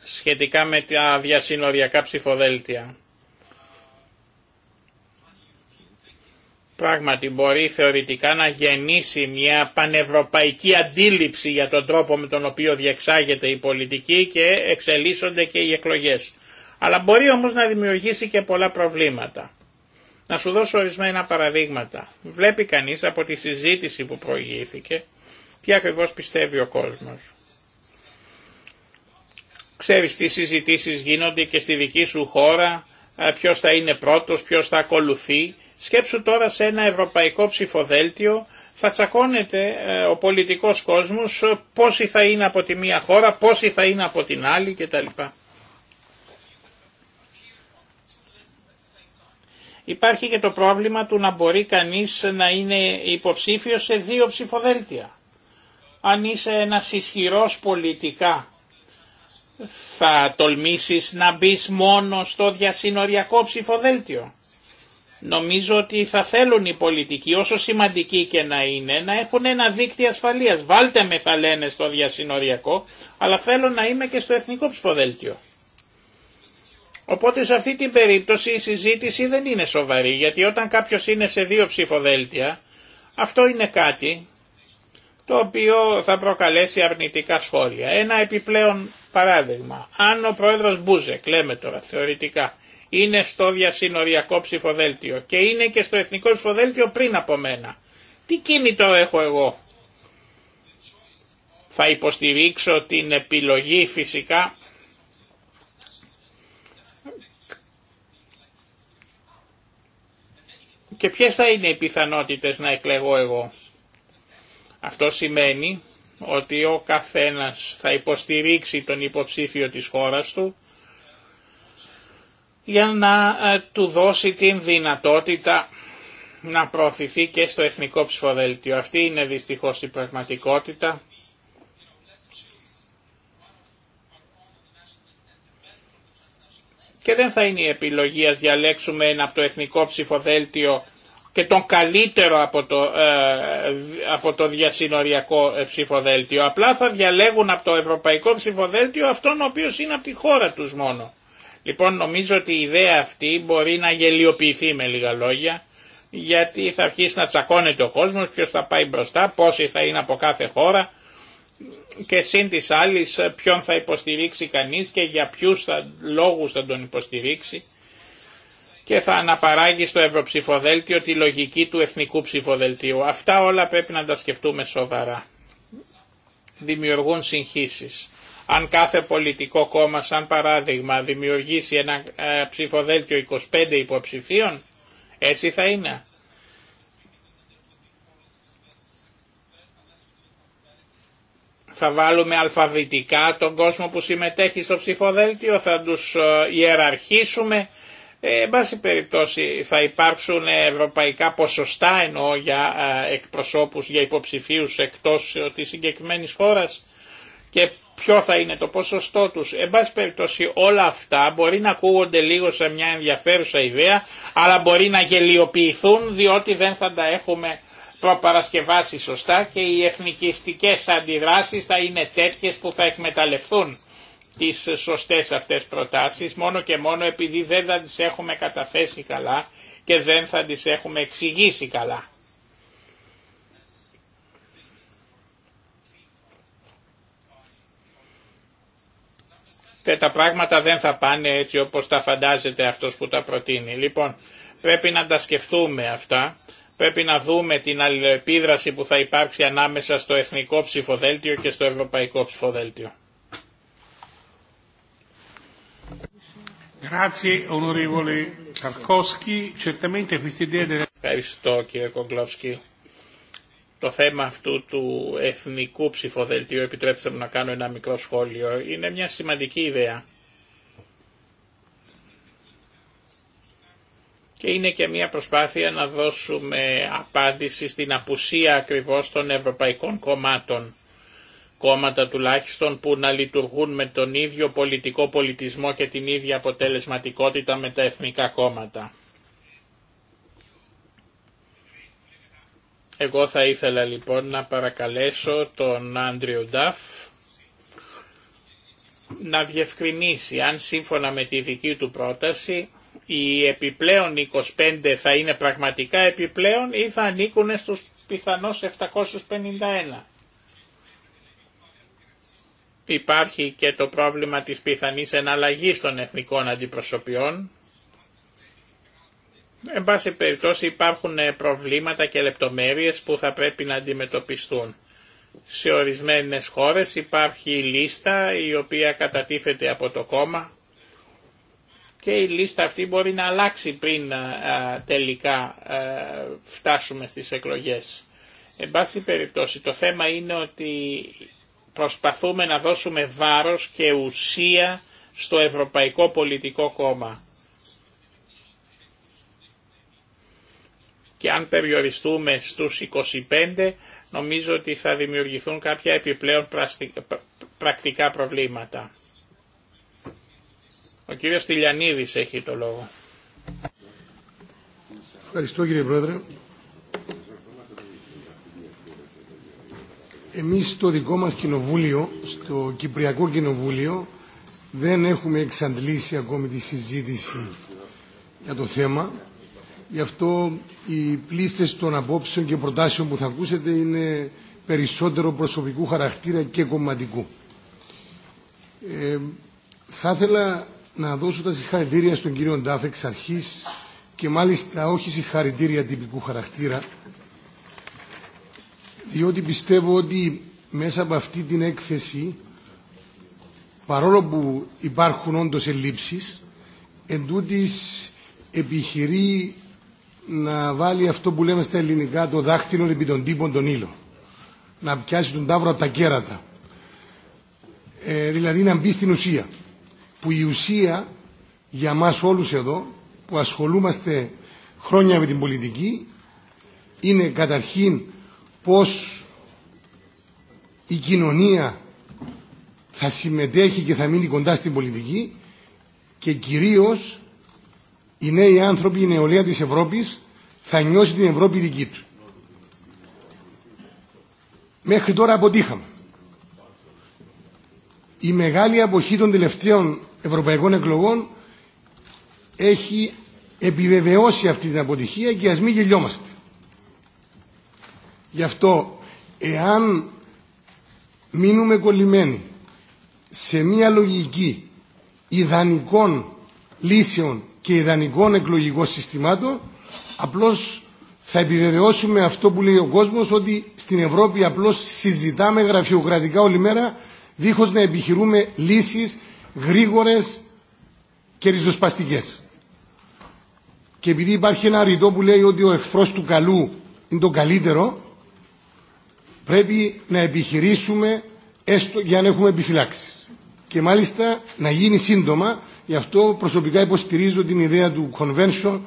σχετικά με τα διασυνοριακά ψηφοδέλτια. πράγματι μπορεί θεωρητικά να γεννήσει μια πανευρωπαϊκή αντίληψη για τον τρόπο με τον οποίο διεξάγεται η πολιτική και εξελίσσονται και οι εκλογές. Αλλά μπορεί όμως να δημιουργήσει και πολλά προβλήματα. Να σου δώσω ορισμένα παραδείγματα. Βλέπει κανείς από τη συζήτηση που προηγήθηκε τι ακριβώς πιστεύει ο κόσμος. Ξέρεις τι συζητήσεις γίνονται και στη δική σου χώρα, ε, ποιος θα είναι πρώτος, ποιος θα ακολουθεί Σκέψου τώρα σε ένα ευρωπαϊκό ψηφοδέλτιο θα τσακώνεται ε, ο πολιτικός κόσμος ε, πόσοι θα είναι από τη μία χώρα, πόσοι θα είναι από την άλλη κτλ. Υπάρχει και το πρόβλημα του να μπορεί κανείς να είναι υποψήφιος σε δύο ψηφοδέλτια. Αν είσαι ένας ισχυρός πολιτικά θα τολμήσεις να μπεις μόνο στο διασυνοριακό ψηφοδέλτιο. Νομίζω ότι θα θέλουν οι πολιτικοί, όσο σημαντικοί και να είναι, να έχουν ένα δίκτυο ασφαλείας. Βάλτε με θα λένε στο διασυνοριακό, αλλά θέλω να είμαι και στο εθνικό ψηφοδέλτιο. Οπότε σε αυτή την περίπτωση η συζήτηση δεν είναι σοβαρή, γιατί όταν κάποιος είναι σε δύο ψηφοδέλτια, αυτό είναι κάτι το οποίο θα προκαλέσει αρνητικά σχόλια. Ένα επιπλέον παράδειγμα. Αν ο πρόεδρος Μπούζεκ, λέμε τώρα θεωρητικά, είναι στο διασυνοριακό ψηφοδέλτιο και είναι και στο εθνικό ψηφοδέλτιο πριν από μένα. Τι κίνητο έχω εγώ. Θα υποστηρίξω την επιλογή φυσικά και ποιες θα είναι οι πιθανότητες να εκλεγώ εγώ. Αυτό σημαίνει ότι ο καθένας θα υποστηρίξει τον υποψήφιο της χώρας του για να ε, του δώσει την δυνατότητα να προωθηθεί και στο εθνικό ψηφοδέλτιο. Αυτή είναι δυστυχώς η πραγματικότητα. Και δεν θα είναι η επιλογή ας διαλέξουμε ένα από το εθνικό ψηφοδέλτιο και τον καλύτερο από το, ε, από το διασυνοριακό ε, ψηφοδέλτιο. Απλά θα διαλέγουν από το ευρωπαϊκό ψηφοδέλτιο αυτόν ο οποίος είναι από τη χώρα τους μόνο. Λοιπόν νομίζω ότι η ιδέα αυτή μπορεί να γελιοποιηθεί με λίγα λόγια γιατί θα αρχίσει να τσακώνεται ο κόσμο ποιος θα πάει μπροστά, πόσοι θα είναι από κάθε χώρα και σύν τη άλλη ποιον θα υποστηρίξει κανείς και για ποιους θα, λόγους θα τον υποστηρίξει και θα αναπαράγει στο ευρωψηφοδέλτιο τη λογική του εθνικού ψηφοδελτίου. Αυτά όλα πρέπει να τα σκεφτούμε σοβαρά. Δημιουργούν συγχύσεις. Αν κάθε πολιτικό κόμμα, σαν παράδειγμα, δημιουργήσει ένα ε, ψηφοδέλτιο 25 υποψηφίων, έτσι θα είναι. θα βάλουμε αλφαβητικά τον κόσμο που συμμετέχει στο ψηφοδέλτιο, θα τους ε, ιεραρχήσουμε. Ε, εν πάση περιπτώσει θα υπάρξουν ευρωπαϊκά ποσοστά εννοώ για ε, εκπροσώπους, για υποψηφίους εκτός της συγκεκριμένης χώρας ποιο θα είναι το ποσοστό τους. Εν πάση περιπτώσει όλα αυτά μπορεί να ακούγονται λίγο σε μια ενδιαφέρουσα ιδέα, αλλά μπορεί να γελιοποιηθούν διότι δεν θα τα έχουμε προπαρασκευάσει σωστά και οι εθνικιστικές αντιδράσεις θα είναι τέτοιες που θα εκμεταλλευτούν τις σωστές αυτές προτάσεις μόνο και μόνο επειδή δεν θα τις έχουμε καταθέσει καλά και δεν θα τις έχουμε εξηγήσει καλά. και τα πράγματα δεν θα πάνε έτσι όπως τα φαντάζεται αυτός που τα προτείνει. Λοιπόν, πρέπει να τα σκεφτούμε αυτά, πρέπει να δούμε την αλληλεπίδραση που θα υπάρξει ανάμεσα στο εθνικό ψηφοδέλτιο και στο ευρωπαϊκό ψηφοδέλτιο. Ευχαριστώ κύριε Κογκλόφσκι το θέμα αυτού του εθνικού ψηφοδελτίου, επιτρέψτε μου να κάνω ένα μικρό σχόλιο, είναι μια σημαντική ιδέα. Και είναι και μια προσπάθεια να δώσουμε απάντηση στην απουσία ακριβώς των ευρωπαϊκών κομμάτων. Κόμματα τουλάχιστον που να λειτουργούν με τον ίδιο πολιτικό πολιτισμό και την ίδια αποτελεσματικότητα με τα εθνικά κόμματα. Εγώ θα ήθελα λοιπόν να παρακαλέσω τον Άντριο Νταφ να διευκρινίσει αν σύμφωνα με τη δική του πρόταση οι επιπλέον 25 θα είναι πραγματικά επιπλέον ή θα ανήκουν στους πιθανώς 751. Υπάρχει και το πρόβλημα της πιθανής εναλλαγής των εθνικών αντιπροσωπιών Εν πάση περιπτώσει υπάρχουν ε, προβλήματα και λεπτομέρειες που θα πρέπει να αντιμετωπιστούν. Σε ορισμένες χώρες υπάρχει η λίστα η οποία κατατίθεται από το κόμμα και η λίστα αυτή μπορεί να αλλάξει πριν ε, τελικά ε, φτάσουμε στις εκλογές. Εν πάση περιπτώσει το θέμα είναι ότι προσπαθούμε να δώσουμε βάρος και ουσία στο Ευρωπαϊκό Πολιτικό Κόμμα. και αν περιοριστούμε στους 25 νομίζω ότι θα δημιουργηθούν κάποια επιπλέον πρακτικά προβλήματα. Ο κύριος Τηλιανίδης έχει το λόγο. Ευχαριστώ κύριε Πρόεδρε. Εμείς στο δικό μας κοινοβούλιο, στο Κυπριακό Κοινοβούλιο, δεν έχουμε εξαντλήσει ακόμη τη συζήτηση για το θέμα Γι' αυτό οι πλήστες των απόψεων και προτάσεων που θα ακούσετε είναι περισσότερο προσωπικού χαρακτήρα και κομματικού. Ε, θα ήθελα να δώσω τα συγχαρητήρια στον κύριο Ντάφ εξ αρχής και μάλιστα όχι συγχαρητήρια τυπικού χαρακτήρα διότι πιστεύω ότι μέσα από αυτή την έκθεση παρόλο που υπάρχουν όντως ελλείψεις εν επιχειρεί να βάλει αυτό που λέμε στα ελληνικά το δάχτυλο επί των τύπων των ήλο Να πιάσει τον τάβρο από τα κέρατα. Ε, δηλαδή να μπει στην ουσία. Που η ουσία για μας όλους εδώ που ασχολούμαστε χρόνια με την πολιτική είναι καταρχήν πως η κοινωνία θα συμμετέχει και θα μείνει κοντά στην πολιτική και κυρίως οι νέοι άνθρωποι, η νεολαία της Ευρώπης θα νιώσει την Ευρώπη δική του. Μέχρι τώρα αποτύχαμε. Η μεγάλη αποχή των τελευταίων ευρωπαϊκών εκλογών έχει επιβεβαιώσει αυτή την αποτυχία και ας μην γελιόμαστε. Γι' αυτό, εάν μείνουμε κολλημένοι σε μια λογική ιδανικών λύσεων και ιδανικών εκλογικών συστημάτων, απλώς θα επιβεβαιώσουμε αυτό που λέει ο κόσμος ότι στην Ευρώπη απλώς συζητάμε γραφειοκρατικά όλη μέρα δίχως να επιχειρούμε λύσεις γρήγορες και ριζοσπαστικές. Και επειδή υπάρχει ένα ρητό που λέει ότι ο εχθρός του καλού είναι το καλύτερο πρέπει να επιχειρήσουμε έστω για να έχουμε επιφυλάξεις. Και μάλιστα να γίνει σύντομα Γι' αυτό προσωπικά υποστηρίζω την ιδέα του Convention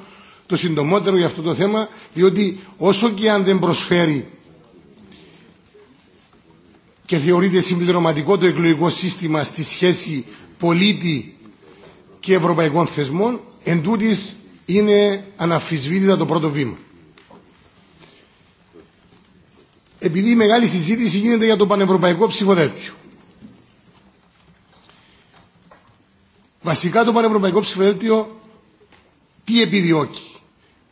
το συντομότερο για αυτό το θέμα, διότι όσο και αν δεν προσφέρει και θεωρείται συμπληρωματικό το εκλογικό σύστημα στη σχέση πολίτη και ευρωπαϊκών θεσμών, εν είναι αναφυσβήτητα το πρώτο βήμα. Επειδή η μεγάλη συζήτηση γίνεται για το πανευρωπαϊκό ψηφοδέλτιο. Βασικά το Πανευρωπαϊκό Ψηφοδέλτιο τι επιδιώκει.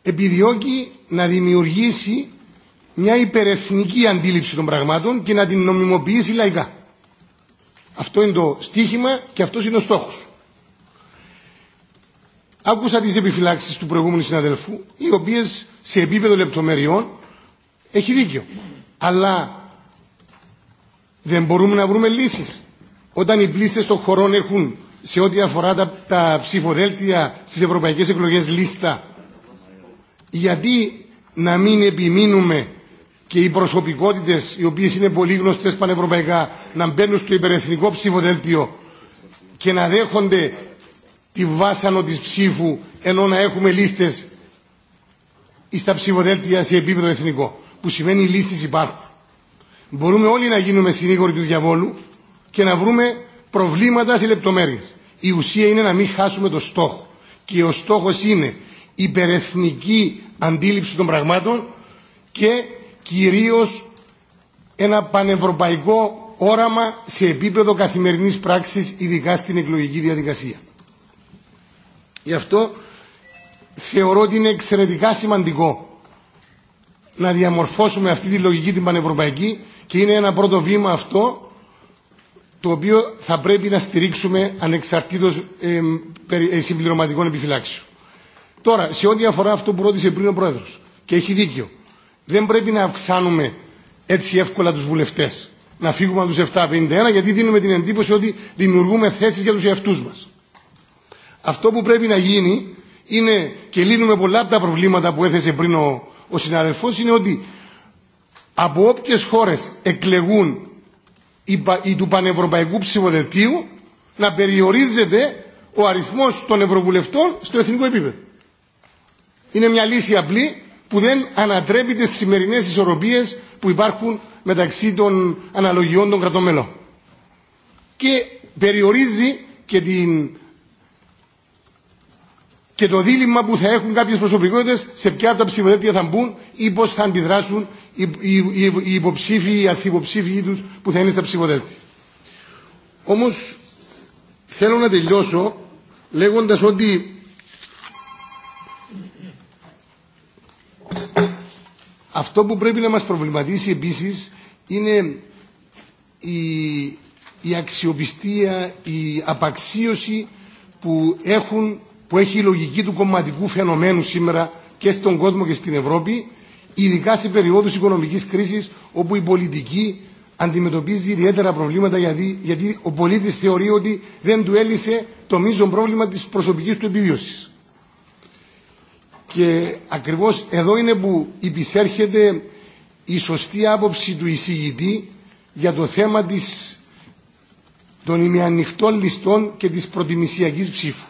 Επιδιώκει να δημιουργήσει μια υπερεθνική αντίληψη των πραγμάτων και να την νομιμοποιήσει λαϊκά. Αυτό είναι το στίχημα και αυτός είναι ο στόχος. Άκουσα τις επιφυλάξεις του προηγούμενου συναδελφού, οι οποίες σε επίπεδο λεπτομεριών έχει δίκιο. Αλλά δεν μπορούμε να βρούμε λύσεις. Όταν οι πλήστες των χωρών έχουν σε ό,τι αφορά τα, ψηφοδέλτια στις ευρωπαϊκές εκλογές λίστα. Γιατί να μην επιμείνουμε και οι προσωπικότητες οι οποίες είναι πολύ γνωστές πανευρωπαϊκά να μπαίνουν στο υπερεθνικό ψηφοδέλτιο και να δέχονται τη βάσανο της ψήφου ενώ να έχουμε λίστες στα ψηφοδέλτια σε επίπεδο εθνικό που σημαίνει οι λίστες υπάρχουν. Μπορούμε όλοι να γίνουμε συνήγοροι του διαβόλου και να βρούμε προβλήματα σε λεπτομέρειες. Η ουσία είναι να μην χάσουμε το στόχο. Και ο στόχος είναι η υπερεθνική αντίληψη των πραγμάτων και κυρίως ένα πανευρωπαϊκό όραμα σε επίπεδο καθημερινής πράξης, ειδικά στην εκλογική διαδικασία. Γι' αυτό θεωρώ ότι είναι εξαιρετικά σημαντικό να διαμορφώσουμε αυτή τη λογική την πανευρωπαϊκή και είναι ένα πρώτο βήμα αυτό το οποίο θα πρέπει να στηρίξουμε ανεξαρτήτως ε, ε, συμπληρωματικών επιφυλάξεων. Τώρα, σε ό,τι αφορά αυτό που ρώτησε πριν ο Πρόεδρος, και έχει δίκιο, δεν πρέπει να αυξάνουμε έτσι εύκολα τους βουλευτές. Να φύγουμε από τους 751 γιατί δίνουμε την εντύπωση ότι δημιουργούμε θέσεις για τους εαυτούς μας. Αυτό που πρέπει να γίνει είναι, και λύνουμε πολλά από τα προβλήματα που έθεσε πριν ο, ο συναδελφός, είναι ότι από όποιες χώρες εκλεγούν ή του πανευρωπαϊκού ψηφοδελτίου να περιορίζεται ο αριθμός των ευρωβουλευτών στο εθνικό επίπεδο. Είναι μια λύση απλή που δεν ανατρέπει τις σημερινές ισορροπίες που υπάρχουν μεταξύ των αναλογιών των κρατών μελών. Και περιορίζει και την και το δίλημα που θα έχουν κάποιε προσωπικότητε σε ποια από τα ψηφοδέλτια θα μπουν ή πώ θα αντιδράσουν οι υποψήφοι, οι αθυποψήφοι του που θα είναι στα ψηφοδέλτια. Όμω θέλω να τελειώσω λέγοντα ότι αυτό που πρέπει να μας προβληματίσει επίσης είναι η, η αξιοπιστία, η απαξίωση που έχουν που έχει η λογική του κομματικού φαινομένου σήμερα και στον κόσμο και στην Ευρώπη, ειδικά σε περιόδους οικονομικής κρίσης όπου η πολιτική αντιμετωπίζει ιδιαίτερα προβλήματα γιατί, γιατί ο πολίτης θεωρεί ότι δεν του έλυσε το μείζον πρόβλημα της προσωπικής του επιβίωσης. Και ακριβώς εδώ είναι που υπησέρχεται η σωστή άποψη του εισηγητή για το θέμα της, των ημιανοιχτών ληστών και της προτιμησιακής ψήφου.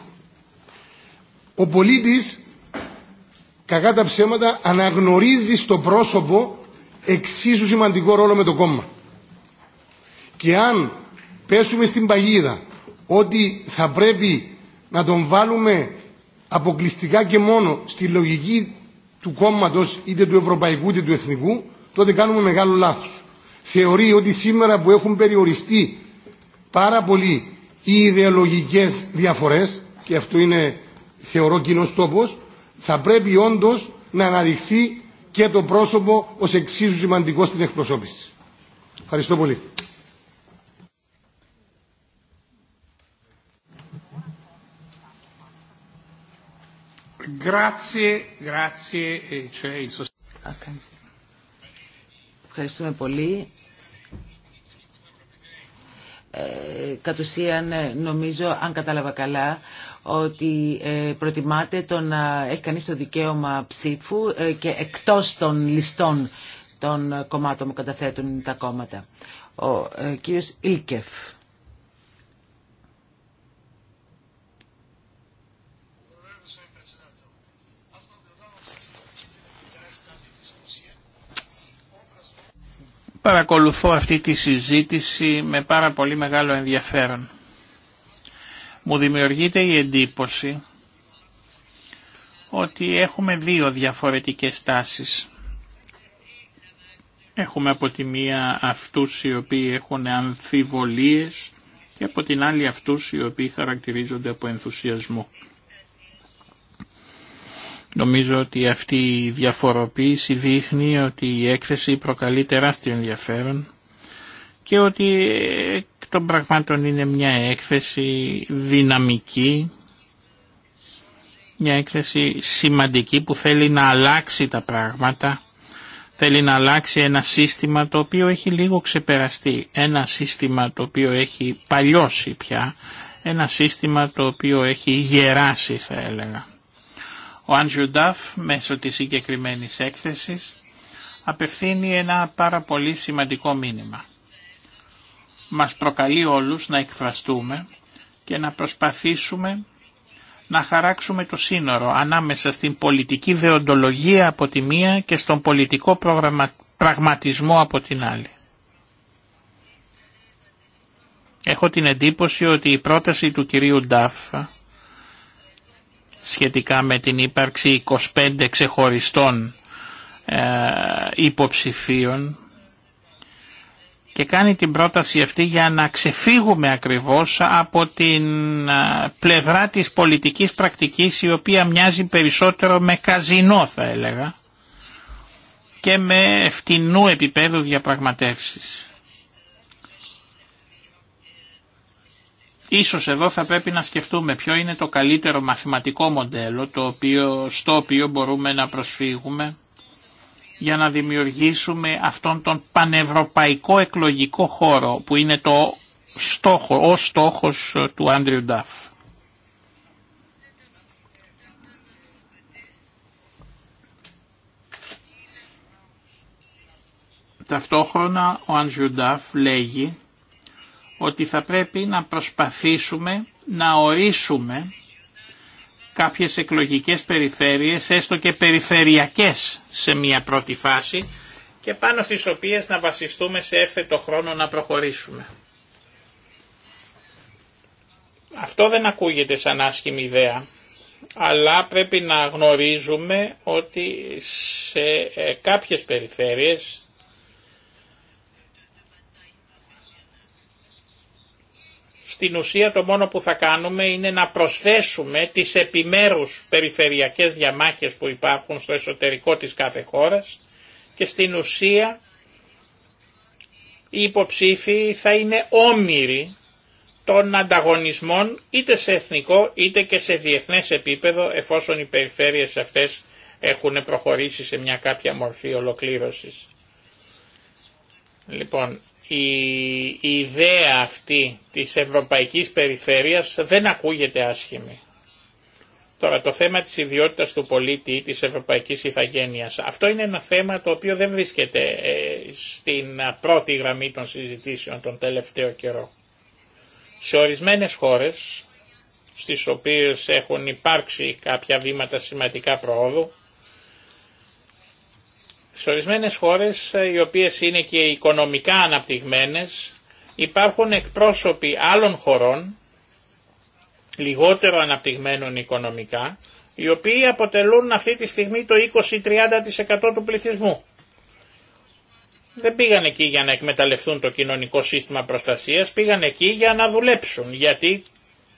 Ο πολίτης, κακά τα ψέματα, αναγνωρίζει στο πρόσωπο εξίσου σημαντικό ρόλο με το κόμμα. Και αν πέσουμε στην παγίδα ότι θα πρέπει να τον βάλουμε αποκλειστικά και μόνο στη λογική του κόμματος είτε του ευρωπαϊκού είτε του εθνικού, τότε κάνουμε μεγάλο λάθος. Θεωρεί ότι σήμερα που έχουν περιοριστεί πάρα πολύ οι ιδεολογικές διαφορές, και αυτό είναι θεωρώ κοινό τόπο, θα πρέπει όντω να αναδειχθεί και το πρόσωπο ω εξίσου σημαντικό στην εκπροσώπηση. Ευχαριστώ πολύ. Eh, Ευχαριστούμε πολύ. Ε, κατ' ουσίαν ε, νομίζω, αν κατάλαβα καλά, ότι ε, προτιμάτε το να έχει κανείς το δικαίωμα ψήφου και εκτός των ληστών των κομμάτων που καταθέτουν τα κόμματα. Ο κύριος Ήλκεφ. Παρακολουθώ αυτή τη συζήτηση με πάρα πολύ μεγάλο ενδιαφέρον. Μου δημιουργείται η εντύπωση ότι έχουμε δύο διαφορετικές τάσεις. Έχουμε από τη μία αυτούς οι οποίοι έχουν ανθιβολίες και από την άλλη αυτούς οι οποίοι χαρακτηρίζονται από ενθουσιασμό. Νομίζω ότι αυτή η διαφοροποίηση δείχνει ότι η έκθεση προκαλεί τεράστιο ενδιαφέρον και ότι εκ των πραγμάτων είναι μια έκθεση δυναμική, μια έκθεση σημαντική που θέλει να αλλάξει τα πράγματα, θέλει να αλλάξει ένα σύστημα το οποίο έχει λίγο ξεπεραστεί, ένα σύστημα το οποίο έχει παλιώσει πια, ένα σύστημα το οποίο έχει γεράσει θα έλεγα. Ο Άντζιου Νταφ μέσω της συγκεκριμένη έκθεσης απευθύνει ένα πάρα πολύ σημαντικό μήνυμα. Μας προκαλεί όλους να εκφραστούμε και να προσπαθήσουμε να χαράξουμε το σύνορο ανάμεσα στην πολιτική δεοντολογία από τη μία και στον πολιτικό πραγματισμό από την άλλη. Έχω την εντύπωση ότι η πρόταση του κυρίου Ντάφ σχετικά με την ύπαρξη 25 ξεχωριστών ε, υποψηφίων και κάνει την πρόταση αυτή για να ξεφύγουμε ακριβώς από την ε, πλευρά της πολιτικής πρακτικής η οποία μοιάζει περισσότερο με καζινό θα έλεγα και με φτηνού επίπεδου διαπραγματεύσεις. Ίσως εδώ θα πρέπει να σκεφτούμε ποιο είναι το καλύτερο μαθηματικό μοντέλο το οποίο, στο οποίο μπορούμε να προσφύγουμε για να δημιουργήσουμε αυτόν τον πανευρωπαϊκό εκλογικό χώρο που είναι το στόχο, ο στόχος του Άντριου Νταφ. Ταυτόχρονα ο Άντριου Νταφ λέγει ότι θα πρέπει να προσπαθήσουμε να ορίσουμε κάποιες εκλογικές περιφέρειες, έστω και περιφερειακές σε μια πρώτη φάση και πάνω στις οποίες να βασιστούμε σε έφθετο χρόνο να προχωρήσουμε. Αυτό δεν ακούγεται σαν άσχημη ιδέα, αλλά πρέπει να γνωρίζουμε ότι σε ε, κάποιες περιφέρειες στην ουσία το μόνο που θα κάνουμε είναι να προσθέσουμε τις επιμέρους περιφερειακές διαμάχες που υπάρχουν στο εσωτερικό της κάθε χώρας και στην ουσία οι υποψήφοι θα είναι όμοιροι των ανταγωνισμών είτε σε εθνικό είτε και σε διεθνές επίπεδο εφόσον οι περιφέρειες αυτές έχουν προχωρήσει σε μια κάποια μορφή ολοκλήρωσης. Λοιπόν, η ιδέα αυτή της ευρωπαϊκής περιφέρειας δεν ακούγεται άσχημη. Τώρα το θέμα της ιδιότητας του πολίτη ή της ευρωπαϊκής ηθαγένειας. Αυτό είναι ένα θέμα το οποίο δεν βρίσκεται ε, στην πρώτη γραμμή των συζητήσεων τον τελευταίο καιρό. Σε ορισμένες χώρες στις οποίες έχουν υπάρξει κάποια βήματα σημαντικά προόδου σε ορισμένες χώρες ε, οι οποίες είναι και οικονομικά αναπτυγμένες υπάρχουν εκπρόσωποι άλλων χωρών λιγότερο αναπτυγμένων οικονομικά οι οποίοι αποτελούν αυτή τη στιγμή το 20-30% του πληθυσμού. Δεν πήγαν εκεί για να εκμεταλλευτούν το κοινωνικό σύστημα προστασίας, πήγαν εκεί για να δουλέψουν, γιατί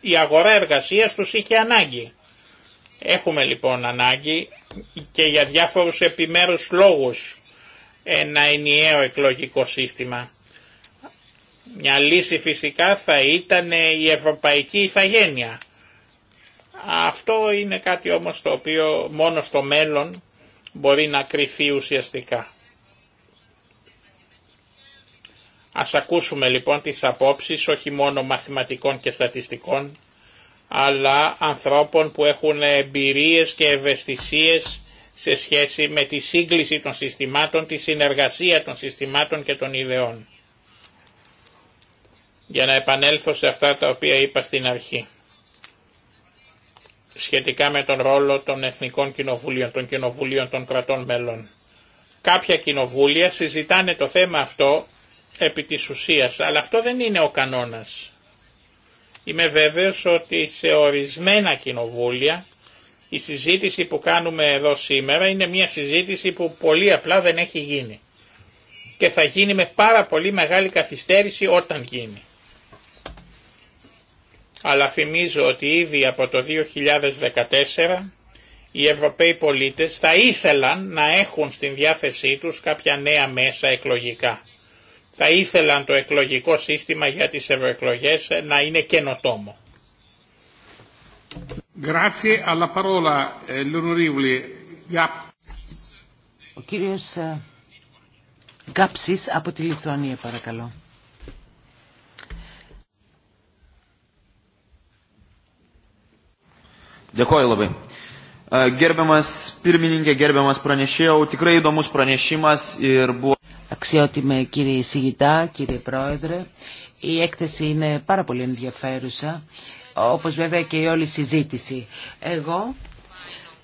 η αγορά εργασίας τους είχε ανάγκη. Έχουμε λοιπόν ανάγκη και για διάφορους επιμέρους λόγους ένα ενιαίο εκλογικό σύστημα. Μια λύση φυσικά θα ήταν η ευρωπαϊκή ηθαγένεια. Αυτό είναι κάτι όμως το οποίο μόνο στο μέλλον μπορεί να κρυφεί ουσιαστικά. Ας ακούσουμε λοιπόν τις απόψεις όχι μόνο μαθηματικών και στατιστικών, αλλά ανθρώπων που έχουν εμπειρίες και ευαισθησίες σε σχέση με τη σύγκληση των συστημάτων, τη συνεργασία των συστημάτων και των ιδεών. Για να επανέλθω σε αυτά τα οποία είπα στην αρχή σχετικά με τον ρόλο των εθνικών κοινοβούλιων, των κοινοβουλίων των κρατών μελών. Κάποια κοινοβούλια συζητάνε το θέμα αυτό επί της ουσίας, αλλά αυτό δεν είναι ο κανόνας. Είμαι βέβαιος ότι σε ορισμένα κοινοβούλια η συζήτηση που κάνουμε εδώ σήμερα είναι μια συζήτηση που πολύ απλά δεν έχει γίνει και θα γίνει με πάρα πολύ μεγάλη καθυστέρηση όταν γίνει. Αλλά θυμίζω ότι ήδη από το 2014 οι Ευρωπαίοι πολίτες θα ήθελαν να έχουν στην διάθεσή τους κάποια νέα μέσα εκλογικά θα ήθελαν το εκλογικό σύστημα για τις ευρωεκλογέ να είναι καινοτόμο. Grazie alla parola eh, l'onorevole Gap. Ο κύριος Γκάψης από τη Λιθουανία παρακαλώ. Dėkoju labai. Gerbiamas pirmininkė, gerbiamas pranešėjau, tikrai įdomus pranešimas ir buvo... Αξιότιμε κύριε Σιγητά, κύριε Πρόεδρε, η έκθεση είναι πάρα πολύ ενδιαφέρουσα, όπως βέβαια και η όλη συζήτηση. Εγώ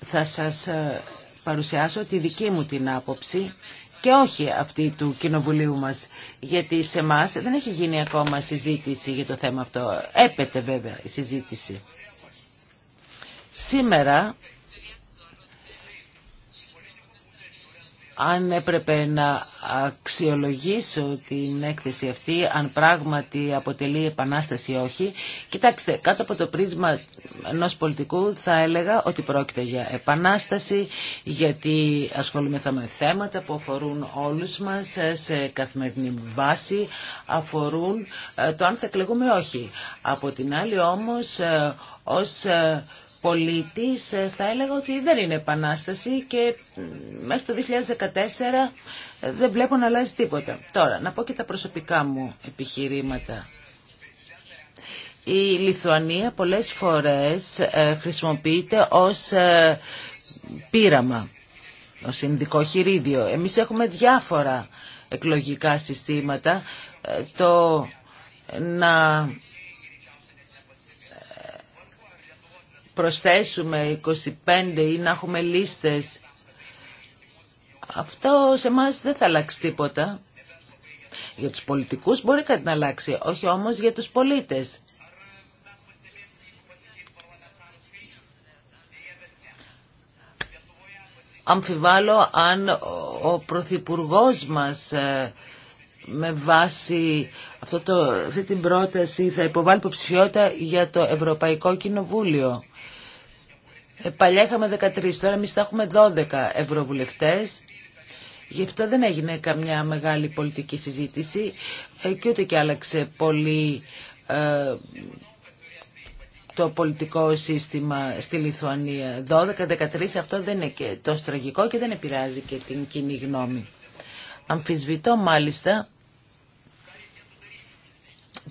θα σας ε, παρουσιάσω τη δική μου την άποψη και όχι αυτή του κοινοβουλίου μας, γιατί σε εμά δεν έχει γίνει ακόμα συζήτηση για το θέμα αυτό. Έπεται βέβαια η συζήτηση. Σήμερα αν έπρεπε να αξιολογήσω την έκθεση αυτή, αν πράγματι αποτελεί επανάσταση ή όχι, κοιτάξτε, κάτω από το πρίσμα ενός πολιτικού θα έλεγα ότι πρόκειται για επανάσταση, γιατί ασχολούμεθα με θέματα που αφορούν όλους μας σε καθημερινή βάση, αφορούν ε, το αν θα εκλεγούμε ή όχι. Από την άλλη όμως, ε, ως ε, πολίτης ε, θα έλεγα ότι δεν είναι επανάσταση και μέχρι το 2014 ε, δεν βλέπω να αλλάζει τίποτα. Τώρα, να πω και τα προσωπικά μου επιχειρήματα. Η Λιθουανία πολλές φορές ε, χρησιμοποιείται ως πείραμα, ως συνδικό χειρίδιο. Εμείς έχουμε διάφορα εκλογικά συστήματα. Το να προσθέσουμε 25 ή να έχουμε λίστες. Αυτό σε εμά δεν θα αλλάξει τίποτα. Για τους πολιτικούς μπορεί κάτι να αλλάξει, όχι όμως για τους πολίτες. Αμφιβάλλω αν ο Πρωθυπουργός μας ε, με βάση αυτό το, αυτή την πρόταση θα υποβάλει υποψηφιότητα για το Ευρωπαϊκό Κοινοβούλιο. Ε, παλιά είχαμε 13, τώρα εμεί θα έχουμε 12 ευρωβουλευτές. Γι' αυτό δεν έγινε καμιά μεγάλη πολιτική συζήτηση ε, και ούτε και άλλαξε πολύ ε, το πολιτικό σύστημα στη Λιθουανία. 12-13 αυτό δεν είναι και τόσο τραγικό και δεν επηρεάζει και την κοινή γνώμη. Αμφισβητώ μάλιστα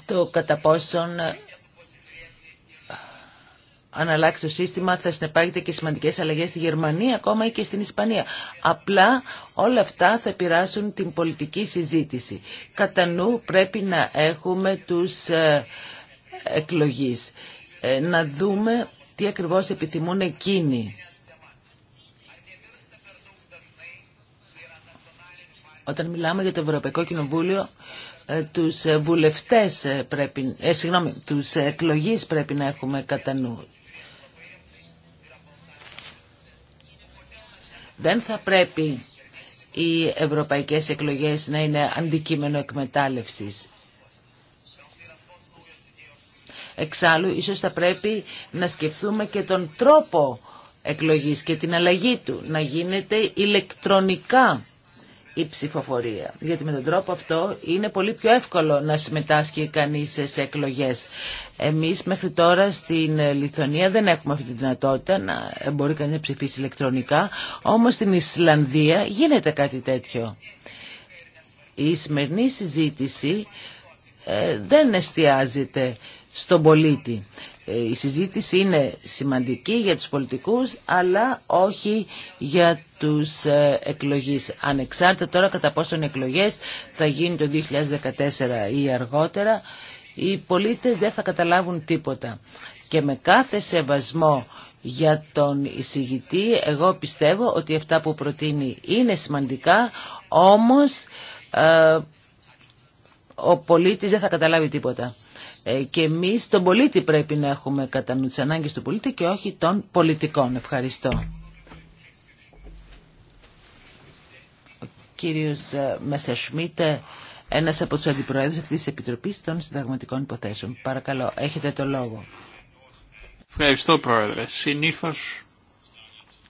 το κατά πόσον αναλλάξει το σύστημα θα συνεπάγεται και σημαντικές αλλαγές στη Γερμανία, ακόμα και στην Ισπανία. Απλά όλα αυτά θα επηράσουν την πολιτική συζήτηση. Κατά νου πρέπει να έχουμε τους ε, εκλογείς. Ε, να δούμε τι ακριβώς επιθυμούν εκείνοι. Όταν μιλάμε για το Ευρωπαϊκό Κοινοβούλιο, ε, τους ε, βουλευτές ε, πρέπει, ε, συγγνώμη, τους εκλογείς πρέπει να έχουμε κατά νου. Δεν θα πρέπει οι ευρωπαϊκές εκλογές να είναι αντικείμενο εκμετάλλευσης. Εξάλλου, ίσως θα πρέπει να σκεφτούμε και τον τρόπο εκλογής και την αλλαγή του, να γίνεται ηλεκτρονικά η ψηφοφορία. Γιατί με τον τρόπο αυτό είναι πολύ πιο εύκολο να συμμετάσχει κανείς σε εκλογές. Εμείς μέχρι τώρα στην Λιθωνία δεν έχουμε αυτή τη δυνατότητα να μπορεί κανείς να ψηφίσει ηλεκτρονικά, όμως στην Ισλανδία γίνεται κάτι τέτοιο. Η σημερινή συζήτηση ε, δεν εστιάζεται στον πολίτη. Ε, η συζήτηση είναι σημαντική για τους πολιτικούς αλλά όχι για τους ε, εκλογείς. Ανεξάρτητα τώρα κατά πόσον εκλογές θα γίνει το 2014 ή αργότερα, οι πολίτες δεν θα καταλάβουν τίποτα. Και με κάθε σεβασμό για τον εισηγητή, εγώ πιστεύω ότι αυτά που προτείνει είναι σημαντικά, όμως ε, ο πολίτης δεν θα καταλάβει τίποτα. Ε, και εμείς τον πολίτη πρέπει να έχουμε κατά νου τις ανάγκες του πολίτη και όχι των πολιτικών. Ευχαριστώ. Ο κύριος Μεσεσμίτ, ένας από τους αντιπροέδρους αυτής της Επιτροπής των Συνταγματικών Υποθέσεων. Παρακαλώ, έχετε το λόγο. Ευχαριστώ Πρόεδρε. Συνήθως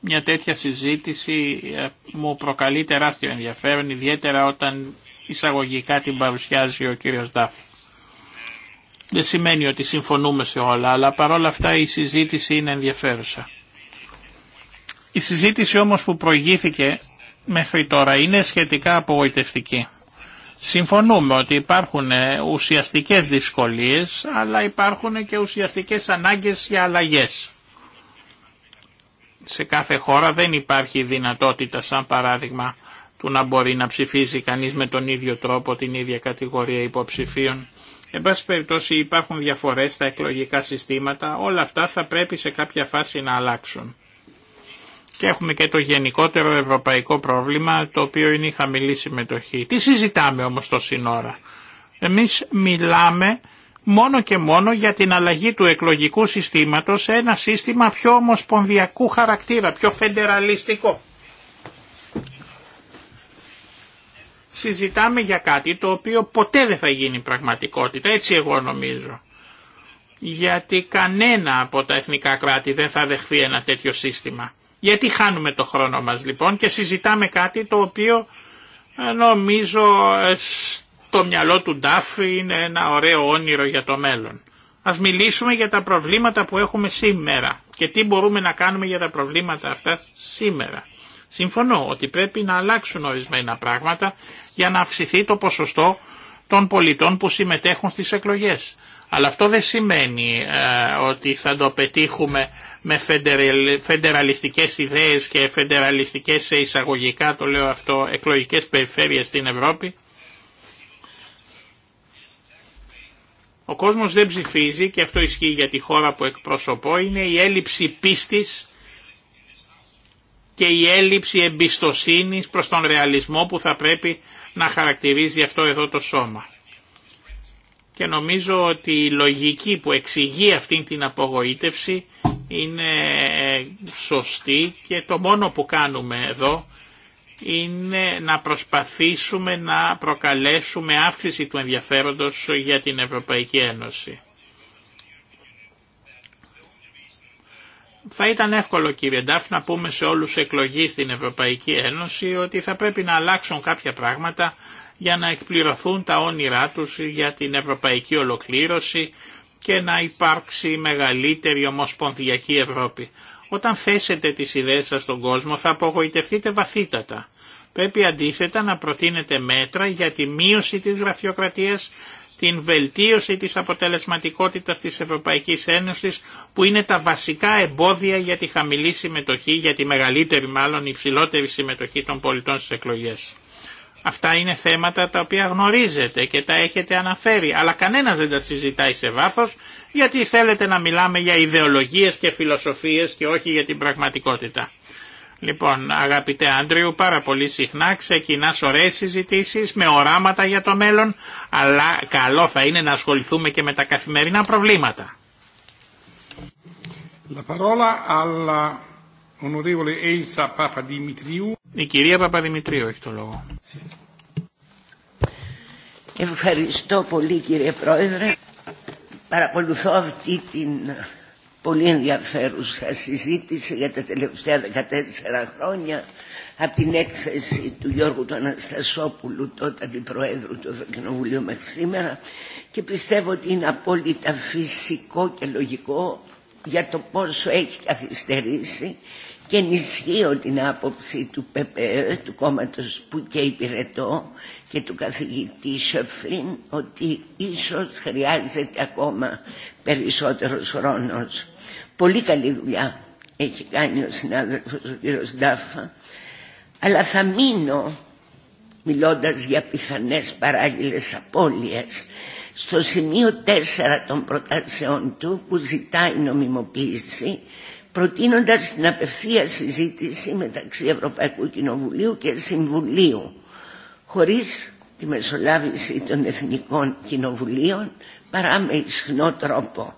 μια τέτοια συζήτηση ε, μου προκαλεί τεράστιο ενδιαφέρον, ιδιαίτερα όταν εισαγωγικά την παρουσιάζει ο κύριος Ντάφη. Δεν σημαίνει ότι συμφωνούμε σε όλα, αλλά παρόλα αυτά η συζήτηση είναι ενδιαφέρουσα. Η συζήτηση όμως που προηγήθηκε μέχρι τώρα είναι σχετικά απογοητευτική. Συμφωνούμε ότι υπάρχουν ε, ουσιαστικές δυσκολίες, αλλά υπάρχουν και ουσιαστικές ανάγκες για αλλαγές. Σε κάθε χώρα δεν υπάρχει δυνατότητα, σαν παράδειγμα, του να μπορεί να ψηφίζει κανείς με τον ίδιο τρόπο την ίδια κατηγορία υποψηφίων. Εν πάση περιπτώσει υπάρχουν διαφορές στα εκλογικά συστήματα, όλα αυτά θα πρέπει σε κάποια φάση να αλλάξουν. Και έχουμε και το γενικότερο ευρωπαϊκό πρόβλημα, το οποίο είναι η χαμηλή συμμετοχή. Τι συζητάμε όμως το σύνορα. Εμείς μιλάμε μόνο και μόνο για την αλλαγή του εκλογικού συστήματος σε ένα σύστημα πιο ομοσπονδιακού χαρακτήρα, πιο φεντεραλιστικό. συζητάμε για κάτι το οποίο ποτέ δεν θα γίνει πραγματικότητα, έτσι εγώ νομίζω. Γιατί κανένα από τα εθνικά κράτη δεν θα δεχθεί ένα τέτοιο σύστημα. Γιατί χάνουμε το χρόνο μας λοιπόν και συζητάμε κάτι το οποίο ε, νομίζω ε, στο μυαλό του Ντάφ είναι ένα ωραίο όνειρο για το μέλλον. Ας μιλήσουμε για τα προβλήματα που έχουμε σήμερα και τι μπορούμε να κάνουμε για τα προβλήματα αυτά σήμερα. Συμφωνώ ότι πρέπει να αλλάξουν ορισμένα πράγματα για να αυξηθεί το ποσοστό των πολιτών που συμμετέχουν στις εκλογές. Αλλά αυτό δεν σημαίνει ε, ότι θα το πετύχουμε με φεντεραλιστικές ιδέες και φεντεραλιστικές σε εισαγωγικά, το λέω αυτό, εκλογικές περιφέρειες στην Ευρώπη. Ο κόσμος δεν ψηφίζει και αυτό ισχύει για τη χώρα που εκπροσωπώ, είναι η έλλειψη πίστης και η έλλειψη εμπιστοσύνης προς τον ρεαλισμό που θα πρέπει να χαρακτηρίζει αυτό εδώ το σώμα. Και νομίζω ότι η λογική που εξηγεί αυτή την απογοήτευση είναι σωστή και το μόνο που κάνουμε εδώ είναι να προσπαθήσουμε να προκαλέσουμε αύξηση του ενδιαφέροντος για την Ευρωπαϊκή Ένωση. Θα ήταν εύκολο κύριε Ντάφ να πούμε σε όλους εκλογείς στην Ευρωπαϊκή Ένωση ότι θα πρέπει να αλλάξουν κάποια πράγματα για να εκπληρωθούν τα όνειρά τους για την ευρωπαϊκή ολοκλήρωση και να υπάρξει μεγαλύτερη ομοσπονδιακή Ευρώπη. Όταν θέσετε τις ιδέες σας στον κόσμο θα απογοητευτείτε βαθύτατα. Πρέπει αντίθετα να προτείνετε μέτρα για τη μείωση της γραφειοκρατίας, την βελτίωση της αποτελεσματικότητας της Ευρωπαϊκής Ένωσης που είναι τα βασικά εμπόδια για τη χαμηλή συμμετοχή, για τη μεγαλύτερη μάλλον υψηλότερη συμμετοχή των πολιτών στις εκλογές. Αυτά είναι θέματα τα οποία γνωρίζετε και τα έχετε αναφέρει, αλλά κανένας δεν τα συζητάει σε βάθος γιατί θέλετε να μιλάμε για ιδεολογίες και φιλοσοφίες και όχι για την πραγματικότητα. Λοιπόν, αγαπητέ Άντριου, πάρα πολύ συχνά ξεκινά ωραίε συζητήσει με οράματα για το μέλλον, αλλά καλό θα είναι να ασχοληθούμε και με τα καθημερινά προβλήματα. Η κυρία Παπαδημητρίου έχει το λόγο. Ευχαριστώ πολύ κύριε Πρόεδρε. Παρακολουθώ αυτή την πολύ ενδιαφέρουσα συζήτηση για τα τελευταία 14 χρόνια από την έκθεση του Γιώργου του Αναστασόπουλου, τότε Προέδρου του Ευρωκοινοβουλίου μέχρι σήμερα και πιστεύω ότι είναι απόλυτα φυσικό και λογικό για το πόσο έχει καθυστερήσει και ενισχύω την άποψη του ΠΠΕ, του κόμματος που και υπηρετώ και του καθηγητή Σεφρίν ότι ίσως χρειάζεται ακόμα περισσότερος χρόνος. Πολύ καλή δουλειά έχει κάνει ο συνάδελφος ο κ. Ντάφα. Αλλά θα μείνω, μιλώντας για πιθανές παράγγελες απώλειες, στο σημείο 4 των προτάσεών του που ζητάει νομιμοποίηση, προτείνοντας την απευθεία συζήτηση μεταξύ Ευρωπαϊκού Κοινοβουλίου και Συμβουλίου, χωρίς τη μεσολάβηση των Εθνικών Κοινοβουλίων, παρά με ισχνό τρόπο.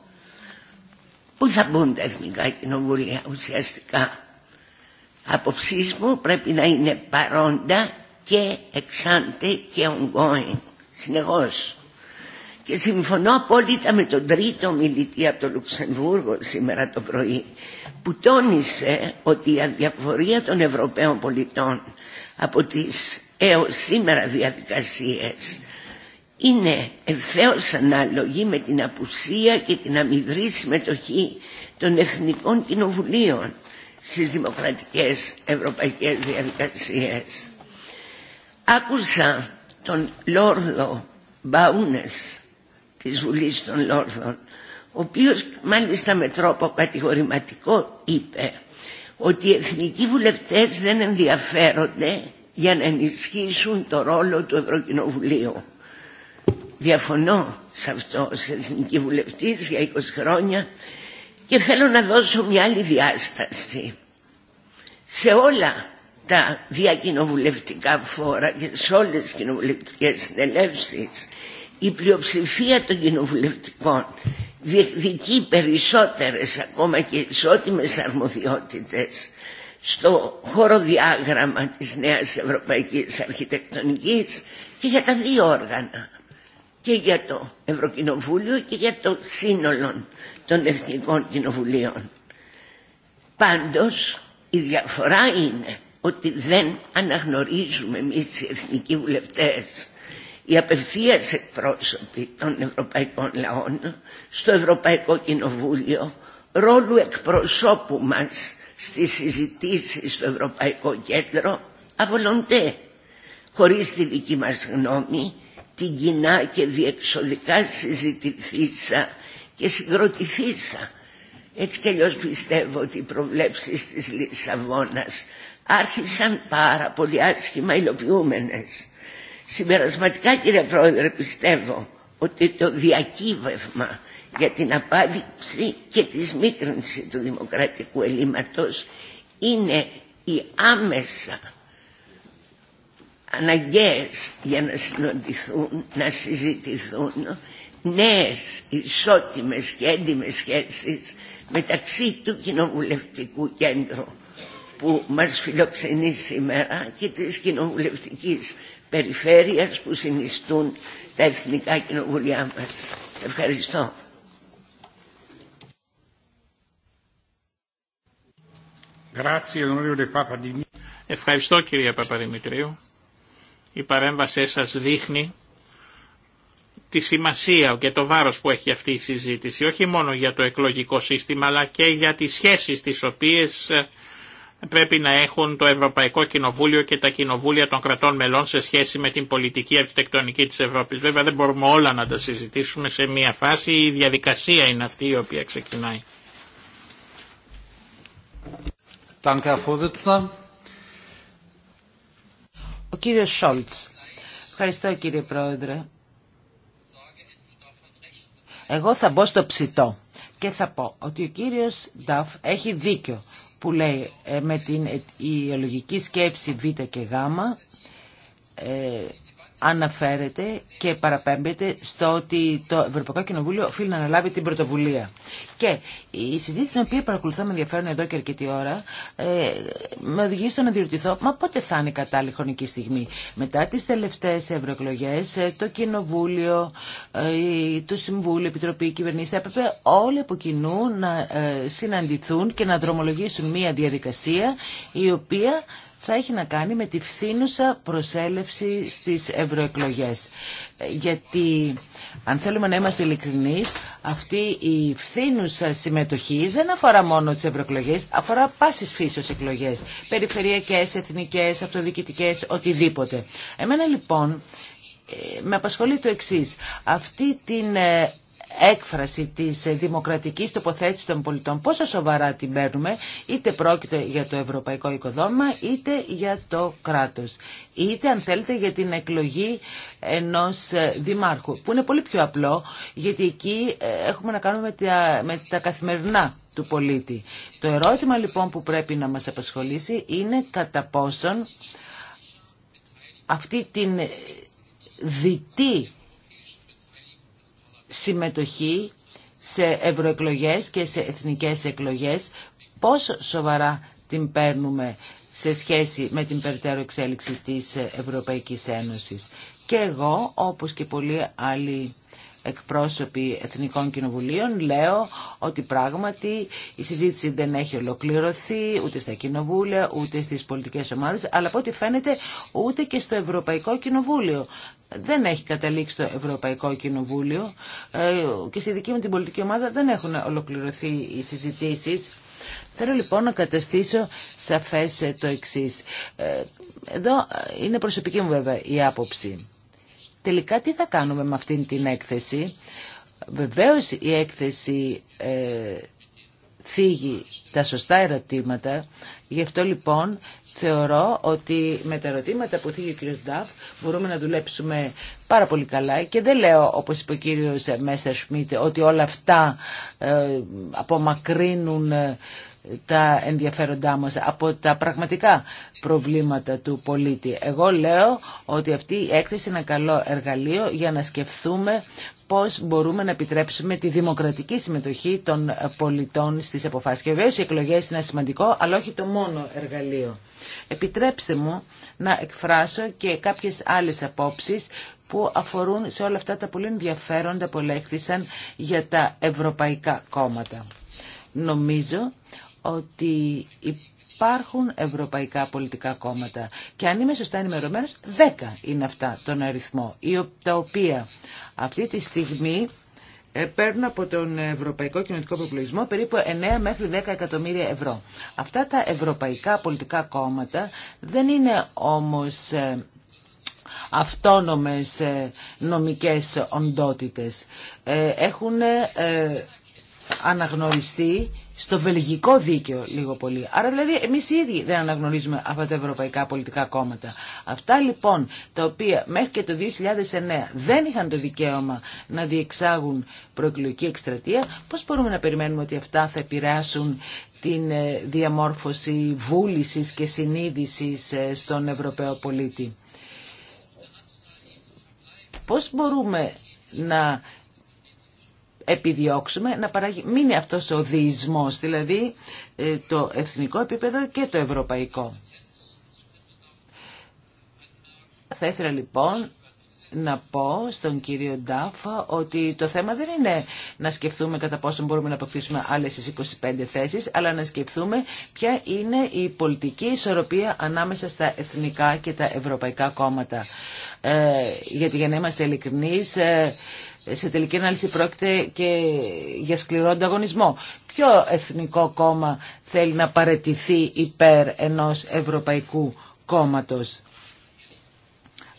Πού θα μπουν τα εθνικά κοινοβούλια ουσιαστικά. Αποψής μου πρέπει να είναι παρόντα και εξάντε και ongoing, συνεχώς. Και συμφωνώ απόλυτα με τον τρίτο μιλητή από το Λουξεμβούργο σήμερα το πρωί που τόνισε ότι η αδιαφορία των Ευρωπαίων πολιτών από τις έως σήμερα διαδικασίες είναι ευθέως ανάλογη με την απουσία και την αμυδρή συμμετοχή των εθνικών κοινοβουλίων στις δημοκρατικές ευρωπαϊκές διαδικασίες. Άκουσα τον Λόρδο Μπαούνες της Βουλής των Λόρδων, ο οποίος μάλιστα με τρόπο κατηγορηματικό είπε ότι οι εθνικοί βουλευτές δεν ενδιαφέρονται για να ενισχύσουν το ρόλο του Ευρωκοινοβουλίου. Διαφωνώ σε αυτό ως εθνική βουλευτής για 20 χρόνια και θέλω να δώσω μια άλλη διάσταση. Σε όλα τα διακοινοβουλευτικά φόρα και σε όλες τις κοινοβουλευτικές συνελεύσεις η πλειοψηφία των κοινοβουλευτικών διεκδικεί περισσότερες ακόμα και ισότιμες αρμοδιότητες στο χώρο διάγραμμα της νέας ευρωπαϊκής αρχιτεκτονικής και για τα δύο όργανα και για το Ευρωκοινοβούλιο και για το σύνολο των Εθνικών Κοινοβουλίων. Πάντως, η διαφορά είναι ότι δεν αναγνωρίζουμε εμείς οι εθνικοί βουλευτές οι απευθείας εκπρόσωποι των ευρωπαϊκών λαών στο Ευρωπαϊκό Κοινοβούλιο ρόλου εκπροσώπου μας στις συζητήσεις στο Ευρωπαϊκό Κέντρο αβολοντέ χωρίς τη δική μας γνώμη την κοινά και διεξοδικά συζητηθήσα και συγκροτηθήσα. Έτσι κι αλλιώς πιστεύω ότι οι προβλέψεις της Λισαβόνας άρχισαν πάρα πολύ άσχημα υλοποιούμενες. Συμπερασματικά κύριε Πρόεδρε πιστεύω ότι το διακύβευμα για την απάντηση και τη σμίκρυνση του δημοκρατικού ελλείμματος είναι η άμεσα αναγκαίες για να συνοντηθούν, να συζητηθούν νέες ισότιμες και έντιμες σχέσεις μεταξύ του Κοινοβουλευτικού Κέντρου που μας φιλοξενεί σήμερα και της Κοινοβουλευτικής Περιφέρειας που συνιστούν τα Εθνικά Κοινοβουλιά μας. Ευχαριστώ. Ευχαριστώ κυρία Παπαδημητρίου. Η παρέμβασή σας δείχνει τη σημασία και το βάρος που έχει αυτή η συζήτηση, όχι μόνο για το εκλογικό σύστημα, αλλά και για τις σχέσεις τις οποίες ε, πρέπει να έχουν το Ευρωπαϊκό Κοινοβούλιο και τα κοινοβούλια των κρατών μελών σε σχέση με την πολιτική αρχιτεκτονική της Ευρώπης. Βέβαια δεν μπορούμε όλα να τα συζητήσουμε σε μία φάση, η διαδικασία είναι αυτή η οποία ξεκινάει. Danke, ο κύριος Σόλτς. Ευχαριστώ κύριε Πρόεδρε. Εγώ θα μπω στο ψητό και θα πω ότι ο κύριος Νταφ έχει δίκιο που λέει ε, με την η σκέψη β και γ ε, αναφέρεται και παραπέμπεται στο ότι το Ευρωπαϊκό Κοινοβούλιο οφείλει να αναλάβει την πρωτοβουλία. Και η συζήτηση την οποία παρακολουθώ με ενδιαφέρον εδώ και αρκετή ώρα ε, με οδηγεί στο να διερωτηθώ μα πότε θα είναι κατάλληλη χρονική στιγμή. Μετά τις τελευταίες ευρωεκλογές ε, το Κοινοβούλιο, ε, το Συμβούλιο, η Επιτροπή, η Κυβερνήση έπρεπε όλοι από κοινού να ε, συναντηθούν και να δρομολογήσουν μια διαδικασία η οποία θα έχει να κάνει με τη φθήνουσα προσέλευση στις ευρωεκλογέ. Γιατί αν θέλουμε να είμαστε ειλικρινεί, αυτή η φθήνουσα συμμετοχή δεν αφορά μόνο τις ευρωεκλογέ, αφορά πάσης φύσεως εκλογές, περιφερειακές, εθνικές, αυτοδιοικητικές, οτιδήποτε. Εμένα λοιπόν ε, με απασχολεί το εξής. Αυτή την ε, έκφραση της δημοκρατικής τοποθέτησης των πολιτών. Πόσο σοβαρά την παίρνουμε, είτε πρόκειται για το ευρωπαϊκό οικοδόμημα, είτε για το κράτος. Είτε, αν θέλετε, για την εκλογή ενός ε, δημάρχου, που είναι πολύ πιο απλό, γιατί εκεί ε, έχουμε να κάνουμε με τα καθημερινά του πολίτη. Το ερώτημα, λοιπόν, που πρέπει να μας απασχολήσει είναι κατά πόσον αυτή την ε, διτή συμμετοχή σε ευρωεκλογές και σε εθνικές εκλογές, πόσο σοβαρά την παίρνουμε σε σχέση με την περαιτέρω εξέλιξη της Ευρωπαϊκής Ένωσης. Και εγώ, όπως και πολλοί άλλοι εκπρόσωποι Εθνικών Κοινοβουλίων λέω ότι πράγματι η συζήτηση δεν έχει ολοκληρωθεί ούτε στα κοινοβούλια ούτε στις πολιτικές ομάδες αλλά από ό,τι φαίνεται ούτε και στο Ευρωπαϊκό Κοινοβούλιο. Δεν έχει καταλήξει το Ευρωπαϊκό Κοινοβούλιο ε, και στη δική μου την πολιτική ομάδα δεν έχουν ολοκληρωθεί οι συζητήσεις. Θέλω λοιπόν να καταστήσω σαφές το εξής. Ε, εδώ είναι προσωπική μου βέβαια η άποψη. Τελικά τι θα κάνουμε με αυτήν την έκθεση. Βεβαίως η έκθεση ε, τα σωστά ερωτήματα. Γι' αυτό λοιπόν θεωρώ ότι με τα ερωτήματα που θίγει ο κ. Νταφ μπορούμε να δουλέψουμε πάρα πολύ καλά και δεν λέω όπως είπε ο κ. Μέσσερ Σμίτ ότι όλα αυτά ε, απομακρύνουν ε, τα ενδιαφέροντά μας από τα πραγματικά προβλήματα του πολίτη. Εγώ λέω ότι αυτή η έκθεση είναι ένα καλό εργαλείο για να σκεφτούμε πώς μπορούμε να επιτρέψουμε τη δημοκρατική συμμετοχή των πολιτών στις αποφάσεις. Και βέβαια οι εκλογές είναι σημαντικό, αλλά όχι το μόνο εργαλείο. Επιτρέψτε μου να εκφράσω και κάποιες άλλες απόψεις που αφορούν σε όλα αυτά τα πολύ ενδιαφέροντα που ελέγχθησαν για τα ευρωπαϊκά κόμματα. Νομίζω ότι υπάρχουν ευρωπαϊκά πολιτικά κόμματα και αν είμαι σωστά ενημερωμένος, 10 είναι αυτά τον αριθμό, τα οποία αυτή τη στιγμή ε, παίρνουν από τον Ευρωπαϊκό Κοινωνικό Προπολογισμό περίπου 9 μέχρι 10 εκατομμύρια ευρώ. Αυτά τα ευρωπαϊκά πολιτικά κόμματα δεν είναι όμως ε, αυτόνομες ε, νομικές οντότητες. Έχουν αναγνωριστεί στο βελγικό δίκαιο λίγο πολύ. Άρα δηλαδή εμείς οι ίδιοι δεν αναγνωρίζουμε αυτά τα ευρωπαϊκά πολιτικά κόμματα. Αυτά λοιπόν τα οποία μέχρι και το 2009 δεν είχαν το δικαίωμα να διεξάγουν προεκλογική εκστρατεία, πώς μπορούμε να περιμένουμε ότι αυτά θα επηρεάσουν την ε, διαμόρφωση βούλησης και συνείδησης ε, στον Ευρωπαίο πολίτη. Πώς μπορούμε να επιδιώξουμε να είναι αυτός ο διεισμός, δηλαδή ε, το εθνικό επίπεδο και το ευρωπαϊκό. Θα ήθελα λοιπόν να πω στον κύριο Ντάφα ότι το θέμα δεν είναι να σκεφτούμε κατά πόσο μπορούμε να αποκτήσουμε άλλες 25 θέσεις, αλλά να σκεφτούμε ποια είναι η πολιτική ισορροπία ανάμεσα στα εθνικά και τα ευρωπαϊκά κόμματα. Ε, γιατί για να είμαστε ειλικρινείς, ε, σε τελική ανάλυση πρόκειται και για σκληρό ανταγωνισμό. Ποιο εθνικό κόμμα θέλει να παρετηθεί υπέρ ενός ευρωπαϊκού κόμματος.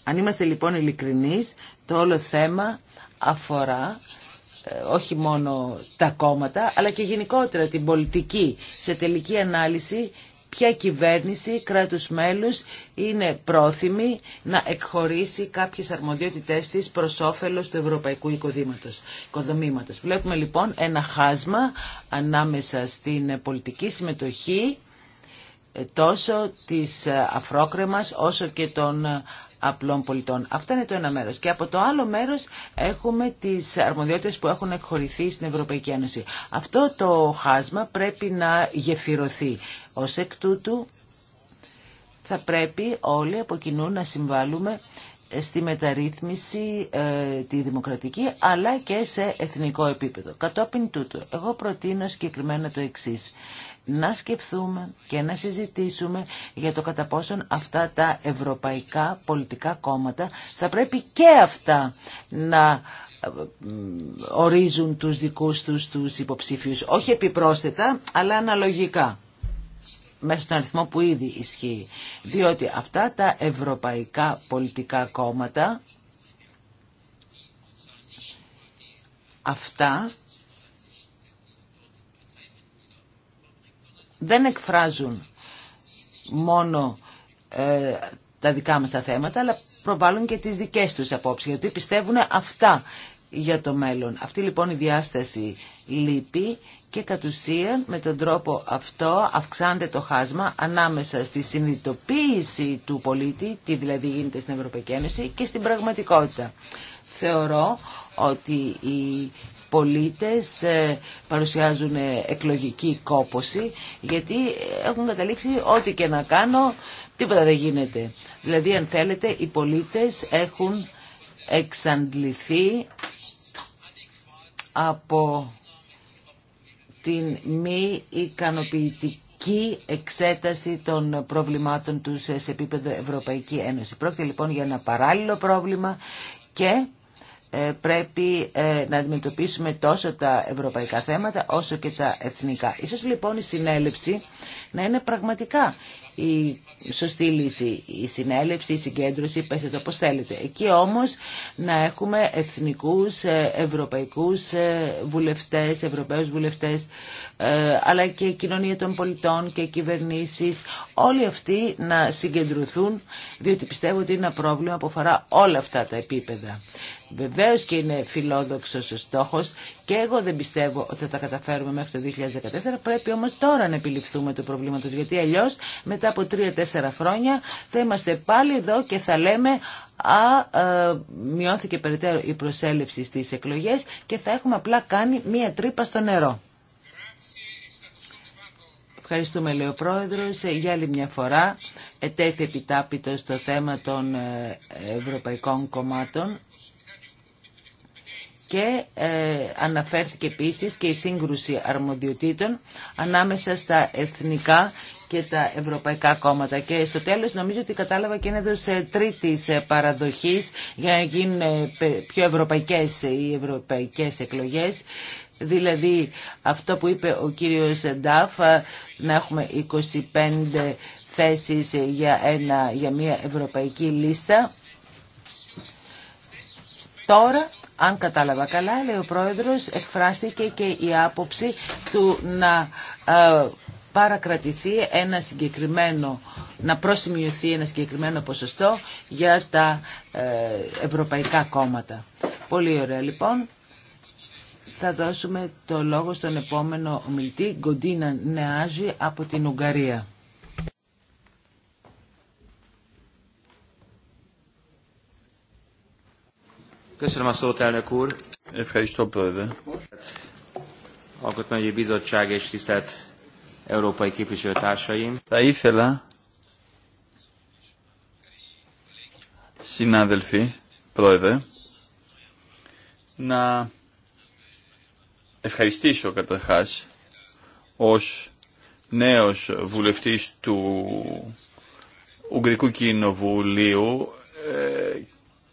Αν είμαστε λοιπόν ειλικρινεί, το όλο θέμα αφορά ε, όχι μόνο τα κόμματα, αλλά και γενικότερα την πολιτική. Σε τελική ανάλυση ποια κυβέρνηση κράτους μέλους είναι πρόθυμη να εκχωρήσει κάποιες αρμοδιότητές της προς όφελος του ευρωπαϊκού οικοδομήματος. Βλέπουμε λοιπόν ένα χάσμα ανάμεσα στην πολιτική συμμετοχή ε, τόσο της ε, αφρόκρεμας όσο και των ε, απλών πολιτών. Αυτό είναι το ένα μέρος. Και από το άλλο μέρος έχουμε τις αρμοδιότητες που έχουν εκχωρηθεί στην Ευρωπαϊκή Ένωση. Αυτό το χάσμα πρέπει να γεφυρωθεί ως εκ τούτου θα πρέπει όλοι από κοινού να συμβάλλουμε στη μεταρρύθμιση ε, τη δημοκρατική αλλά και σε εθνικό επίπεδο. Κατόπιν τούτου, εγώ προτείνω συγκεκριμένα το εξής. Να σκεφτούμε και να συζητήσουμε για το κατά πόσον αυτά τα ευρωπαϊκά πολιτικά κόμματα θα πρέπει και αυτά να ε, ορίζουν τους δικούς τους τους υποψήφιους. Όχι επιπρόσθετα, αλλά αναλογικά μέσα στον αριθμό που ήδη ισχύει. Διότι αυτά τα ευρωπαϊκά πολιτικά κόμματα, αυτά δεν εκφράζουν μόνο ε, τα δικά μας τα θέματα, αλλά προβάλλουν και τις δικές τους απόψεις, γιατί πιστεύουν αυτά για το μέλλον. Αυτή λοιπόν η διάσταση λείπει και κατ' με τον τρόπο αυτό αυξάνεται το χάσμα ανάμεσα στη συνειδητοποίηση του πολίτη, τι δηλαδή γίνεται στην Ευρωπαϊκή Ένωση και στην πραγματικότητα. Θεωρώ ότι οι πολίτες ε, παρουσιάζουν εκλογική κόποση γιατί έχουν καταλήξει ότι και να κάνω τίποτα δεν γίνεται. Δηλαδή αν θέλετε οι πολίτες έχουν εξαντληθεί από την μη ικανοποιητική εξέταση των προβλημάτων του σε επίπεδο Ευρωπαϊκή Ένωση. Πρόκειται λοιπόν για ένα παράλληλο πρόβλημα και ε, πρέπει ε, να αντιμετωπίσουμε τόσο τα ευρωπαϊκά θέματα όσο και τα εθνικά. Ίσως λοιπόν η συνέλευση να είναι πραγματικά η σωστή λύση, η συνέλευση, η συγκέντρωση, πέστε το όπως θέλετε. Εκεί όμως να έχουμε εθνικούς, ε, ευρωπαϊκούς ε, βουλευτές, ευρωπαίους βουλευτές, ε, αλλά και κοινωνία των πολιτών και κυβερνήσεις, όλοι αυτοί να συγκεντρωθούν, διότι πιστεύω ότι είναι ένα πρόβλημα που αφορά όλα αυτά τα επίπεδα. Βεβαίως και είναι φιλόδοξος ο στόχος και εγώ δεν πιστεύω ότι θα τα καταφέρουμε μέχρι το 2014. Πρέπει όμως τώρα να επιληφθούμε του γιατι γιατί αλλιώς μετά από τρία-τέσσερα χρόνια θα είμαστε πάλι εδώ και θα λέμε α, ε, μειώθηκε περαιτέρω η προσέλευση στις εκλογές και θα έχουμε απλά κάνει μία τρύπα στο νερό. Ευχαριστούμε, λέει ο Πρόεδρος, ε, για άλλη μια φορά ετέθη επιτάπητο στο νερο ευχαριστουμε λεει ο προεδρο για αλλη μια φορα ετεθη επιταπητο στο θεμα των ε, ευρωπαϊκών κομμάτων και ε, αναφέρθηκε επίσης και η σύγκρουση αρμοδιοτήτων ανάμεσα στα εθνικά και τα ευρωπαϊκά κόμματα. Και στο τέλος νομίζω ότι κατάλαβα και είναι εδώ ε, τρίτης ε, παραδοχής για να γίνουν πιο ευρωπαϊκές οι ευρωπαϊκές εκλογές. Δηλαδή αυτό που είπε ο κύριος Ντάφ, να έχουμε 25 θέσεις για, ένα, για μια ευρωπαϊκή λίστα. Τώρα αν κατάλαβα καλά, λέει ο πρόεδρος, εκφράστηκε και η άποψη του να ε, παρακρατηθεί ένα συγκεκριμένο, να προσημειωθεί ένα συγκεκριμένο ποσοστό για τα ε, ευρωπαϊκά κόμματα. Πολύ ωραία λοιπόν. Θα δώσουμε το λόγο στον επόμενο ομιλητή, Γκοντίνα Νεάζη από την Ουγγαρία. Ευχαριστώ πρόεδρε. Θα ήθελα, συνάδελφοι, πρόεδρε, να ευχαριστήσω καταρχά ω νέο βουλευτή του Ουγγρικού Κοινοβουλίου ε,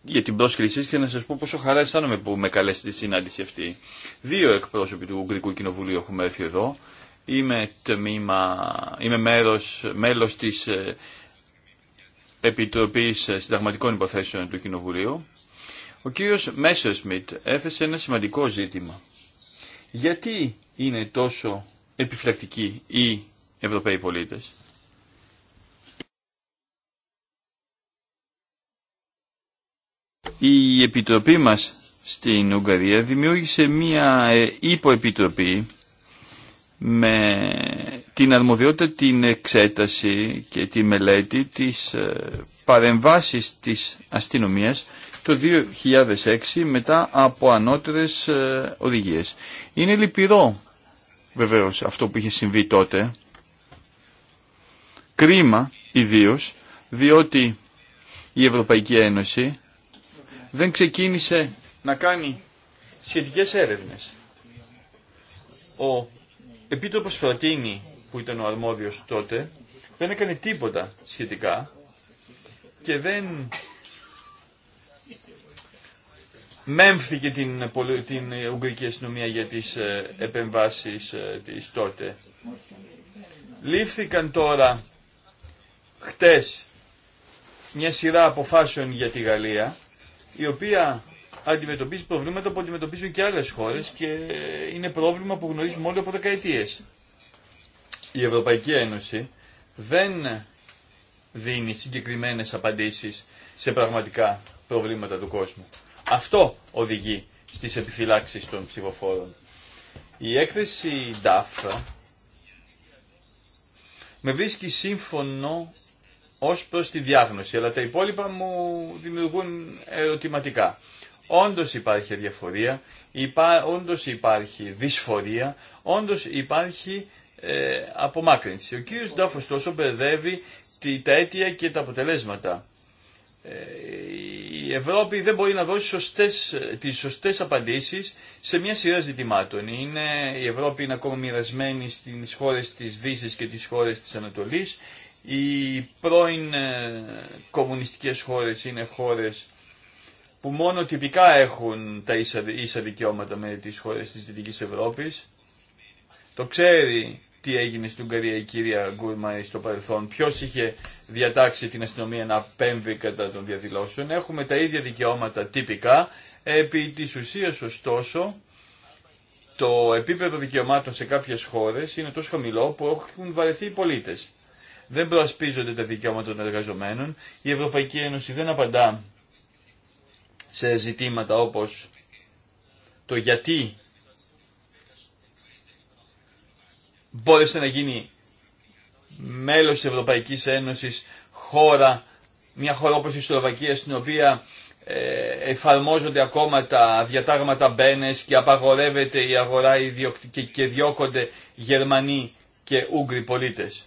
για την πρόσκλησή και να σα πω πόσο χαρά αισθάνομαι που με καλέσετε στη συνάντηση αυτή. Δύο εκπρόσωποι του Ουγγρικού Κοινοβουλίου έχουμε έρθει εδώ. Είμαι, τμήμα, είμαι μέρος, μέλος της ε, Επιτροπής ε, Συνταγματικών Υποθέσεων του Κοινοβουλίου. Ο κύριος Σμιτ έφεσε ένα σημαντικό ζήτημα. Γιατί είναι τόσο επιφυλακτικοί οι Ευρωπαίοι πολίτες. Η Επιτροπή μας στην Ουγγαρία δημιούργησε μία ε, υποεπιτροπή με την αρμοδιότητα την εξέταση και τη μελέτη της ε, παρεμβάσεις της αστυνομίας το 2006 μετά από ανώτερες ε, οδηγίες. Είναι λυπηρό βεβαίως αυτό που είχε συμβεί τότε. Κρίμα ιδίως διότι η Ευρωπαϊκή Ένωση δεν ξεκίνησε να κάνει σχετικές έρευνες. Ο Επίτροπος Φρατίνη που ήταν ο αρμόδιος τότε δεν έκανε τίποτα σχετικά και δεν μέμφθηκε την, την Ουγγρική αστυνομία για τις ε, επεμβάσεις ε, της τότε. Λήφθηκαν τώρα χτες μια σειρά αποφάσεων για τη Γαλλία η οποία αντιμετωπίζει προβλήματα που αντιμετωπίζουν και άλλες χώρες και είναι πρόβλημα που γνωρίζουμε όλοι από δεκαετίες. Η Ευρωπαϊκή Ένωση δεν δίνει συγκεκριμένες απαντήσεις σε πραγματικά προβλήματα του κόσμου. Αυτό οδηγεί στις επιφυλάξεις των ψηφοφόρων. Η έκθεση DAF με βρίσκει σύμφωνο ως προς τη διάγνωση, αλλά τα υπόλοιπα μου δημιουργούν ερωτηματικά. Όντως υπάρχει αδιαφορία, υπά, όντως υπάρχει δυσφορία, όντως υπάρχει ε, απομάκρυνση. Ο κύριος Ντάφο τόσο μπερδεύει τα αίτια και τα αποτελέσματα. Ε, η Ευρώπη δεν μπορεί να δώσει σωστές, τις σωστές απαντήσεις σε μια σειρά ζητημάτων. Είναι, η Ευρώπη είναι ακόμα μοιρασμένη στις χώρες της Δύσης και τις χώρες της Ανατολής. Οι πρώην ε, κομμουνιστικές χώρες είναι χώρες που μόνο τυπικά έχουν τα ίσα, δικαιώματα με τις χώρες της Δυτικής Ευρώπης. Το ξέρει τι έγινε στην Ουγγαρία η κυρία Γκούρμα στο παρελθόν, ποιο είχε διατάξει την αστυνομία να πέμβει κατά των διαδηλώσεων. Έχουμε τα ίδια δικαιώματα τυπικά. Επί τη ουσία, ωστόσο, το επίπεδο δικαιωμάτων σε κάποιες χώρες είναι τόσο χαμηλό που έχουν βαρεθεί οι πολίτες δεν προασπίζονται τα δικαιώματα των εργαζομένων, η Ευρωπαϊκή Ένωση δεν απαντά σε ζητήματα όπως το γιατί μπόρεσε να γίνει μέλος της Ευρωπαϊκής Ένωσης χώρα, μια χώρα όπως η Σλοβακία στην οποία ε, εφαρμόζονται ακόμα τα διατάγματα Μπένες και απαγορεύεται η αγορά και διώκονται Γερμανοί και Ούγγροι πολίτες.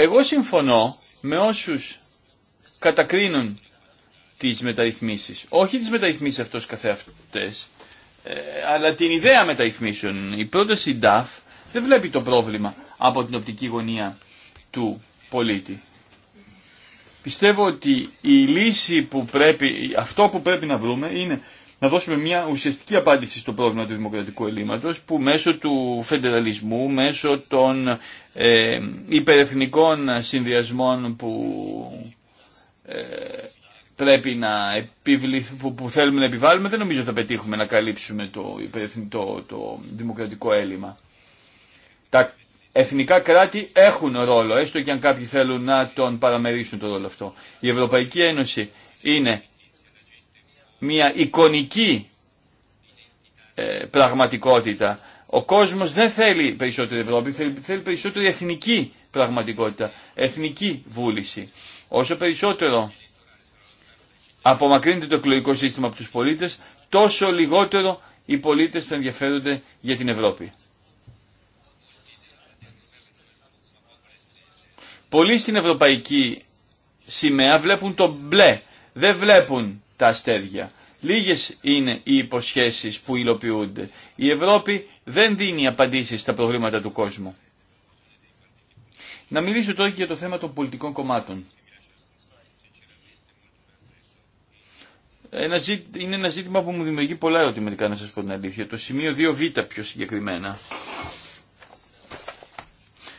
Εγώ συμφωνώ με όσους κατακρίνουν τις μεταρρυθμίσεις. Όχι τις μεταρρυθμίσεις αυτός καθεαυτές, ε, αλλά την ιδέα μεταρρυθμίσεων. Η πρόταση DAF δεν βλέπει το πρόβλημα από την οπτική γωνία του πολίτη. Πιστεύω ότι η λύση που πρέπει, αυτό που πρέπει να βρούμε είναι να δώσουμε μια ουσιαστική απάντηση στο πρόβλημα του δημοκρατικού ελλείμματος που μέσω του φεντεραλισμού, μέσω των ε, υπερεθνικών συνδυασμών που ε, πρέπει να επιβληθ, που, θέλουμε να επιβάλλουμε δεν νομίζω θα πετύχουμε να καλύψουμε το, το, το δημοκρατικό έλλειμμα. Τα εθνικά κράτη έχουν ρόλο, έστω και αν κάποιοι θέλουν να τον παραμερίσουν το ρόλο αυτό. Η Ευρωπαϊκή Ένωση είναι μια εικονική ε, πραγματικότητα. Ο κόσμος δεν θέλει περισσότερη Ευρώπη, θέλει, θέλει περισσότερη εθνική πραγματικότητα, εθνική βούληση. Όσο περισσότερο απομακρύνεται το εκλογικό σύστημα από τους πολίτες, τόσο λιγότερο οι πολίτες θα ενδιαφέρονται για την Ευρώπη. Πολλοί στην ευρωπαϊκή σημαία βλέπουν το μπλε, δεν βλέπουν τα αστέρια. Λίγες είναι οι υποσχέσεις που υλοποιούνται. Η Ευρώπη δεν δίνει απαντήσεις στα προβλήματα του κόσμου. Να μιλήσω τώρα και για το θέμα των πολιτικών κομμάτων. είναι ένα ζήτημα που μου δημιουργεί πολλά ερωτηματικά να σας πω την αλήθεια. Το σημείο 2β πιο συγκεκριμένα.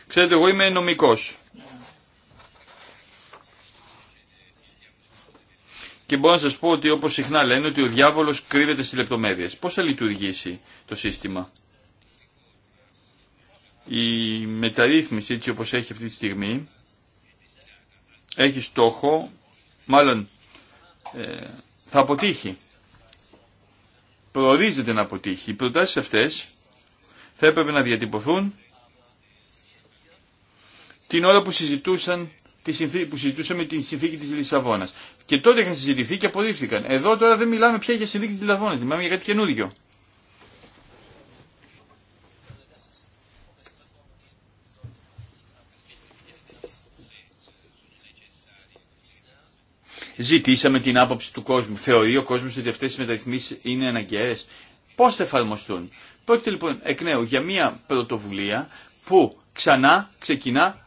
Ξέρετε, εγώ είμαι νομικός. Και μπορώ να σα πω ότι όπως συχνά λένε ότι ο διάβολος κρύβεται στις λεπτομέρειες. Πώς θα λειτουργήσει το σύστημα. Η μεταρρύθμιση έτσι όπως έχει αυτή τη στιγμή έχει στόχο, μάλλον ε, θα αποτύχει. Προορίζεται να αποτύχει. Οι προτάσεις αυτές θα έπρεπε να διατυπωθούν την ώρα που συζητούσαν τη που συζητούσαμε την συνθήκη τη Λισαβόνα. Και τότε είχαν συζητηθεί και απορρίφθηκαν. Εδώ τώρα δεν μιλάμε πια για συνθήκη τη Λισαβόνα, μιλάμε για κάτι καινούριο. Ζητήσαμε την άποψη του κόσμου. Θεωρεί ο κόσμο ότι αυτέ οι μεταρρυθμίσει είναι αναγκαίε. Πώ θα εφαρμοστούν. Πρόκειται λοιπόν εκ νέου για μια πρωτοβουλία που ξανά ξεκινά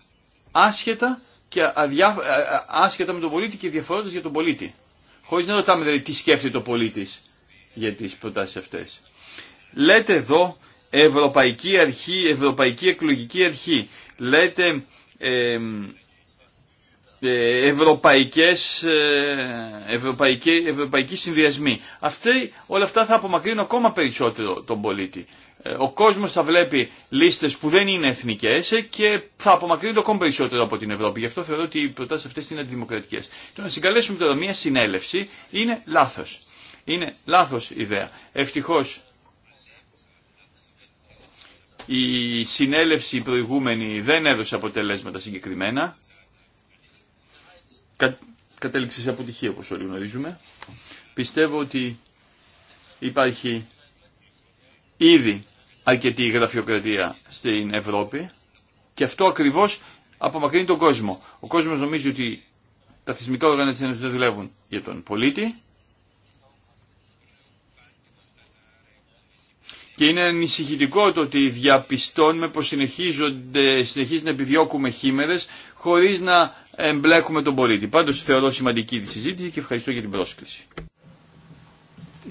άσχετα και αδιά, ε, ε, άσχετα με τον πολίτη και διαφορώντα για τον πολίτη. Χωρί να ρωτάμε δηλαδή τι σκέφτεται ο πολίτη για τι προτάσει αυτέ. Λέτε εδώ Ευρωπαϊκή Αρχή, Ευρωπαϊκή Εκλογική Αρχή. Λέτε ε, ευρωπαϊκές, ε, ευρωπαϊκή, ευρωπαϊκοί συνδυασμοί. όλα αυτά θα απομακρύνουν ακόμα περισσότερο τον πολίτη ο κόσμος θα βλέπει λίστες που δεν είναι εθνικές και θα το ακόμα περισσότερο από την Ευρώπη. Γι' αυτό θεωρώ ότι οι προτάσεις αυτές είναι αντιδημοκρατικές. Το να συγκαλέσουμε τώρα μία συνέλευση είναι λάθος. Είναι λάθος ιδέα. Ευτυχώς η συνέλευση προηγούμενη δεν έδωσε αποτελέσματα συγκεκριμένα. Κα, κατέληξε σε αποτυχία όπως όλοι γνωρίζουμε. Πιστεύω ότι υπάρχει ήδη αρκετή γραφειοκρατία στην Ευρώπη και αυτό ακριβώς απομακρύνει τον κόσμο. Ο κόσμος νομίζει ότι τα θεσμικά όργανα της Ένωσης δεν δουλεύουν για τον πολίτη και είναι ανησυχητικό το ότι διαπιστώνουμε πως συνεχίζονται, συνεχίζει να επιδιώκουμε χήμερες χωρίς να εμπλέκουμε τον πολίτη. Πάντως θεωρώ σημαντική τη συζήτηση και ευχαριστώ για την πρόσκληση.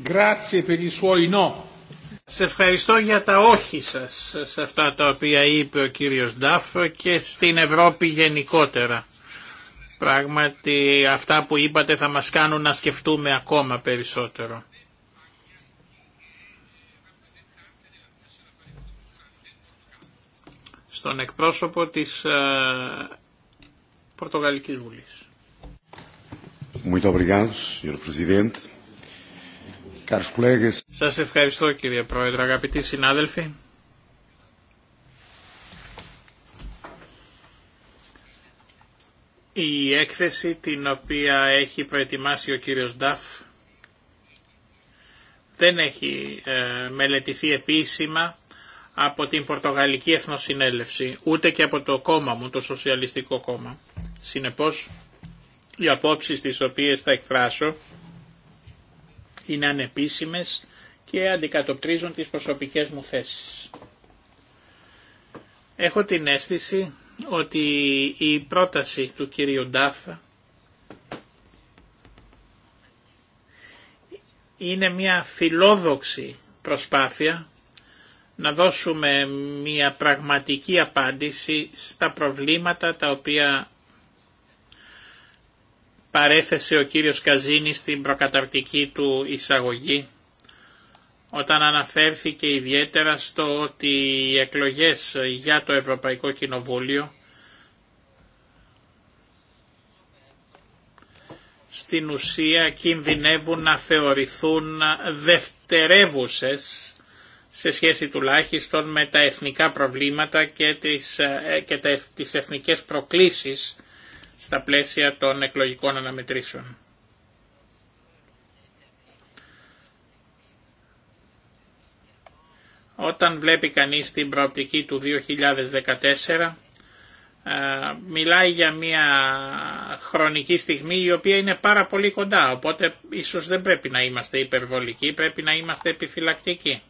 Grazie per no. Σε ευχαριστώ για τα όχι σας σε αυτά τα οποία είπε ο κύριος Ντάφ και στην Ευρώπη γενικότερα. Πράγματι αυτά που είπατε θα μας κάνουν να σκεφτούμε ακόμα περισσότερο. Στον εκπρόσωπο της ε, Πορτογαλικής Βουλής. Muito obrigado, σας ευχαριστώ κύριε Πρόεδρε, αγαπητοί συνάδελφοι. Η έκθεση την οποία έχει προετοιμάσει ο κύριος Νταφ δεν έχει ε, μελετηθεί επίσημα από την Πορτογαλική Εθνοσυνέλευση, ούτε και από το κόμμα μου, το Σοσιαλιστικό Κόμμα. Συνεπώς, οι απόψεις τις οποίες θα εκφράσω είναι ανεπίσημες και αντικατοπτρίζουν τις προσωπικές μου θέσεις. Έχω την αίσθηση ότι η πρόταση του κυρίου Ντάφ είναι μια φιλόδοξη προσπάθεια να δώσουμε μια πραγματική απάντηση στα προβλήματα τα οποία παρέθεσε ο κύριος Καζίνη στην προκαταρτική του εισαγωγή όταν αναφέρθηκε ιδιαίτερα στο ότι οι εκλογές για το Ευρωπαϊκό Κοινοβούλιο στην ουσία κινδυνεύουν να θεωρηθούν δευτερεύουσες σε σχέση τουλάχιστον με τα εθνικά προβλήματα και τις, ε, και τα, τις εθνικές προκλήσεις στα πλαίσια των εκλογικών αναμετρήσεων. Όταν βλέπει κανείς την προοπτική του 2014, μιλάει για μια χρονική στιγμή η οποία είναι πάρα πολύ κοντά, οπότε ίσως δεν πρέπει να είμαστε υπερβολικοί, πρέπει να είμαστε επιφυλακτικοί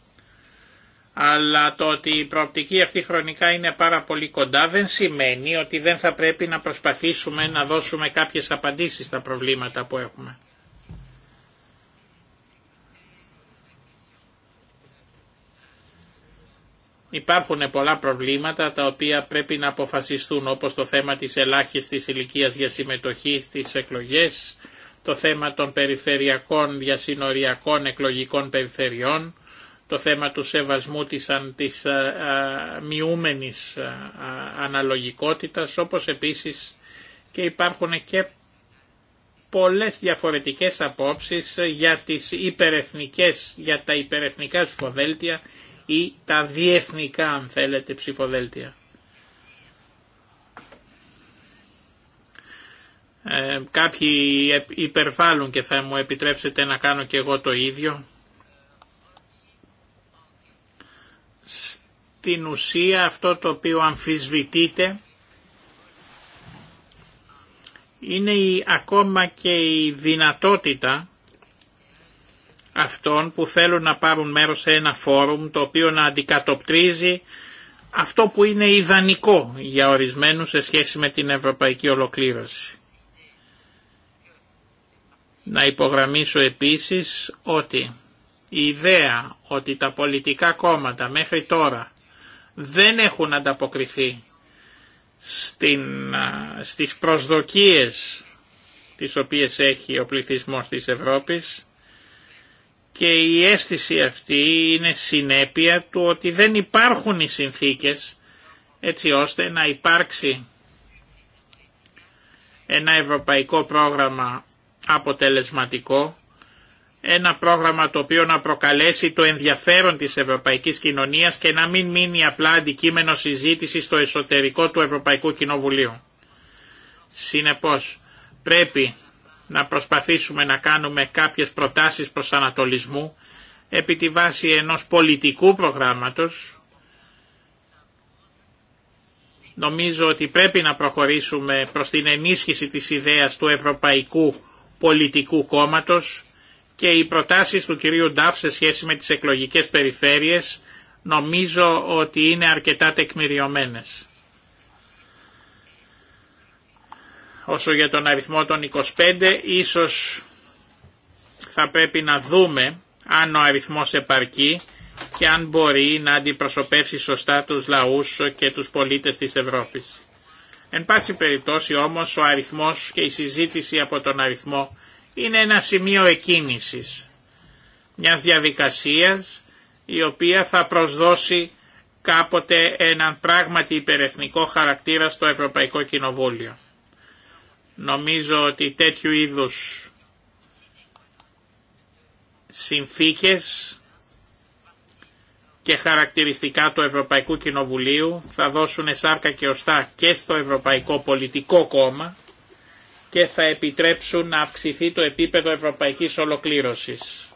αλλά το ότι η προοπτική αυτή χρονικά είναι πάρα πολύ κοντά δεν σημαίνει ότι δεν θα πρέπει να προσπαθήσουμε να δώσουμε κάποιες απαντήσεις στα προβλήματα που έχουμε. Υπάρχουν πολλά προβλήματα τα οποία πρέπει να αποφασιστούν όπως το θέμα της ελάχιστης ηλικίας για συμμετοχή στις εκλογές, το θέμα των περιφερειακών διασυνοριακών εκλογικών περιφερειών, το θέμα του σεβασμού της, της ε, ε, μειούμενης ε, αναλογικότητας, όπως επίσης και υπάρχουν και πολλές διαφορετικές απόψεις για, τις υπερεθνικές, για τα υπερεθνικά ψηφοδέλτια ή τα διεθνικά αν θέλετε ψηφοδέλτια. Ε, κάποιοι υπερβάλλουν και θα μου επιτρέψετε να κάνω και εγώ το ίδιο Στην ουσία αυτό το οποίο αμφισβητείται είναι η, ακόμα και η δυνατότητα αυτών που θέλουν να πάρουν μέρος σε ένα φόρουμ το οποίο να αντικατοπτρίζει αυτό που είναι ιδανικό για ορισμένους σε σχέση με την ευρωπαϊκή ολοκλήρωση. Να υπογραμμίσω επίσης ότι η ιδέα ότι τα πολιτικά κόμματα μέχρι τώρα δεν έχουν ανταποκριθεί στην, στις προσδοκίες τις οποίες έχει ο πληθυσμός της Ευρώπης και η αίσθηση αυτή είναι συνέπεια του ότι δεν υπάρχουν οι συνθήκες έτσι ώστε να υπάρξει ένα ευρωπαϊκό πρόγραμμα αποτελεσματικό ένα πρόγραμμα το οποίο να προκαλέσει το ενδιαφέρον της ευρωπαϊκής κοινωνίας και να μην μείνει απλά αντικείμενο συζήτηση στο εσωτερικό του Ευρωπαϊκού Κοινοβουλίου. Συνεπώς, πρέπει να προσπαθήσουμε να κάνουμε κάποιες προτάσεις προς ανατολισμού επί τη βάση ενός πολιτικού προγράμματος. Νομίζω ότι πρέπει να προχωρήσουμε προς την ενίσχυση της ιδέας του Ευρωπαϊκού Πολιτικού Κόμματος και οι προτάσεις του κυρίου Νταφ σε σχέση με τις εκλογικές περιφέρειες νομίζω ότι είναι αρκετά τεκμηριωμένες. Όσο για τον αριθμό των 25, ίσως θα πρέπει να δούμε αν ο αριθμός επαρκεί και αν μπορεί να αντιπροσωπεύσει σωστά τους λαούς και τους πολίτες της Ευρώπης. Εν πάση περιπτώσει όμως ο αριθμός και η συζήτηση από τον αριθμό είναι ένα σημείο εκκίνησης μιας διαδικασίας η οποία θα προσδώσει κάποτε έναν πράγματι υπερεθνικό χαρακτήρα στο Ευρωπαϊκό Κοινοβούλιο. Νομίζω ότι τέτοιου είδους συνθήκες και χαρακτηριστικά του Ευρωπαϊκού Κοινοβουλίου θα δώσουν σάρκα και οστά και στο Ευρωπαϊκό Πολιτικό Κόμμα και θα επιτρέψουν να αυξηθεί το επίπεδο ευρωπαϊκής ολοκλήρωσης.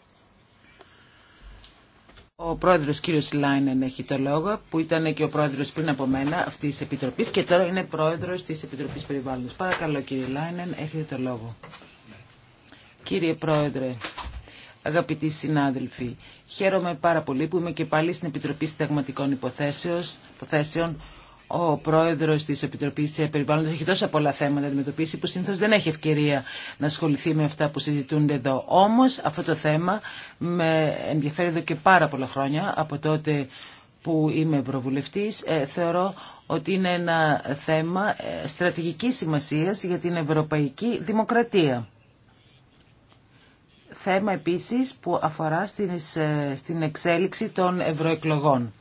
Ο πρόεδρος κύριος Λάινεν έχει το λόγο που ήταν και ο πρόεδρος πριν από μένα αυτής της Επιτροπής και τώρα είναι πρόεδρος της Επιτροπής Περιβάλλοντος. Παρακαλώ κύριε Λάινεν, έχετε το λόγο. Κύριε Πρόεδρε, αγαπητοί συνάδελφοι, χαίρομαι πάρα πολύ που είμαι και πάλι στην Επιτροπή Συνταγματικών Υποθέσεων ο Πρόεδρο της Επιτροπής Περιβάλλοντο έχει τόσα πολλά θέματα να αντιμετωπίσει που συνήθω δεν έχει ευκαιρία να ασχοληθεί με αυτά που συζητούνται εδώ. Όμως αυτό το θέμα με ενδιαφέρει εδώ και πάρα πολλά χρόνια από τότε που είμαι Ευρωβουλευτής. Ε, θεωρώ ότι είναι ένα θέμα ε, στρατηγικής σημασίας για την ευρωπαϊκή δημοκρατία. Θέμα επίσης που αφορά στην ε, εξέλιξη των ευρωεκλογών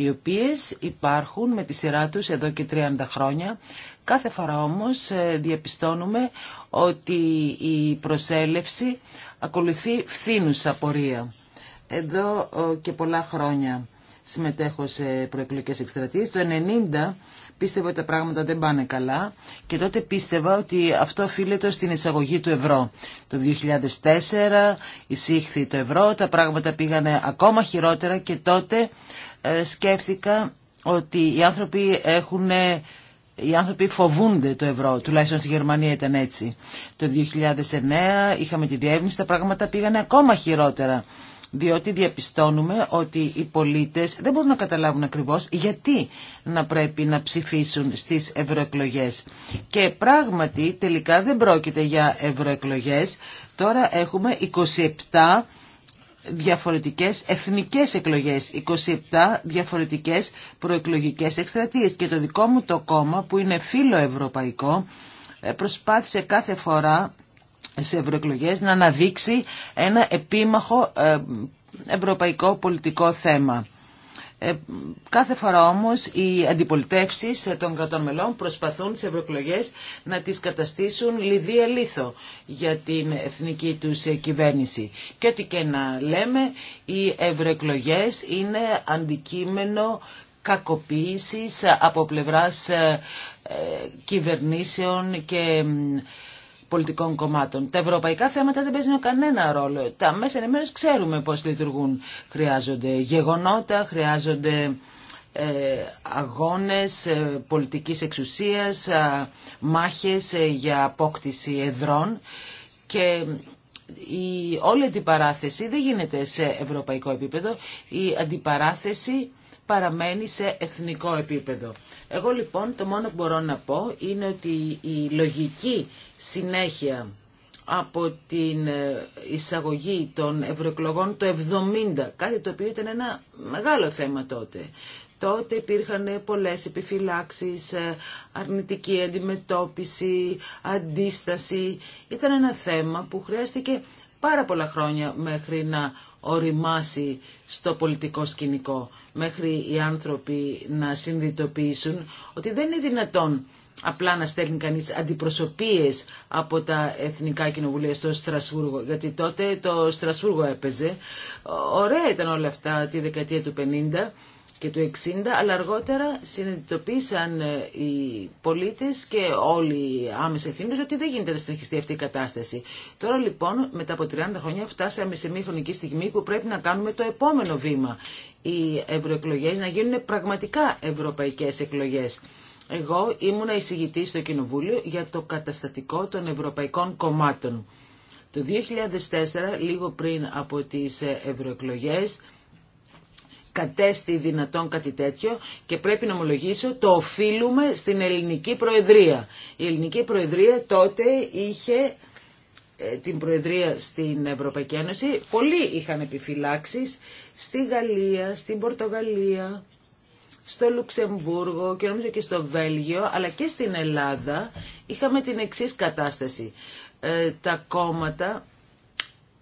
οι οποίες υπάρχουν με τη σειρά τους εδώ και 30 χρόνια. Κάθε φορά όμως ε, διαπιστώνουμε ότι η προσέλευση ακολουθεί φθήνουσα πορεία. Εδώ και πολλά χρόνια συμμετέχω σε προεκλογικές εκστρατείες. Το 1990 πίστευα ότι τα πράγματα δεν πάνε καλά και τότε πίστευα ότι αυτό οφείλεται στην εισαγωγή του ευρώ. Το 2004 εισήχθη το ευρώ, τα πράγματα πήγανε ακόμα χειρότερα και τότε ε, σκέφτηκα ότι οι άνθρωποι έχουν... Οι άνθρωποι φοβούνται το ευρώ, τουλάχιστον στη Γερμανία ήταν έτσι. Το 2009 είχαμε τη διεύνηση, τα πράγματα πήγαν ακόμα χειρότερα διότι διαπιστώνουμε ότι οι πολίτες δεν μπορούν να καταλάβουν ακριβώς γιατί να πρέπει να ψηφίσουν στις ευρωεκλογέ. Και πράγματι τελικά δεν πρόκειται για ευρωεκλογέ. Τώρα έχουμε 27 διαφορετικές εθνικές εκλογές, 27 διαφορετικές προεκλογικές εκστρατείες και το δικό μου το κόμμα που είναι φιλοευρωπαϊκό ε, προσπάθησε κάθε φορά σε ευρωεκλογέ να αναδείξει ένα επίμαχο ε, ευρωπαϊκό πολιτικό θέμα. Ε, κάθε φορά όμως οι αντιπολιτεύσεις των κρατών μελών προσπαθούν σε ευρωεκλογέ να τις καταστήσουν λιδία λίθο για την εθνική τους κυβέρνηση. Και ό,τι και να λέμε, οι ευρωεκλογέ είναι αντικείμενο κακοποίησης από πλευράς ε, κυβερνήσεων και πολιτικών κομμάτων. Τα ευρωπαϊκά θέματα δεν παίζουν κανένα ρόλο. Τα μέσα ενημέρωση ξέρουμε πώς λειτουργούν. Χρειάζονται γεγονότα, χρειάζονται ε, αγώνες ε, πολιτικής εξουσίας, ε, μάχες για απόκτηση εδρών και η, όλη η αντιπαράθεση δεν γίνεται σε ευρωπαϊκό επίπεδο. Η αντιπαράθεση παραμένει σε εθνικό επίπεδο. Εγώ λοιπόν το μόνο που μπορώ να πω είναι ότι η λογική συνέχεια από την ε, εισαγωγή των ευρωεκλογών το 70, κάτι το οποίο ήταν ένα μεγάλο θέμα τότε. Τότε υπήρχαν πολλές επιφυλάξεις, ε, αρνητική αντιμετώπιση, αντίσταση. Ήταν ένα θέμα που χρειάστηκε πάρα πολλά χρόνια μέχρι να οριμάσει στο πολιτικό σκηνικό μέχρι οι άνθρωποι να συνειδητοποιήσουν ότι δεν είναι δυνατόν απλά να στέλνει κανείς αντιπροσωπίες από τα Εθνικά Κοινοβουλία στο Στρασβούργο, γιατί τότε το Στρασβούργο έπαιζε. Ωραία ήταν όλα αυτά τη δεκαετία του 50 και του 60, αλλά αργότερα συνειδητοποίησαν ε, οι πολίτες και όλοι οι άμεσα εθνείς... ότι δεν γίνεται να συνεχιστεί αυτή η κατάσταση. Τώρα λοιπόν, μετά από 30 χρόνια, φτάσαμε σε μια χρονική στιγμή που πρέπει να κάνουμε το επόμενο βήμα. Οι ευρωεκλογέ να γίνουν πραγματικά ευρωπαϊκές εκλογές. Εγώ ήμουν εισηγητή στο Κοινοβούλιο για το καταστατικό των ευρωπαϊκών κομμάτων. Το 2004, λίγο πριν από τις ε, ευρωεκλογές, κατέστη δυνατόν κάτι τέτοιο και πρέπει να ομολογήσω το οφείλουμε στην ελληνική προεδρία. Η ελληνική προεδρία τότε είχε ε, την Προεδρία στην Ευρωπαϊκή Ένωση, πολλοί είχαν επιφυλάξεις στη Γαλλία, στην Πορτογαλία, στο Λουξεμβούργο και νομίζω και στο Βέλγιο, αλλά και στην Ελλάδα είχαμε την εξής κατάσταση. Ε, τα κόμματα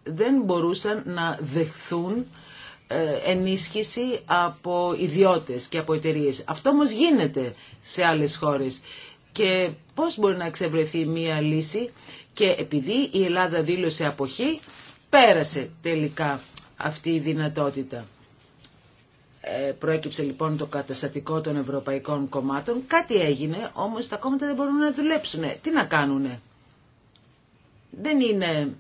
δεν μπορούσαν να δεχθούν ε, ενίσχυση από ιδιώτες και από εταιρείε. Αυτό όμως γίνεται σε άλλες χώρες. Και πώς μπορεί να εξευρεθεί μία λύση και επειδή η Ελλάδα δήλωσε αποχή, πέρασε τελικά αυτή η δυνατότητα. Ε, προέκυψε λοιπόν το καταστατικό των ευρωπαϊκών κομμάτων. Κάτι έγινε, όμως τα κόμματα δεν μπορούν να δουλέψουν. Τι να κάνουνε. Δεν είναι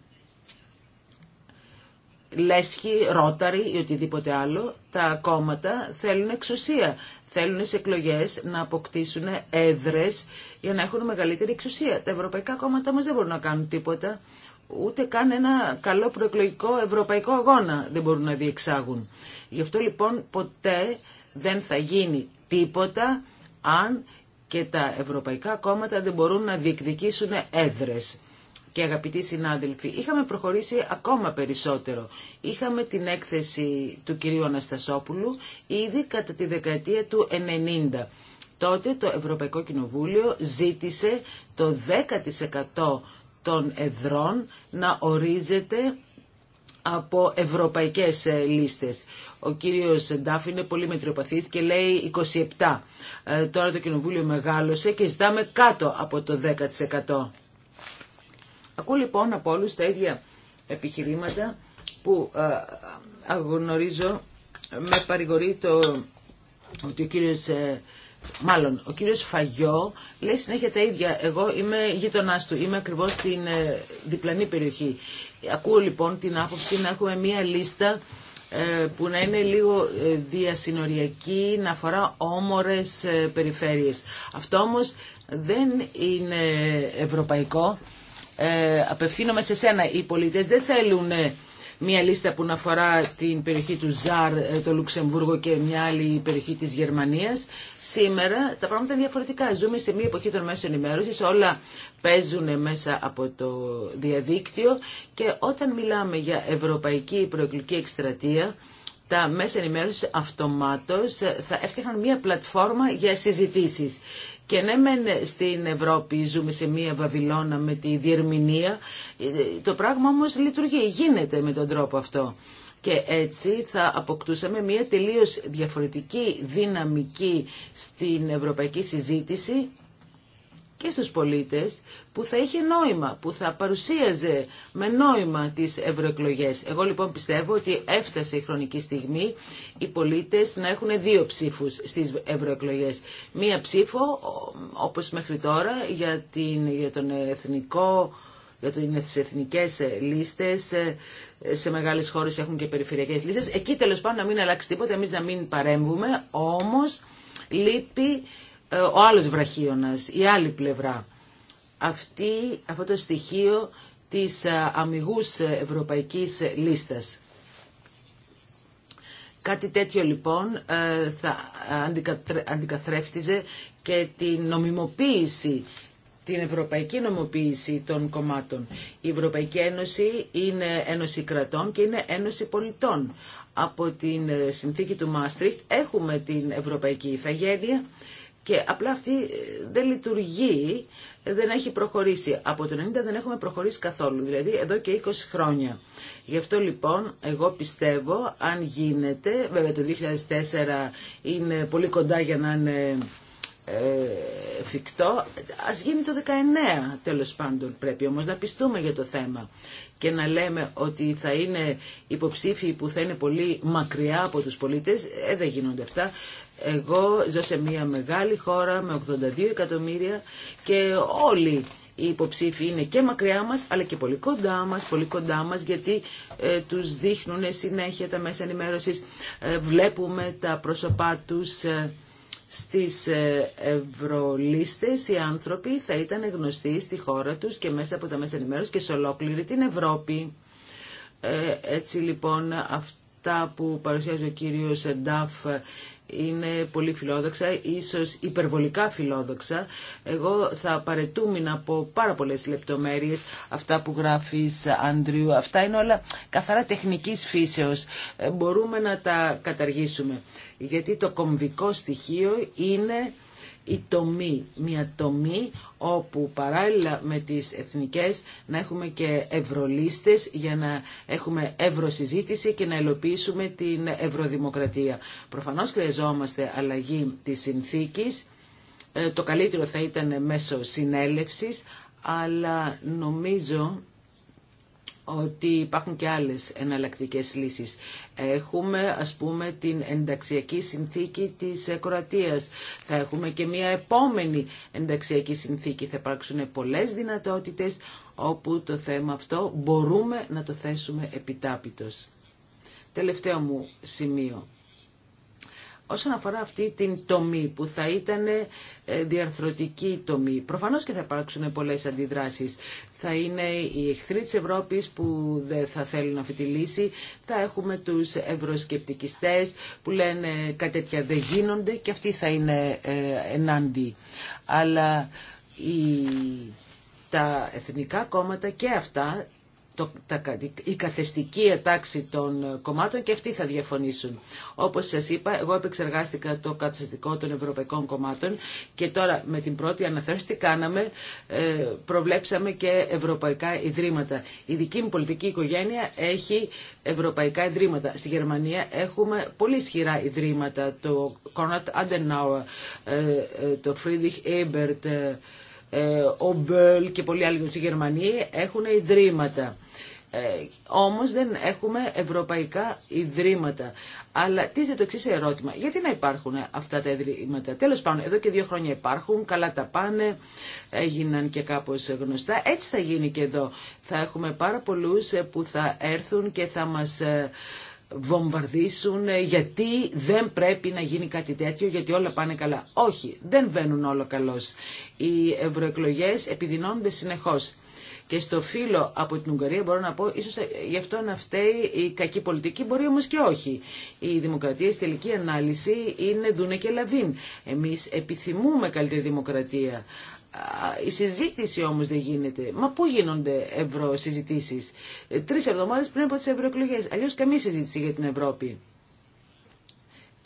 λέσχοι, ρόταροι ή οτιδήποτε άλλο, τα κόμματα θέλουν εξουσία. Θέλουν σε εκλογές να αποκτήσουν έδρες για να έχουν μεγαλύτερη εξουσία. Τα ευρωπαϊκά κόμματα όμω δεν μπορούν να κάνουν τίποτα. Ούτε καν ένα καλό προεκλογικό ευρωπαϊκό αγώνα δεν μπορούν να διεξάγουν. Γι' αυτό λοιπόν ποτέ δεν θα γίνει τίποτα αν και τα ευρωπαϊκά κόμματα δεν μπορούν να διεκδικήσουν έδρες και αγαπητοί συνάδελφοι, είχαμε προχωρήσει ακόμα περισσότερο. Είχαμε την έκθεση του κυρίου Αναστασόπουλου ήδη κατά τη δεκαετία του 90. Τότε το Ευρωπαϊκό Κοινοβούλιο ζήτησε το 10% των εδρών να ορίζεται από ευρωπαϊκές ε, λίστες. Ο κύριος Ντάφ είναι πολύ μετριοπαθής και λέει 27. Ε, τώρα το Κοινοβούλιο μεγάλωσε και ζητάμε κάτω από το 10%. Ακούω λοιπόν από όλους τα ίδια επιχειρήματα που ε, αγνωρίζω με παρηγορεί το ότι ο κύριος ε, Μάλλον, ο κύριος Φαγιό λέει συνέχεια τα ίδια. Εγώ είμαι γείτονά του, είμαι ακριβώς στην ε, διπλανή περιοχή. Ακούω λοιπόν την άποψη να έχουμε μία λίστα που να είναι λίγο διασυνοριακή, να αφορά όμορες περιφέρειες. Αυτό όμως δεν είναι ευρωπαϊκό ε, απευθύνομαι σε σένα. Οι πολίτες δεν θέλουν ε, μια λίστα που να αφορά την περιοχή του Ζαρ, ε, το Λουξεμβούργο και μια άλλη περιοχή της Γερμανίας. Σήμερα τα πράγματα είναι διαφορετικά. Ζούμε σε μια εποχή των μέσων ενημέρωση, όλα παίζουν μέσα από το διαδίκτυο και όταν μιλάμε για ευρωπαϊκή προεκλογική εκστρατεία, τα μέσα ενημέρωση αυτομάτως ε, θα έφτιαχναν μια πλατφόρμα για συζητήσεις. Και ναι μεν στην Ευρώπη ζούμε σε μία βαβυλώνα με τη διερμηνία, το πράγμα όμως λειτουργεί, γίνεται με τον τρόπο αυτό. Και έτσι θα αποκτούσαμε μία τελείως διαφορετική δυναμική στην ευρωπαϊκή συζήτηση και στους πολίτες που θα είχε νόημα, που θα παρουσίαζε με νόημα τις ευρωεκλογέ. Εγώ λοιπόν πιστεύω ότι έφτασε η χρονική στιγμή οι πολίτες να έχουν δύο ψήφους στις ευρωεκλογέ. Μία ψήφο, όπως μέχρι τώρα, για, την, τον εθνικό για τις εθνικές λίστες, σε μεγάλες χώρες έχουν και περιφερειακές λίστες. Εκεί τέλος πάντων να μην αλλάξει τίποτα, εμείς να μην παρέμβουμε, όμως λείπει ε, ο άλλος βραχίωνας, η άλλη πλευρά. Αυτή, αυτό το στοιχείο της ε, αμυγούς ευρωπαϊκής λίστας. Κάτι τέτοιο λοιπόν ε, θα αντικαθρέφτιζε και την νομιμοποίηση, την ευρωπαϊκή νομιμοποίηση των κομμάτων. Η Ευρωπαϊκή Ένωση είναι ένωση κρατών και είναι ένωση πολιτών. Από την συνθήκη του Μάστριχτ έχουμε την ευρωπαϊκή ηθαγένεια και απλά αυτή ε, δεν λειτουργεί, ε, δεν έχει προχωρήσει. Από το 90 δεν έχουμε προχωρήσει καθόλου, δηλαδή εδώ και 20 χρόνια. Γι' αυτό λοιπόν εγώ πιστεύω αν γίνεται, βέβαια το 2004 είναι πολύ κοντά για να είναι ε, φυκτό, ας γίνει το 19 τέλος πάντων πρέπει όμως να πιστούμε για το θέμα και να λέμε ότι θα είναι υποψήφιοι που θα είναι πολύ μακριά από τους πολίτες, δεν γίνονται αυτά εγώ ζω σε μια μεγάλη χώρα με 82 εκατομμύρια και όλοι οι υποψήφοι είναι και μακριά μας αλλά και πολύ κοντά μας, πολύ κοντά μας γιατί ε, τους δείχνουν συνέχεια τα μέσα ενημέρωσης, ε, βλέπουμε τα πρόσωπά τους ε, στις ε, ευρωλίστες οι άνθρωποι θα ήταν γνωστοί στη χώρα τους και μέσα από τα μέσα ενημέρωση και σε ολόκληρη την Ευρώπη. Ε, έτσι λοιπόν αυτά που παρουσιάζει ο κύριος Νταφ είναι πολύ φιλόδοξα, ίσως υπερβολικά φιλόδοξα. Εγώ θα να από πάρα πολλές λεπτομέρειες αυτά που γράφεις, Άντριου. Αυτά είναι όλα καθαρά τεχνικής φύσεως. Ε, μπορούμε να τα καταργήσουμε. Γιατί το κομβικό στοιχείο είναι η τομή, μια τομή όπου παράλληλα με τις εθνικές να έχουμε και ευρωλίστες για να έχουμε ευρωσυζήτηση και να ελοπίσουμε την ευρωδημοκρατία. Προφανώς χρειαζόμαστε αλλαγή της συνθήκης. Ε, το καλύτερο θα ήταν μέσω συνέλευσης, αλλά νομίζω ότι υπάρχουν και άλλες εναλλακτικές λύσεις. Έχουμε, ας πούμε, την ενταξιακή συνθήκη της Κροατίας. Θα έχουμε και μια επόμενη ενταξιακή συνθήκη. Θα υπάρξουν πολλές δυνατότητες όπου το θέμα αυτό μπορούμε να το θέσουμε επιτάπητος. Τελευταίο μου σημείο όσον αφορά αυτή την τομή που θα ήταν ε, διαρθρωτική τομή. Προφανώς και θα υπάρξουν πολλές αντιδράσεις. Θα είναι οι εχθροί της Ευρώπης που δεν θα θέλουν αυτή τη λύση. Θα έχουμε τους ευρωσκεπτικιστές που λένε κάτι τέτοια δεν γίνονται και αυτοί θα είναι ε, ενάντι. Αλλά η... τα εθνικά κόμματα και αυτά το, τα, η καθεστική ετάξη των ε, κομμάτων και αυτοί θα διαφωνήσουν. Όπως σας είπα, εγώ επεξεργάστηκα το καθεστικό των ευρωπαϊκών κομμάτων και τώρα με την πρώτη αναθέωση τι κάναμε, ε, προβλέψαμε και ευρωπαϊκά ιδρύματα. Η δική μου πολιτική οικογένεια έχει ευρωπαϊκά ιδρύματα. Στη Γερμανία έχουμε πολύ ισχυρά ιδρύματα, το Konrad Adenauer, ε, το Friedrich Ebert, ε, ο Μπέλ και πολλοί άλλοι στη Γερμανία έχουν ιδρύματα. Ε, όμως δεν έχουμε ευρωπαϊκά ιδρύματα. Αλλά τι το εξή ερώτημα. Γιατί να υπάρχουν αυτά τα ιδρύματα. Τέλος πάντων, εδώ και δύο χρόνια υπάρχουν, καλά τα πάνε, έγιναν και κάπως γνωστά. Έτσι θα γίνει και εδώ. Θα έχουμε πάρα πολλούς που θα έρθουν και θα μας ε, βομβαρδίσουν ε, γιατί δεν πρέπει να γίνει κάτι τέτοιο, γιατί όλα πάνε καλά. Όχι, δεν βαίνουν όλο καλώς. Οι ευρωεκλογέ επιδεινώνονται συνεχώς. Και στο φίλο από την Ουγγαρία μπορώ να πω, ίσως ε, γι' αυτό να φταίει η κακή πολιτική, μπορεί όμως και όχι. Η δημοκρατία στη τελική ανάλυση είναι δούνε και λαβίν. Εμείς επιθυμούμε καλύτερη δημοκρατία η συζήτηση όμως δεν γίνεται. Μα πού γίνονται ευρώ Τρει ε, Τρεις εβδομάδες πριν από τι ευρωεκλογέ. Αλλιώ καμία συζήτηση για την Ευρώπη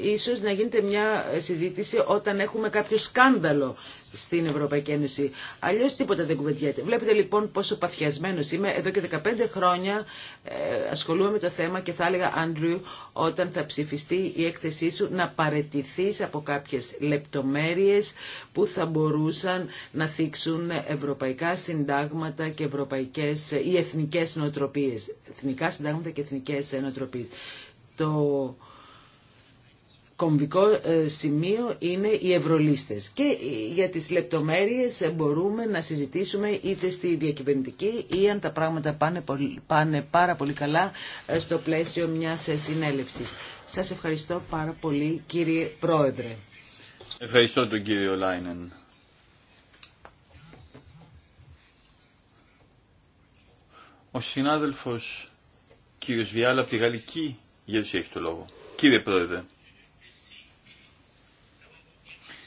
ίσως να γίνεται μια συζήτηση όταν έχουμε κάποιο σκάνδαλο στην Ευρωπαϊκή Ένωση. Αλλιώ τίποτα δεν κουβεντιέται. Βλέπετε λοιπόν πόσο παθιασμένο είμαι. Εδώ και 15 χρόνια ε, ασχολούμαι με το θέμα και θα έλεγα, Άντριου, όταν θα ψηφιστεί η έκθεσή σου, να παρετηθεί από κάποιε λεπτομέρειε που θα μπορούσαν να θίξουν ευρωπαϊκά συντάγματα και ευρωπαϊκέ ε, ή εθνικέ νοοτροπίε. Εθνικά συντάγματα και εθνικέ ε, νοοτροπίε. Το κομβικό ε, σημείο είναι οι ευρωλίστες και ε, για τις λεπτομέρειες ε, μπορούμε να συζητήσουμε είτε στη διακυβερνητική ή αν τα πράγματα πάνε, πάνε πάρα πολύ καλά στο πλαίσιο μιας συνέλευσης. Σας ευχαριστώ πάρα πολύ κύριε Πρόεδρε. Ευχαριστώ τον κύριο Λάινεν. Ο συνάδελφος κύριος Βιάλα από τη Γαλλική Γερουσία έχει το λόγο. Κύριε Πρόεδρε.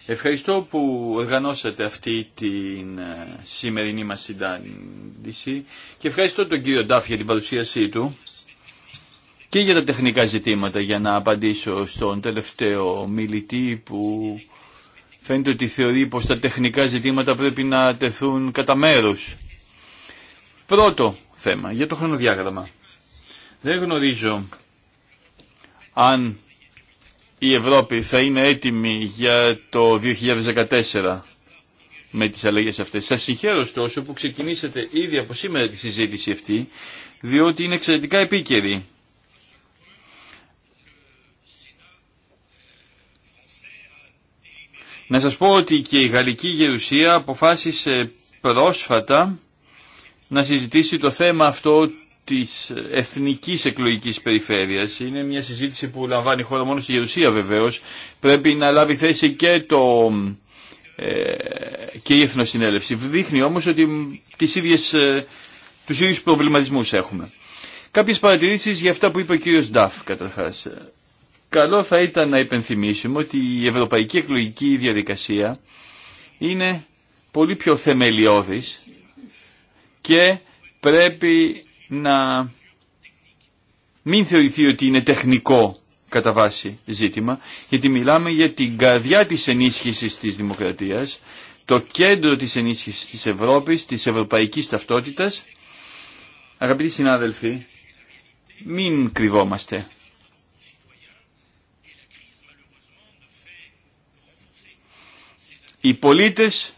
Ευχαριστώ που οργανώσατε αυτή την ε, σημερινή μας συντάντηση και ευχαριστώ τον κύριο Ντάφ για την παρουσίασή του και για τα τεχνικά ζητήματα για να απαντήσω στον τελευταίο μιλητή που φαίνεται ότι θεωρεί πως τα τεχνικά ζητήματα πρέπει να τεθούν κατά μέρου. Πρώτο θέμα για το χρονοδιάγραμμα. Δεν γνωρίζω αν η Ευρώπη θα είναι έτοιμη για το 2014 με τις αλλαγές αυτές. Σας συγχαίρω όσο που ξεκινήσατε ήδη από σήμερα τη συζήτηση αυτή, διότι είναι εξαιρετικά επίκαιρη. Να σας πω ότι και η Γαλλική Γερουσία αποφάσισε πρόσφατα να συζητήσει το θέμα αυτό της εθνικής εκλογικής περιφέρειας. Είναι μια συζήτηση που λαμβάνει χώρα μόνο στη Γερουσία βεβαίως. Πρέπει να λάβει θέση και, το, ε, και η Εθνοσυνέλευση. Δείχνει όμως ότι τις ίδιες, ε, τους ίδιους προβληματισμούς έχουμε. Κάποιες παρατηρήσεις για αυτά που είπε ο κύριος Νταφ καταρχάς. Καλό θα ήταν να υπενθυμίσουμε ότι η ευρωπαϊκή εκλογική διαδικασία είναι πολύ πιο θεμελιώδης και πρέπει να μην θεωρηθεί ότι είναι τεχνικό κατά βάση ζήτημα, γιατί μιλάμε για την καρδιά της ενίσχυσης της δημοκρατίας, το κέντρο της ενίσχυσης της Ευρώπης, της ευρωπαϊκής ταυτότητας. Αγαπητοί συνάδελφοι, μην κρυβόμαστε. Οι πολίτες,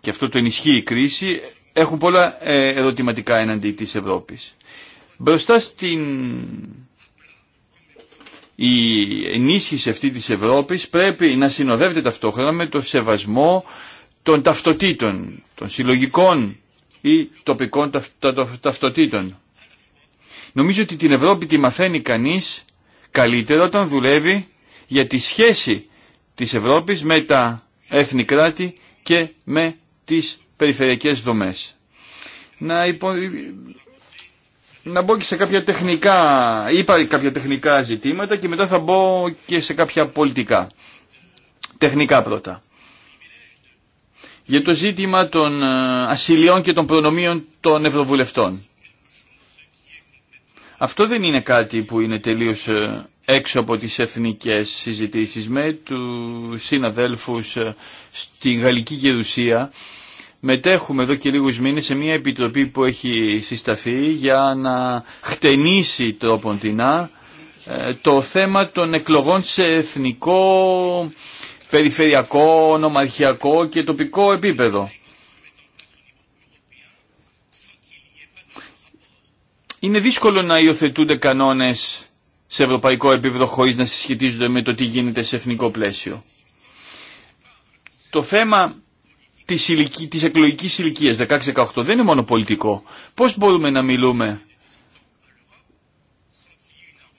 και αυτό το ενισχύει η κρίση, έχουν πολλά ε, ερωτηματικά εναντί της Ευρώπης. Μπροστά στην η ενίσχυση αυτή της Ευρώπης πρέπει να συνοδεύεται ταυτόχρονα με το σεβασμό των ταυτοτήτων, των συλλογικών ή τοπικών ταυτοτήτων. Νομίζω ότι την Ευρώπη τη μαθαίνει κανείς καλύτερα όταν δουλεύει για τη σχέση της Ευρώπης με τα έθνη κράτη και με τις περιφερειακές δομές. Να, υπο... να μπω και σε κάποια τεχνικά, είπα κάποια τεχνικά ζητήματα και μετά θα μπω και σε κάποια πολιτικά. Τεχνικά πρώτα. Για το ζήτημα των ε, ασυλιών και των προνομίων των ευρωβουλευτών. Αυτό δεν είναι κάτι που είναι τελείως ε, έξω από τις εθνικές συζητήσεις με του συναδέλφους ε, στη Γαλλική Γερουσία μετέχουμε εδώ και λίγους μήνες σε μια επιτροπή που έχει συσταθεί για να χτενίσει τρόπον τεινά το θέμα των εκλογών σε εθνικό, περιφερειακό, νομαρχιακό και τοπικό επίπεδο. Είναι δύσκολο να υιοθετούνται κανόνες σε ευρωπαϊκό επίπεδο χωρίς να συσχετίζονται με το τι γίνεται σε εθνικό πλαίσιο. Το θέμα της, εκλογική της εκλογικής ηλικίας 16-18 δεν είναι μόνο πολιτικό. Πώς μπορούμε να μιλούμε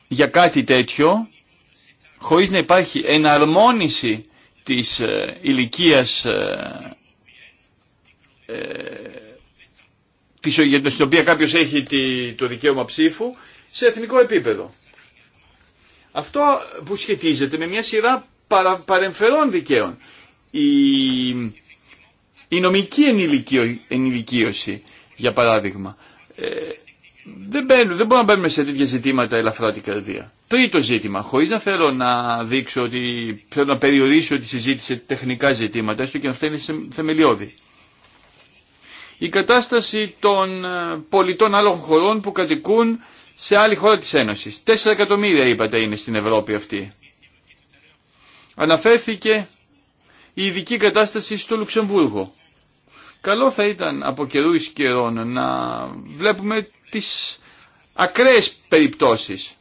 για κάτι τέτοιο χωρίς να υπάρχει εναρμόνιση της ε, ηλικίας ε, ε, της, για οποία κάποιος έχει το δικαίωμα ψήφου σε εθνικό επίπεδο. Αυτό που σχετίζεται με μια σειρά παρα, παρεμφερών δικαίων. Η η νομική ενηλικίωση, για παράδειγμα, ε, δεν, μπαίνουν, δεν μπορούμε να μπαίνουμε σε τέτοια ζητήματα ελαφρά την καρδία. Τρίτο ζήτημα, χωρί να θέλω να δείξω ότι θέλω να περιορίσω τη συζήτηση σε τεχνικά ζητήματα, έστω και φταίνει σε θεμελιώδη. Η κατάσταση των ε, πολιτών άλλων χωρών που κατοικούν σε άλλη χώρα της Ένωσης. Τέσσερα εκατομμύρια είπατε είναι στην Ευρώπη αυτή. Αναφέρθηκε η ειδική κατάσταση στο Λουξεμβούργο. Καλό θα ήταν από καιρού εις να βλέπουμε τις ακραίες περιπτώσεις.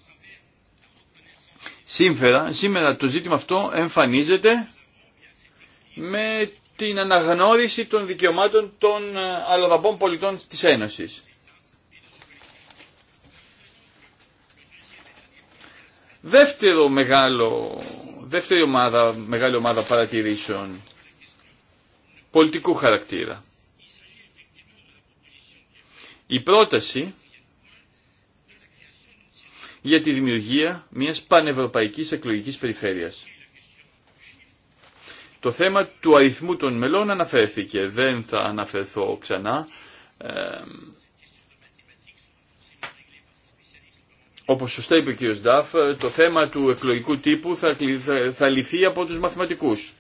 Σύμφερα, σήμερα το ζήτημα αυτό εμφανίζεται με την αναγνώριση των δικαιωμάτων των ε, αλλοδαπών πολιτών της Ένωσης. Δεύτερο μεγάλο Δεύτερη ομάδα, μεγάλη ομάδα παρατηρήσεων πολιτικού χαρακτήρα. Η πρόταση για τη δημιουργία μιας πανευρωπαϊκής εκλογικής περιφέρειας. Το θέμα του αριθμού των μελών αναφέρθηκε, δεν θα αναφερθώ ξανά. όπως σωστά είπε ο κ. Νταφ, ε, το θέμα του εκλογικού τύπου θα, θα λυθεί από τους μαθηματικούς.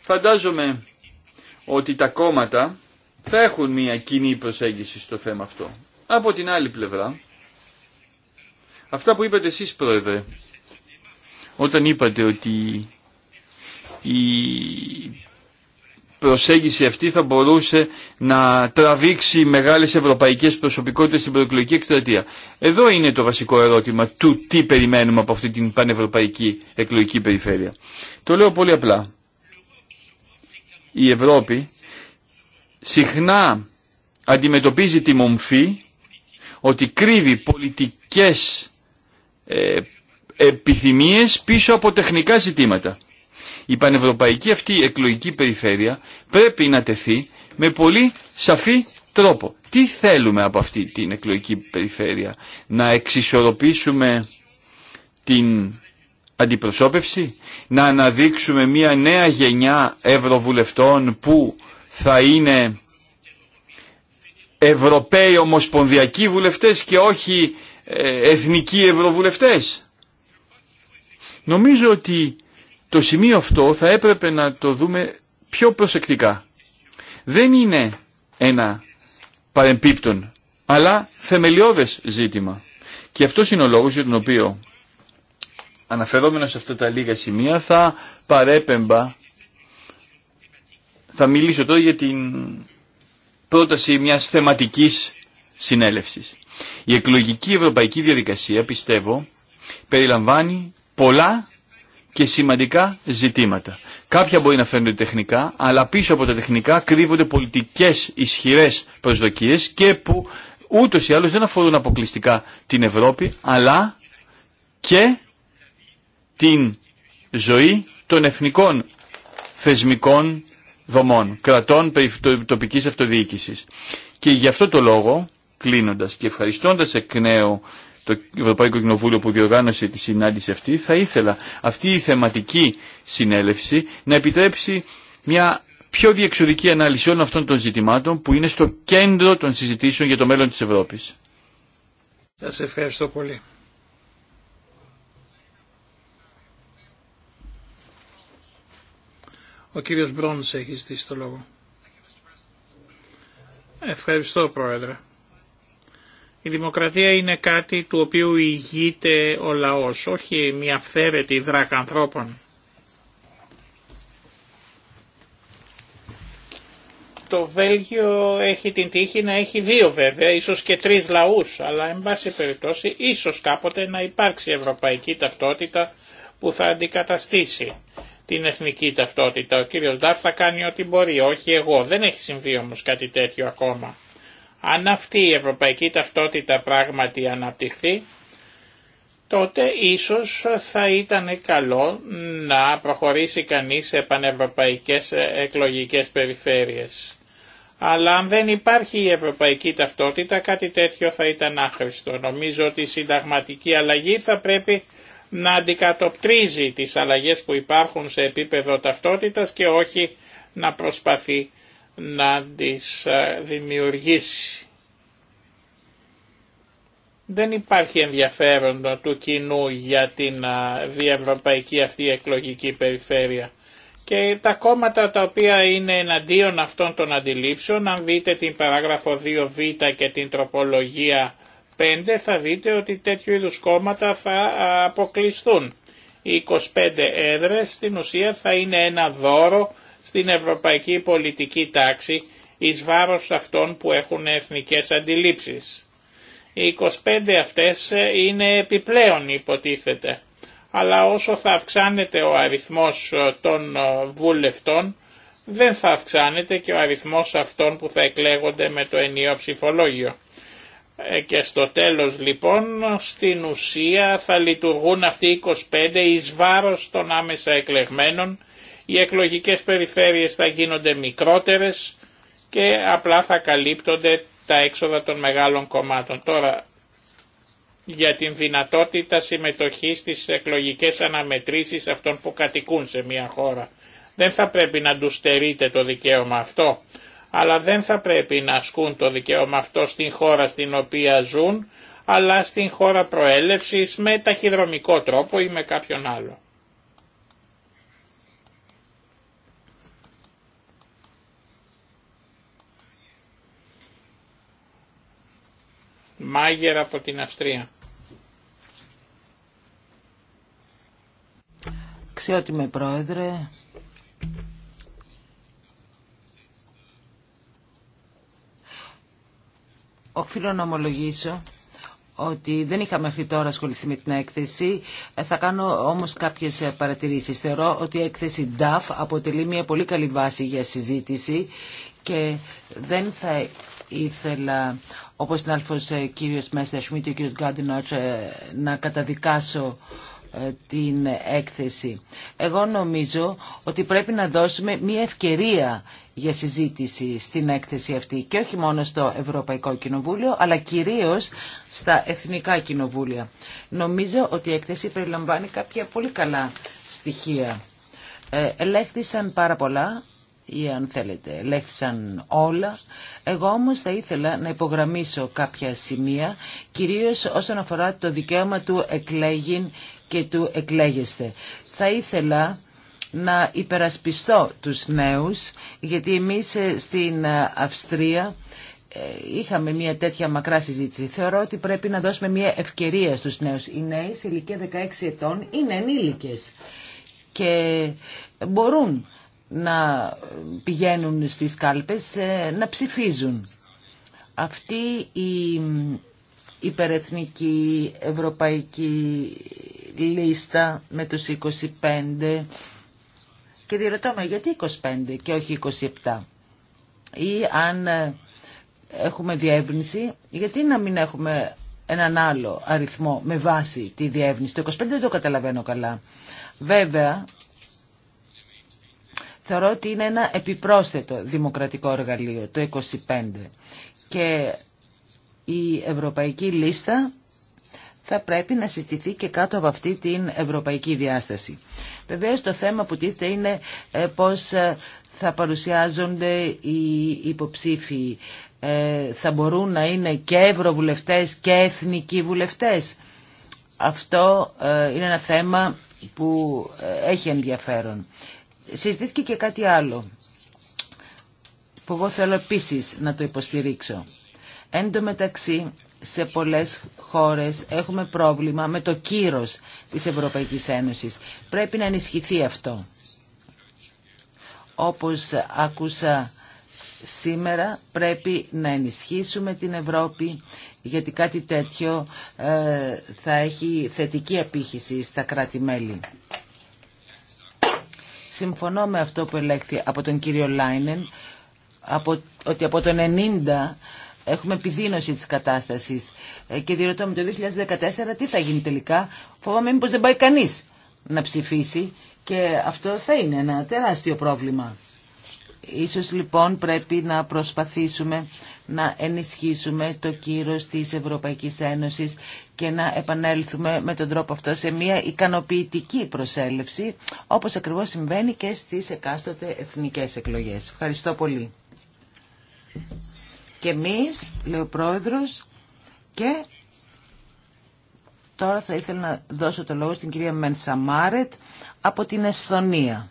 Φαντάζομαι ότι τα κόμματα θα έχουν μια κοινή προσέγγιση στο θέμα αυτό. Από την άλλη πλευρά, αυτά που είπατε εσείς πρόεδρε, όταν είπατε ότι η προσέγγιση αυτή θα μπορούσε να τραβήξει μεγάλες ευρωπαϊκές προσωπικότητες στην προεκλογική εκστρατεία. Εδώ είναι το βασικό ερώτημα του τι περιμένουμε από αυτή την πανευρωπαϊκή εκλογική περιφέρεια. Το λέω πολύ απλά. Η Ευρώπη συχνά αντιμετωπίζει τη μομφή ότι κρύβει πολιτικές ε, επιθυμίες πίσω από τεχνικά ζητήματα. Η πανευρωπαϊκή αυτή εκλογική περιφέρεια πρέπει να τεθεί με πολύ σαφή τρόπο. Τι θέλουμε από αυτή την εκλογική περιφέρεια, να εξισορροπήσουμε την αντιπροσώπευση, να αναδείξουμε μια νέα γενιά ευρωβουλευτών που θα είναι Ευρωπαίοι ομοσπονδιακοί βουλευτές και όχι ε, εθνικοί ευρωβουλευτές. Νομίζω ότι το σημείο αυτό θα έπρεπε να το δούμε πιο προσεκτικά. Δεν είναι ένα παρεμπίπτον, αλλά θεμελιώδες ζήτημα. Και αυτό είναι ο λόγος για τον οποίο αναφερόμενο σε αυτά τα λίγα σημεία θα παρέπεμπα, θα μιλήσω τώρα για την πρόταση μιας θεματικής συνέλευσης. Η εκλογική ευρωπαϊκή διαδικασία, πιστεύω, περιλαμβάνει πολλά και σημαντικά ζητήματα. Κάποια μπορεί να φαίνονται τεχνικά, αλλά πίσω από τα τεχνικά κρύβονται πολιτικές ισχυρές προσδοκίες και που ούτως ή άλλως δεν αφορούν αποκλειστικά την Ευρώπη, αλλά και την ζωή των εθνικών θεσμικών δομών, κρατών τοπικής αυτοδιοίκησης. Και γι' αυτό το λόγο, κλείνοντας και ευχαριστώντας εκ νέου το Ευρωπαϊκό Κοινοβούλιο που διοργάνωσε τη συνάντηση αυτή, θα ήθελα αυτή η θεματική συνέλευση να επιτρέψει μια πιο διεξοδική ανάλυση όλων αυτών των ζητημάτων που είναι στο κέντρο των συζητήσεων για το μέλλον της Ευρώπης. Σας ευχαριστώ πολύ. Ο κύριος Μπρόνς έχει στήσει το λόγο. Ευχαριστώ, Πρόεδρε. Η δημοκρατία είναι κάτι του οποίου ηγείται ο λαός, όχι μια φθαίρετη δράκα ανθρώπων. Το Βέλγιο έχει την τύχη να έχει δύο βέβαια, ίσως και τρεις λαούς, αλλά εν πάση περιπτώσει ίσως κάποτε να υπάρξει ευρωπαϊκή ταυτότητα που θα αντικαταστήσει την εθνική ταυτότητα. Ο κύριος Ντάρ θα κάνει ό,τι μπορεί, όχι εγώ. Δεν έχει συμβεί όμως κάτι τέτοιο ακόμα. Αν αυτή η ευρωπαϊκή ταυτότητα πράγματι αναπτυχθεί, τότε ίσως θα ήταν καλό να προχωρήσει κανείς σε πανευρωπαϊκές εκλογικές περιφέρειες. Αλλά αν δεν υπάρχει η ευρωπαϊκή ταυτότητα κάτι τέτοιο θα ήταν άχρηστο. Νομίζω ότι η συνταγματική αλλαγή θα πρέπει να αντικατοπτρίζει τις αλλαγές που υπάρχουν σε επίπεδο ταυτότητας και όχι να προσπαθεί να τις ε, δημιουργήσει. Δεν υπάρχει ενδιαφέρον του κοινού για την ε, διευρωπαϊκή αυτή εκλογική περιφέρεια. Και τα κόμματα τα οποία είναι εναντίον αυτών των αντιλήψεων, αν δείτε την παράγραφο 2β και την τροπολογία 5, θα δείτε ότι τέτοιου είδους κόμματα θα ε, αποκλειστούν. Οι 25 έδρες στην ουσία θα είναι ένα δώρο στην ευρωπαϊκή πολιτική τάξη εις βάρος αυτών που έχουν εθνικές αντιλήψεις. Οι 25 αυτές είναι επιπλέον υποτίθεται, αλλά όσο θα αυξάνεται ο αριθμός ε, των ε, βουλευτών, δεν θα αυξάνεται και ο αριθμός αυτών που θα εκλέγονται με το ενίο ψηφολόγιο. Ε, και στο τέλος λοιπόν στην ουσία θα λειτουργούν αυτοί οι 25 εις βάρος των άμεσα εκλεγμένων οι εκλογικές περιφέρειες θα γίνονται μικρότερες και απλά θα καλύπτονται τα έξοδα των μεγάλων κομμάτων. Τώρα, για την δυνατότητα συμμετοχής στις εκλογικές αναμετρήσεις αυτών που κατοικούν σε μια χώρα. Δεν θα πρέπει να του στερείται το δικαίωμα αυτό, αλλά δεν θα πρέπει να ασκούν το δικαίωμα αυτό στην χώρα στην οποία ζουν, αλλά στην χώρα προέλευσης με ταχυδρομικό τρόπο ή με κάποιον άλλο. Μάγερ από την Αυστρία. είμαι πρόεδρε, οφείλω να ομολογήσω ότι δεν είχα μέχρι τώρα ασχοληθεί με την έκθεση. Ε, θα κάνω όμως κάποιες ε, παρατηρήσεις. Θεωρώ ότι η έκθεση DAF αποτελεί μια πολύ καλή βάση για συζήτηση και δεν θα ήθελα, όπως την άλφος ε, κύριος Μέστα Σμίτ και ο κύριος Γκάντινοτς, ε, να καταδικάσω ε, την έκθεση. Εγώ νομίζω ότι πρέπει να δώσουμε μια ευκαιρία για συζήτηση στην έκθεση αυτή και όχι μόνο στο Ευρωπαϊκό Κοινοβούλιο αλλά κυρίως στα Εθνικά Κοινοβούλια. Νομίζω ότι η έκθεση περιλαμβάνει κάποια πολύ καλά στοιχεία. Ελέγχθησαν πάρα πολλά ή αν θέλετε λέχθησαν όλα. Εγώ όμως θα ήθελα να υπογραμμίσω κάποια σημεία, κυρίως όσον αφορά το δικαίωμα του εκλέγην και του εκλέγεστε. Θα ήθελα να υπερασπιστώ τους νέους, γιατί εμείς ε, στην ε, Αυστρία ε, είχαμε μια τέτοια μακρά συζήτηση. Θεωρώ ότι πρέπει να δώσουμε μια ευκαιρία στους νέους. Οι νέοι σε ηλικία 16 ετών είναι ενήλικες και μπορούν να πηγαίνουν στις κάλπες ε, να ψηφίζουν. Αυτή η υπερεθνική ευρωπαϊκή λίστα με τους 25 και διερωτώ με γιατί 25 και όχι 27 ή αν ε, έχουμε διεύνηση, γιατί να μην έχουμε έναν άλλο αριθμό με βάση τη διεύνηση. Το 25 δεν το καταλαβαίνω καλά. Βέβαια θεωρώ ότι είναι ένα επιπρόσθετο δημοκρατικό εργαλείο, το 25. Και η ευρωπαϊκή λίστα θα πρέπει να συστηθεί και κάτω από αυτή την ευρωπαϊκή διάσταση. Βεβαίως το θέμα που τίθεται είναι ε, πώς ε, θα παρουσιάζονται οι υποψήφοι. Ε, θα μπορούν να είναι και ευρωβουλευτές και εθνικοί βουλευτές. Αυτό είναι ένα θέμα που έχει ενδιαφέρον συζητήθηκε και κάτι άλλο που εγώ θέλω επίσης να το υποστηρίξω. Εν τω μεταξύ, σε πολλές χώρες έχουμε πρόβλημα με το κύρος της Ευρωπαϊκής Ένωσης. Πρέπει να ενισχυθεί αυτό. Όπως άκουσα σήμερα, πρέπει να ενισχύσουμε την Ευρώπη γιατί κάτι τέτοιο ε, θα έχει θετική επίχυση στα κράτη-μέλη. Συμφωνώ με αυτό που ελέγχθη από τον κύριο Λάινεν, από, ότι από τον 90 έχουμε επιδείνωση της κατάστασης ε, και διερωτώ με το 2014 τι θα γίνει τελικά. Φοβάμαι μήπως δεν πάει κανείς να ψηφίσει και αυτό θα είναι ένα τεράστιο πρόβλημα. Ίσως λοιπόν πρέπει να προσπαθήσουμε να ενισχύσουμε το κύρος της Ευρωπαϊκής Ένωσης και να επανέλθουμε με τον τρόπο αυτό σε μια ικανοποιητική προσέλευση, όπως ακριβώς συμβαίνει και στις εκάστοτε εθνικές εκλογές. Ευχαριστώ πολύ. Και εμείς, λέει ο Πρόεδρος, και τώρα θα ήθελα να δώσω το λόγο στην κυρία Μενσαμάρετ από την Εσθονία.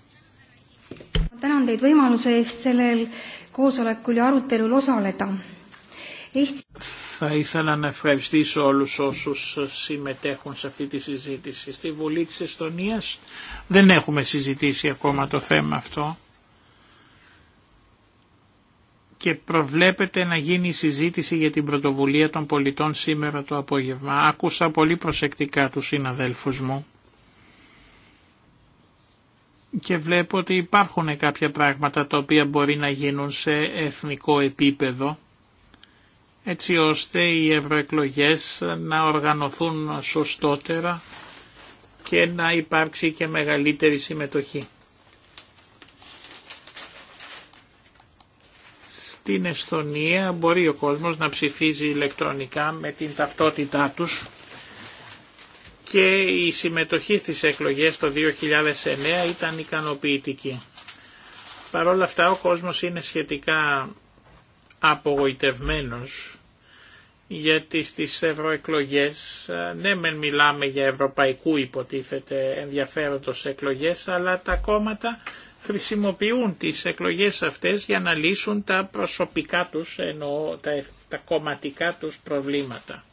Θα ήθελα να ευχαριστήσω όλους όσους συμμετέχουν σε αυτή τη συζήτηση. Στη Βουλή της Εστονίας δεν έχουμε συζητήσει ακόμα το θέμα αυτό και προβλέπεται να γίνει η συζήτηση για την πρωτοβουλία των πολιτών σήμερα το απόγευμα. Άκουσα πολύ προσεκτικά του συναδέλφου μου και βλέπω ότι υπάρχουν κάποια πράγματα τα οποία μπορεί να γίνουν σε εθνικό επίπεδο έτσι ώστε οι ευρωεκλογές να οργανωθούν σωστότερα και να υπάρξει και μεγαλύτερη συμμετοχή. Στην Εσθονία μπορεί ο κόσμος να ψηφίζει ηλεκτρονικά με την ταυτότητά τους και η συμμετοχή στις εκλογές το 2009 ήταν ικανοποιητική. Παρ' όλα αυτά ο κόσμος είναι σχετικά απογοητευμένος γιατί στις ευρωεκλογές, ναι μεν μιλάμε για ευρωπαϊκού υποτίθεται ενδιαφέροντος εκλογές, αλλά τα κόμματα χρησιμοποιούν τις εκλογές αυτές για να λύσουν τα προσωπικά τους, εννοώ τα, τα κομματικά τους προβλήματα.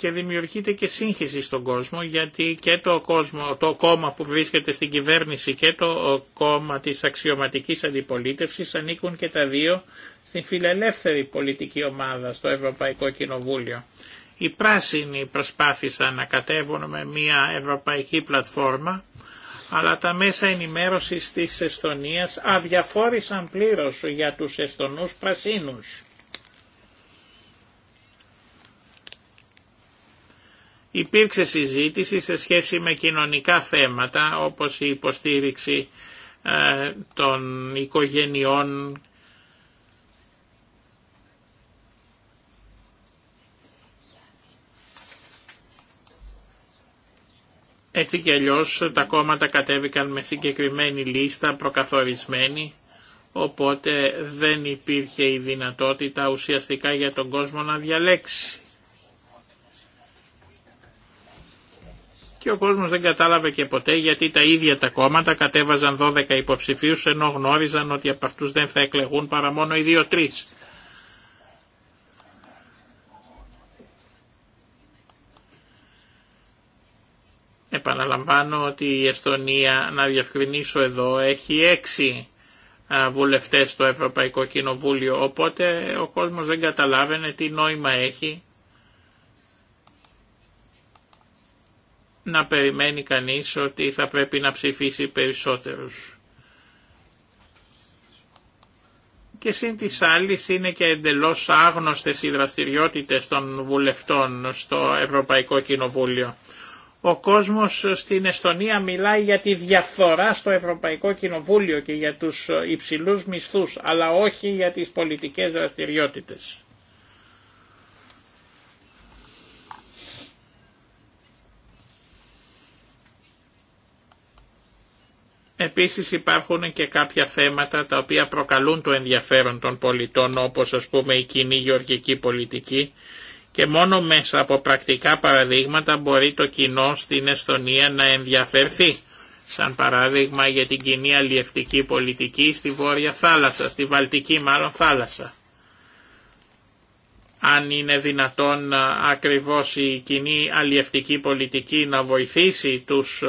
και δημιουργείται και σύγχυση στον κόσμο γιατί και το, κόσμο, το κόμμα που βρίσκεται στην κυβέρνηση και το κόμμα της αξιωματικής αντιπολίτευσης ανήκουν και τα δύο στην φιλελεύθερη πολιτική ομάδα στο Ευρωπαϊκό Κοινοβούλιο. Οι πράσινοι προσπάθησαν να κατέβουν με μια ευρωπαϊκή πλατφόρμα αλλά τα μέσα ενημέρωσης της Εστονίας αδιαφόρησαν πλήρως για τους Εστονούς πρασίνους Υπήρξε συζήτηση σε σχέση με κοινωνικά θέματα όπως η υποστήριξη ε, των οικογενειών Έτσι και αλλιώ τα κόμματα κατέβηκαν με συγκεκριμένη λίστα προκαθορισμένη, οπότε δεν υπήρχε η δυνατότητα ουσιαστικά για τον κόσμο να διαλέξει. και ο κόσμος δεν κατάλαβε και ποτέ γιατί τα ίδια τα κόμματα κατέβαζαν 12 υποψηφίους ενώ γνώριζαν ότι από αυτούς δεν θα εκλεγούν παρά μόνο οι δύο-τρεις. Επαναλαμβάνω ότι η Εστονία, να διευκρινίσω εδώ, έχει έξι βουλευτές στο Ευρωπαϊκό Κοινοβούλιο, οπότε ο κόσμος δεν καταλάβαινε τι νόημα έχει να περιμένει κανείς ότι θα πρέπει να ψηφίσει περισσότερους. Και σύν της άλλης είναι και εντελώς άγνωστες οι δραστηριότητες των βουλευτών στο Ευρωπαϊκό Κοινοβούλιο. Ο κόσμος στην Εστονία μιλάει για τη διαφθορά στο Ευρωπαϊκό Κοινοβούλιο και για τους υψηλούς μισθούς, αλλά όχι για τις πολιτικές δραστηριότητες. Επίσης υπάρχουν και κάποια θέματα τα οποία προκαλούν το ενδιαφέρον των πολιτών όπως ας πούμε η κοινή γεωργική πολιτική και μόνο μέσα από πρακτικά παραδείγματα μπορεί το κοινό στην Εστονία να ενδιαφερθεί σαν παράδειγμα για την κοινή αλλιευτική πολιτική στη Βόρεια Θάλασσα, στη Βαλτική μάλλον Θάλασσα αν είναι δυνατόν ε, ακριβώς η κοινή αλλιευτική πολιτική να βοηθήσει τους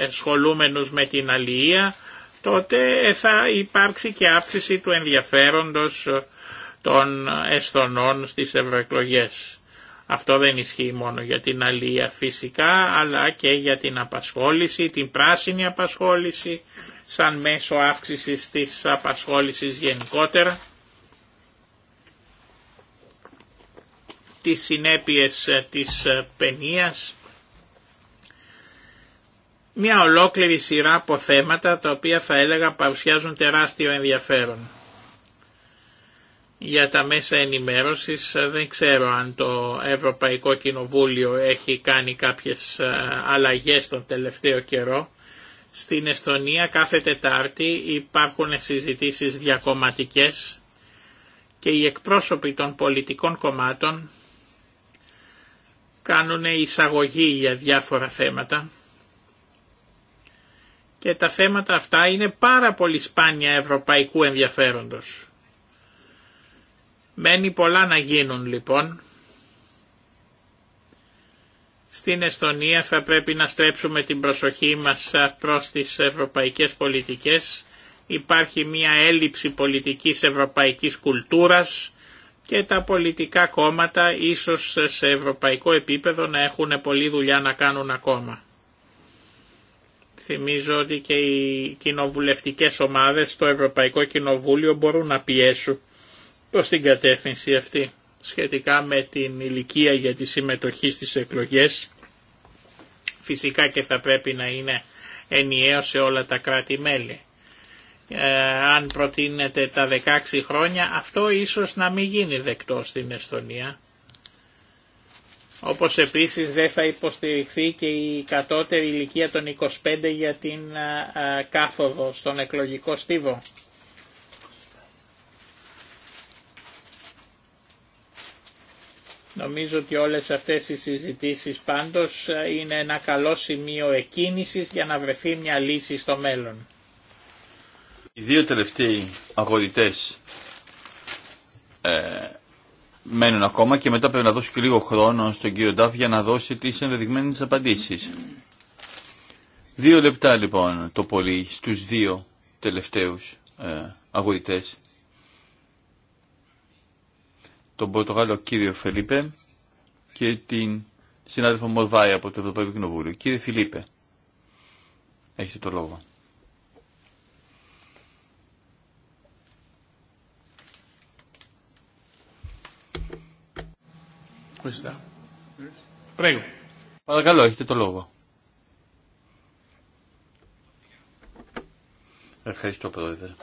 εσχολούμενους ε, με την αλληλεία, τότε θα υπάρξει και αύξηση του ενδιαφέροντος ε, των εσθονών στις ευρωεκλογέ. Αυτό δεν ισχύει μόνο για την αλληλεία φυσικά, αλλά και για την απασχόληση, την πράσινη απασχόληση, σαν μέσο αύξησης της απασχόλησης γενικότερα τις συνέπειες ε, της ε, παινίας, μια ολόκληρη σειρά από θέματα τα οποία θα έλεγα παρουσιάζουν τεράστιο ενδιαφέρον. Για τα μέσα ενημέρωσης ε, δεν ξέρω αν το Ευρωπαϊκό Κοινοβούλιο έχει κάνει κάποιες αλλαγές τον τελευταίο καιρό. Στην Εστονία κάθε Τετάρτη υπάρχουν συζητήσεις διακομματικές και οι εκπρόσωποι των πολιτικών κομμάτων κάνουν εισαγωγή για διάφορα θέματα και τα θέματα αυτά είναι πάρα πολύ σπάνια ευρωπαϊκού ενδιαφέροντος. Μένει πολλά να γίνουν λοιπόν. Στην Εστονία θα πρέπει να στρέψουμε την προσοχή μας προς τις ευρωπαϊκές πολιτικές. Υπάρχει μια έλλειψη πολιτικής ευρωπαϊκής κουλτούρας και τα πολιτικά κόμματα ίσως σε ευρωπαϊκό επίπεδο να έχουν πολλή δουλειά να κάνουν ακόμα. Θυμίζω ότι και οι κοινοβουλευτικές ομάδες στο Ευρωπαϊκό Κοινοβούλιο μπορούν να πιέσουν προς την κατεύθυνση αυτή σχετικά με την ηλικία για τη συμμετοχή στις εκλογές. Φυσικά και θα πρέπει να είναι ενιαίο σε όλα τα κράτη-μέλη. Ε, αν προτείνεται τα 16 χρόνια, αυτό ίσως να μην γίνει δεκτό στην Εστονία. Όπως επίσης δεν θα υποστηριχθεί και η κατώτερη ηλικία των 25 για την ε, ε, κάθοδο στον εκλογικό στίβο. Νομίζω ότι όλες αυτές οι συζητήσεις πάντως είναι ένα καλό σημείο εκκίνησης για να βρεθεί μια λύση στο μέλλον. Οι δύο τελευταίοι αγορητές ε, μένουν ακόμα και μετά πρέπει να δώσω και λίγο χρόνο στον κύριο Ντάφ για να δώσει τις ενδεδειγμένες απαντήσεις. Δύο λεπτά λοιπόν το πολύ στους δύο τελευταίους ε, Τον Πορτογάλο κύριο Φελίπε και την συνάδελφο Μορβάη από το Ευρωπαϊκό Κοινοβούλιο. Κύριε Φιλίπε, έχετε το λόγο. Παρακαλώ, έχετε το λόγο. Ευχαριστώ, Πρόεδρε.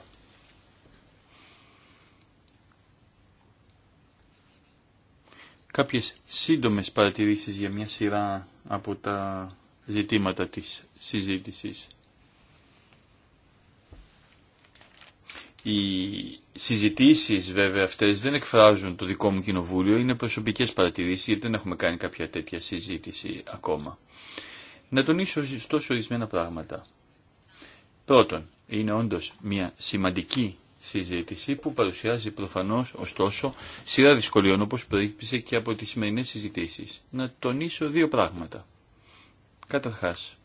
Κάποιες σύντομες παρατηρήσεις για μια σειρά από τα ζητήματα της συζήτησης. Η Συζητήσει βέβαια αυτές δεν εκφράζουν το δικό μου κοινοβούλιο, είναι προσωπικές παρατηρήσεις γιατί δεν έχουμε κάνει κάποια τέτοια συζήτηση ακόμα. Να τονίσω ωστόσο ορισμένα πράγματα. Πρώτον, είναι όντως μια σημαντική συζήτηση που παρουσιάζει προφανώς ωστόσο σειρά δυσκολιών όπως προείπησε και από τι σημερινέ συζητήσει. Να τονίσω δύο πράγματα. Καταρχάς,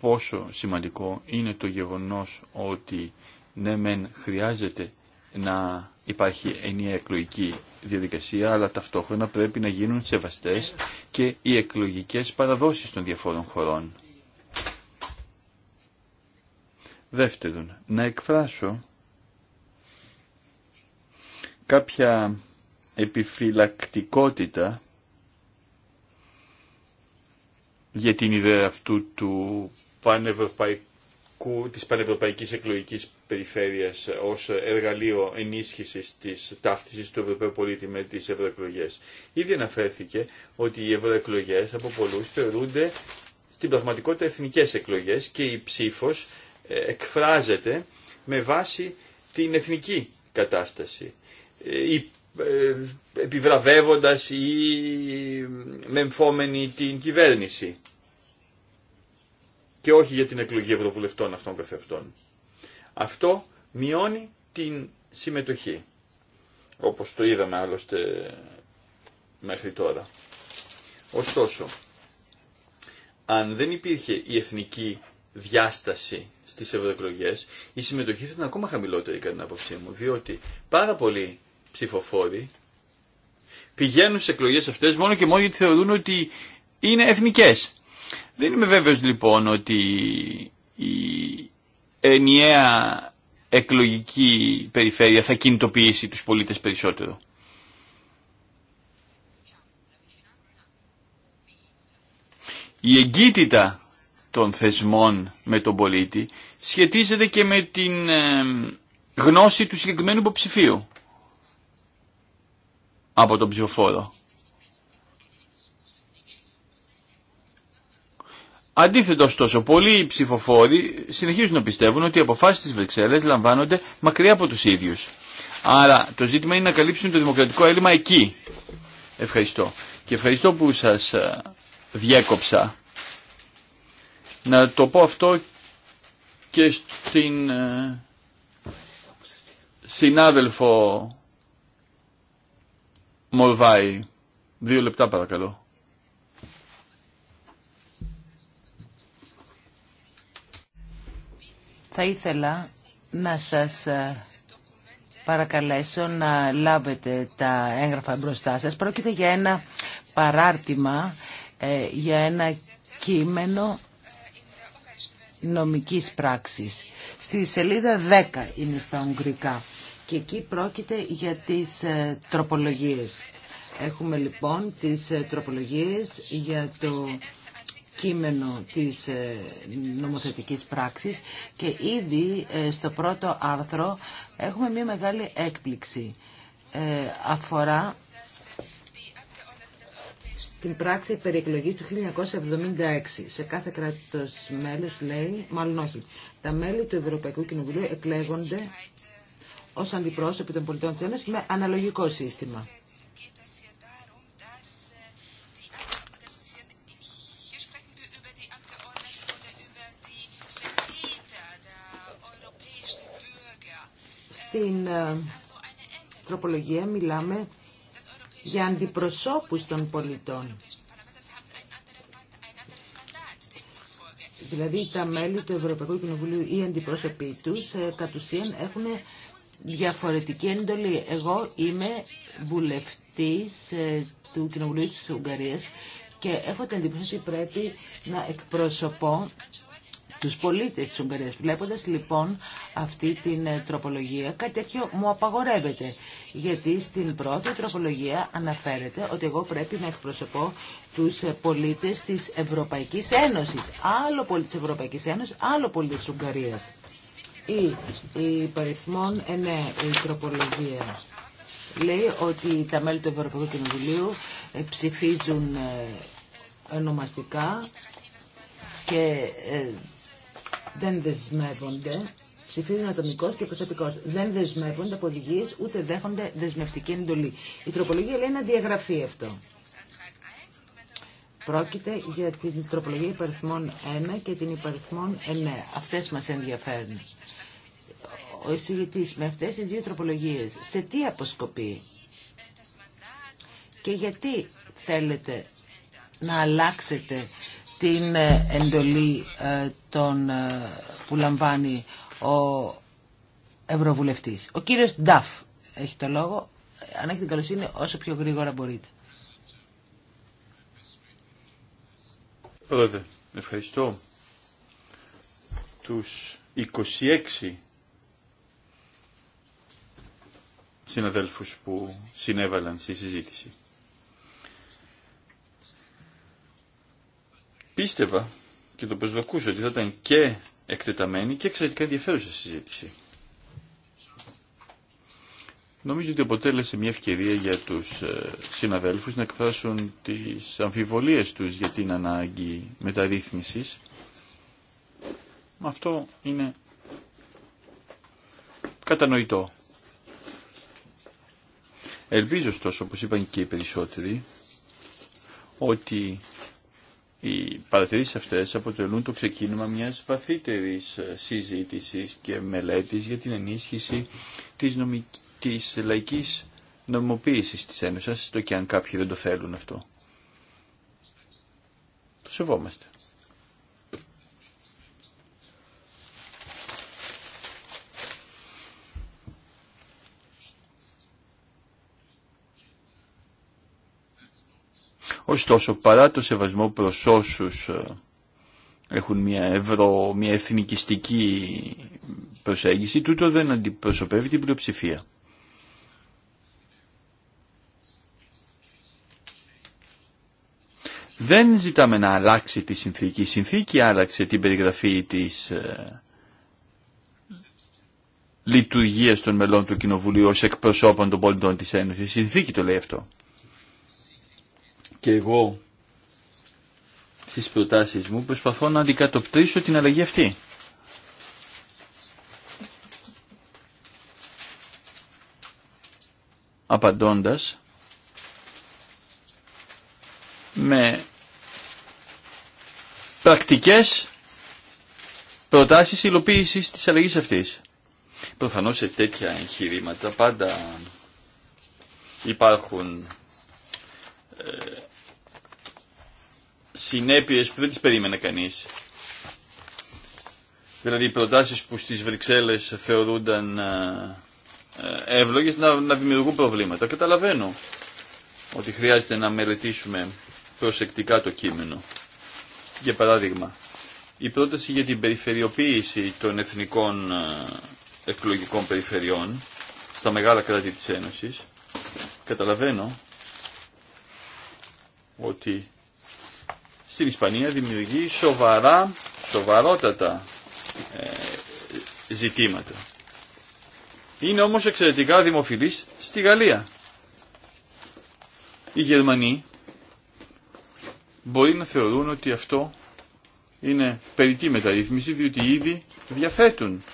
πόσο σημαντικό είναι το γεγονός ότι ναι μεν χρειάζεται να υπάρχει ενιαία εκλογική διαδικασία, αλλά ταυτόχρονα πρέπει να γίνουν σεβαστές και οι εκλογικές παραδόσεις των διαφόρων χωρών. Δεύτερον, να εκφράσω κάποια επιφυλακτικότητα για την ιδέα αυτού του πανευρωπαϊκού, της πανευρωπαϊκής εκλογικής περιφέρειας ως εργαλείο ενίσχυσης της ταύτισης του Ευρωπαίου πολίτη με τις ευρωεκλογές. Ήδη αναφέρθηκε ότι οι ευρωεκλογές από πολλούς θεωρούνται στην πραγματικότητα εθνικές εκλογές και η ψήφος ε, εκφράζεται με βάση την εθνική κατάσταση ή ε, ε, επιβραβεύοντας ή μεμφόμενη την κυβέρνηση και όχι για την εκλογή ευρωβουλευτών αυτών καθευτών. Αυτό μειώνει την συμμετοχή, όπως το είδαμε άλλωστε μέχρι τώρα. Ωστόσο, αν δεν υπήρχε η εθνική διάσταση στις ευρωεκλογέ, η συμμετοχή θα ήταν ακόμα χαμηλότερη κατά την άποψή μου, διότι πάρα πολλοί ψηφοφόροι πηγαίνουν σε εκλογές αυτές μόνο και μόνο γιατί θεωρούν ότι είναι εθνικές δεν είμαι βέβαιος λοιπόν ότι η ενιαία εκλογική περιφέρεια θα κινητοποιήσει τους πολίτες περισσότερο. Η εγκύτητα των θεσμών με τον πολίτη σχετίζεται και με την γνώση του συγκεκριμένου υποψηφίου από τον ψηφοφόρο. Αντίθετο ωστόσο, πολλοί ψηφοφόροι συνεχίζουν να πιστεύουν ότι οι αποφάσει τη Βρυξέλλε λαμβάνονται μακριά από του ίδιου. Άρα το ζήτημα είναι να καλύψουν το δημοκρατικό έλλειμμα εκεί. Ευχαριστώ. Και ευχαριστώ που σας ε, διέκοψα. Να το πω αυτό και στην ε, συνάδελφο Μολβάη. Δύο λεπτά παρακαλώ. Θα ήθελα να σας ε, παρακαλέσω να λάβετε τα έγγραφα μπροστά σας. Πρόκειται για ένα παράρτημα, ε, για ένα κείμενο νομικής πράξης. Στη σελίδα 10 είναι στα Ουγγρικά και εκεί πρόκειται για τις ε, τροπολογίες. Έχουμε λοιπόν τις τροπολογίες για το κείμενο της ε, νομοθετικής πράξης και ήδη ε, στο πρώτο άρθρο έχουμε μια μεγάλη έκπληξη. Ε, αφορά την πράξη περιεκλογή του 1976. Σε κάθε κράτος μέλος λέει, μάλλον όχι, τα μέλη του Ευρωπαϊκού Κοινοβουλίου εκλέγονται ως αντιπρόσωποι των πολιτών της με αναλογικό σύστημα. Στην ε, τροπολογία μιλάμε για αντιπροσώπους των πολιτών. Δηλαδή τα μέλη του Ευρωπαϊκού Κοινοβουλίου ή αντιπρόσωποι τους ε, κατ' ουσίαν έχουν διαφορετική εντολή. Εγώ είμαι βουλευτής ε, του Κοινοβουλίου της Ουγγαρίας και έχω την εντύπωση ότι πρέπει να εκπροσωπώ τους πολίτες της Ουγγαρίας. Βλέποντας λοιπόν αυτή την ε, τροπολογία, κάτι τέτοιο μου απαγορεύεται, γιατί στην πρώτη τροπολογία αναφέρεται ότι εγώ πρέπει να εκπροσωπώ τους ε, πολίτες της Ευρωπαϊκής Ένωσης. Άλλο πολίτη τη Ευρωπαϊκής Ένωσης, άλλο πολίτες της Ουγγαρίας. Ή παριθμόν, είναι η τροπολογία λέει ότι τα μέλη του Ευρωπαϊκού Κοινοβουλίου ε, ψηφίζουν ονομαστικά και δεν δεσμεύονται. Ψηφίζουν ατομικώ και προσωπικώ. Δεν δεσμεύονται από οδηγίε, ούτε δέχονται δεσμευτική εντολή. Η τροπολογία λέει να διαγραφεί αυτό. Πρόκειται για την τροπολογία υπαριθμών 1 και την υπαριθμών 9. Αυτές μας ενδιαφέρουν. Ο εισηγητή με αυτέ τι δύο τροπολογίες σε τι αποσκοπεί και γιατί θέλετε να αλλάξετε την ε, εντολή ε, των, ε, που λαμβάνει ο Ευρωβουλευτής. Ο κύριος Νταφ έχει το λόγο. Αν έχει την καλοσύνη, όσο πιο γρήγορα μπορείτε. Πρόεδρε, ευχαριστώ τους 26 συναδέλφους που συνέβαλαν στη συζήτηση. πίστευα και το προσδοκούσα ότι θα ήταν και εκτεταμένη και εξαιρετικά ενδιαφέρουσα συζήτηση. Νομίζω ότι αποτέλεσε μια ευκαιρία για τους ε, συναδέλφους να εκφράσουν τις αμφιβολίες τους για την ανάγκη μεταρρύθμισης. Αυτό είναι κατανοητό. Ελπίζω, ωστόσο, όπως είπαν και οι περισσότεροι, ότι οι παρατηρήσεις αυτές αποτελούν το ξεκίνημα μιας βαθύτερης ε, συζήτησης και μελέτης για την ενίσχυση της, νομικής, της λαϊκής νομιμοποίησης της το και αν κάποιοι δεν το θέλουν αυτό. Το σεβόμαστε. Ωστόσο, παρά το σεβασμό προς όσους ε, έχουν μια, ευρω, μια εθνικιστική προσέγγιση, τούτο δεν αντιπροσωπεύει την πλειοψηφία. Δεν ζητάμε να αλλάξει τη συνθήκη. Η συνθήκη άλλαξε την περιγραφή της ε, λειτουργίας των μελών του Κοινοβουλίου ως εκπροσώπων των πολιτών της Ένωσης. Η συνθήκη το λέει αυτό και εγώ στις προτάσεις μου προσπαθώ να αντικατοπτρίσω την αλλαγή αυτή. Απαντώντας με πρακτικές προτάσεις υλοποίησης της αλλαγής αυτής. Προφανώς σε τέτοια εγχειρήματα πάντα υπάρχουν ε, Συνέπειε που δεν τι περίμενε κανείς. Δηλαδή οι προτάσει που στι Βρυξέλλε θεωρούνταν ε, ε, εύλογε να, να δημιουργούν προβλήματα. Καταλαβαίνω ότι χρειάζεται να μελετήσουμε προσεκτικά το κείμενο. Για παράδειγμα, η πρόταση για την περιφερειοποίηση των εθνικών ε, εκλογικών περιφερειών στα μεγάλα κράτη της Ένωσης, καταλαβαίνω ότι στην Ισπανία δημιουργεί σοβαρά, σοβαρότατα ε, ζητήματα. Είναι όμως εξαιρετικά δημοφιλής στη Γαλλία. Οι Γερμανοί μπορεί να θεωρούν ότι αυτό είναι περιττή μεταρρύθμιση διότι ήδη διαθέτουν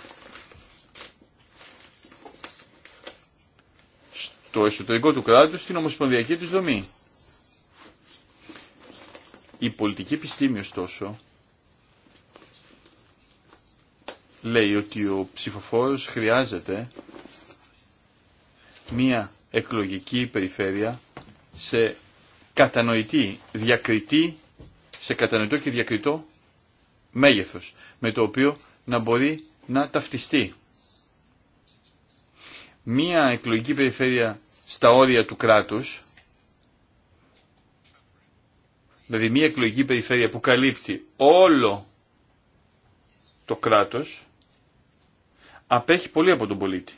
στο εσωτερικό του κράτους την ομοσπονδιακή τους δομή. Η πολιτική επιστήμη ωστόσο λέει ότι ο ψηφοφόρος χρειάζεται μία εκλογική περιφέρεια σε κατανοητή, διακριτή, σε κατανοητό και διακριτό μέγεθος, με το οποίο να μπορεί να ταυτιστεί. Μία εκλογική περιφέρεια στα όρια του κράτους δηλαδή μια εκλογική περιφέρεια που καλύπτει όλο το κράτος, απέχει πολύ από τον πολίτη.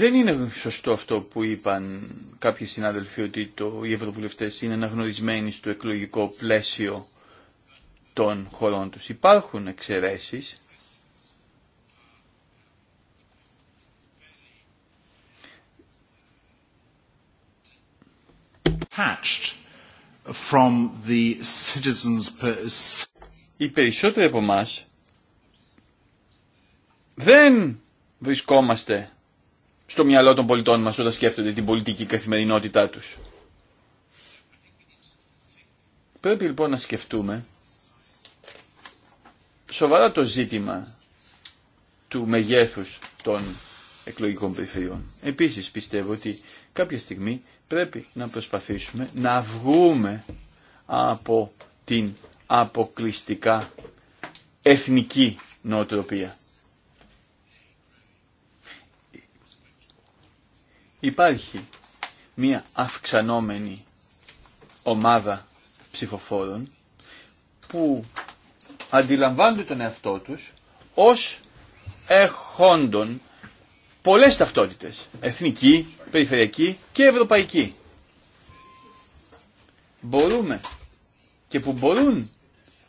Δεν είναι σωστό αυτό που είπαν κάποιοι συνάδελφοι ότι οι ευρωβουλευτές είναι αναγνωρισμένοι στο εκλογικό πλαίσιο των χωρών τους. Υπάρχουν εξαιρέσεις. From the citizens... Οι περισσότεροι από εμά δεν βρισκόμαστε στο μυαλό των πολιτών μας όταν σκέφτονται την πολιτική καθημερινότητά τους. Πρέπει λοιπόν να σκεφτούμε σοβαρά το ζήτημα του μεγέθους των εκλογικών περιφερειών. Επίσης πιστεύω ότι κάποια στιγμή πρέπει να προσπαθήσουμε να βγούμε από την αποκλειστικά εθνική νοοτροπία. υπάρχει μία αυξανόμενη ομάδα ψηφοφόρων που αντιλαμβάνονται τον εαυτό τους ως έχοντον πολλές ταυτότητες, εθνική, περιφερειακή και ευρωπαϊκή. Μπορούμε και που μπορούν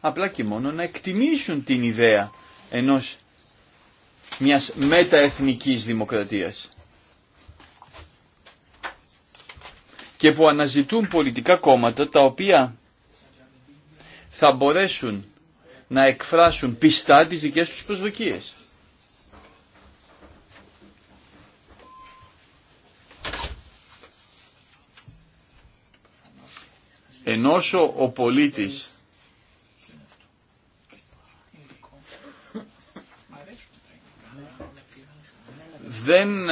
απλά και μόνο να εκτιμήσουν την ιδέα ενός μιας μεταεθνικής δημοκρατίας. και που αναζητούν πολιτικά κόμματα τα οποία θα μπορέσουν να εκφράσουν πιστά τις δικές τους προσδοκίες. Ενώσο ο πολίτης δεν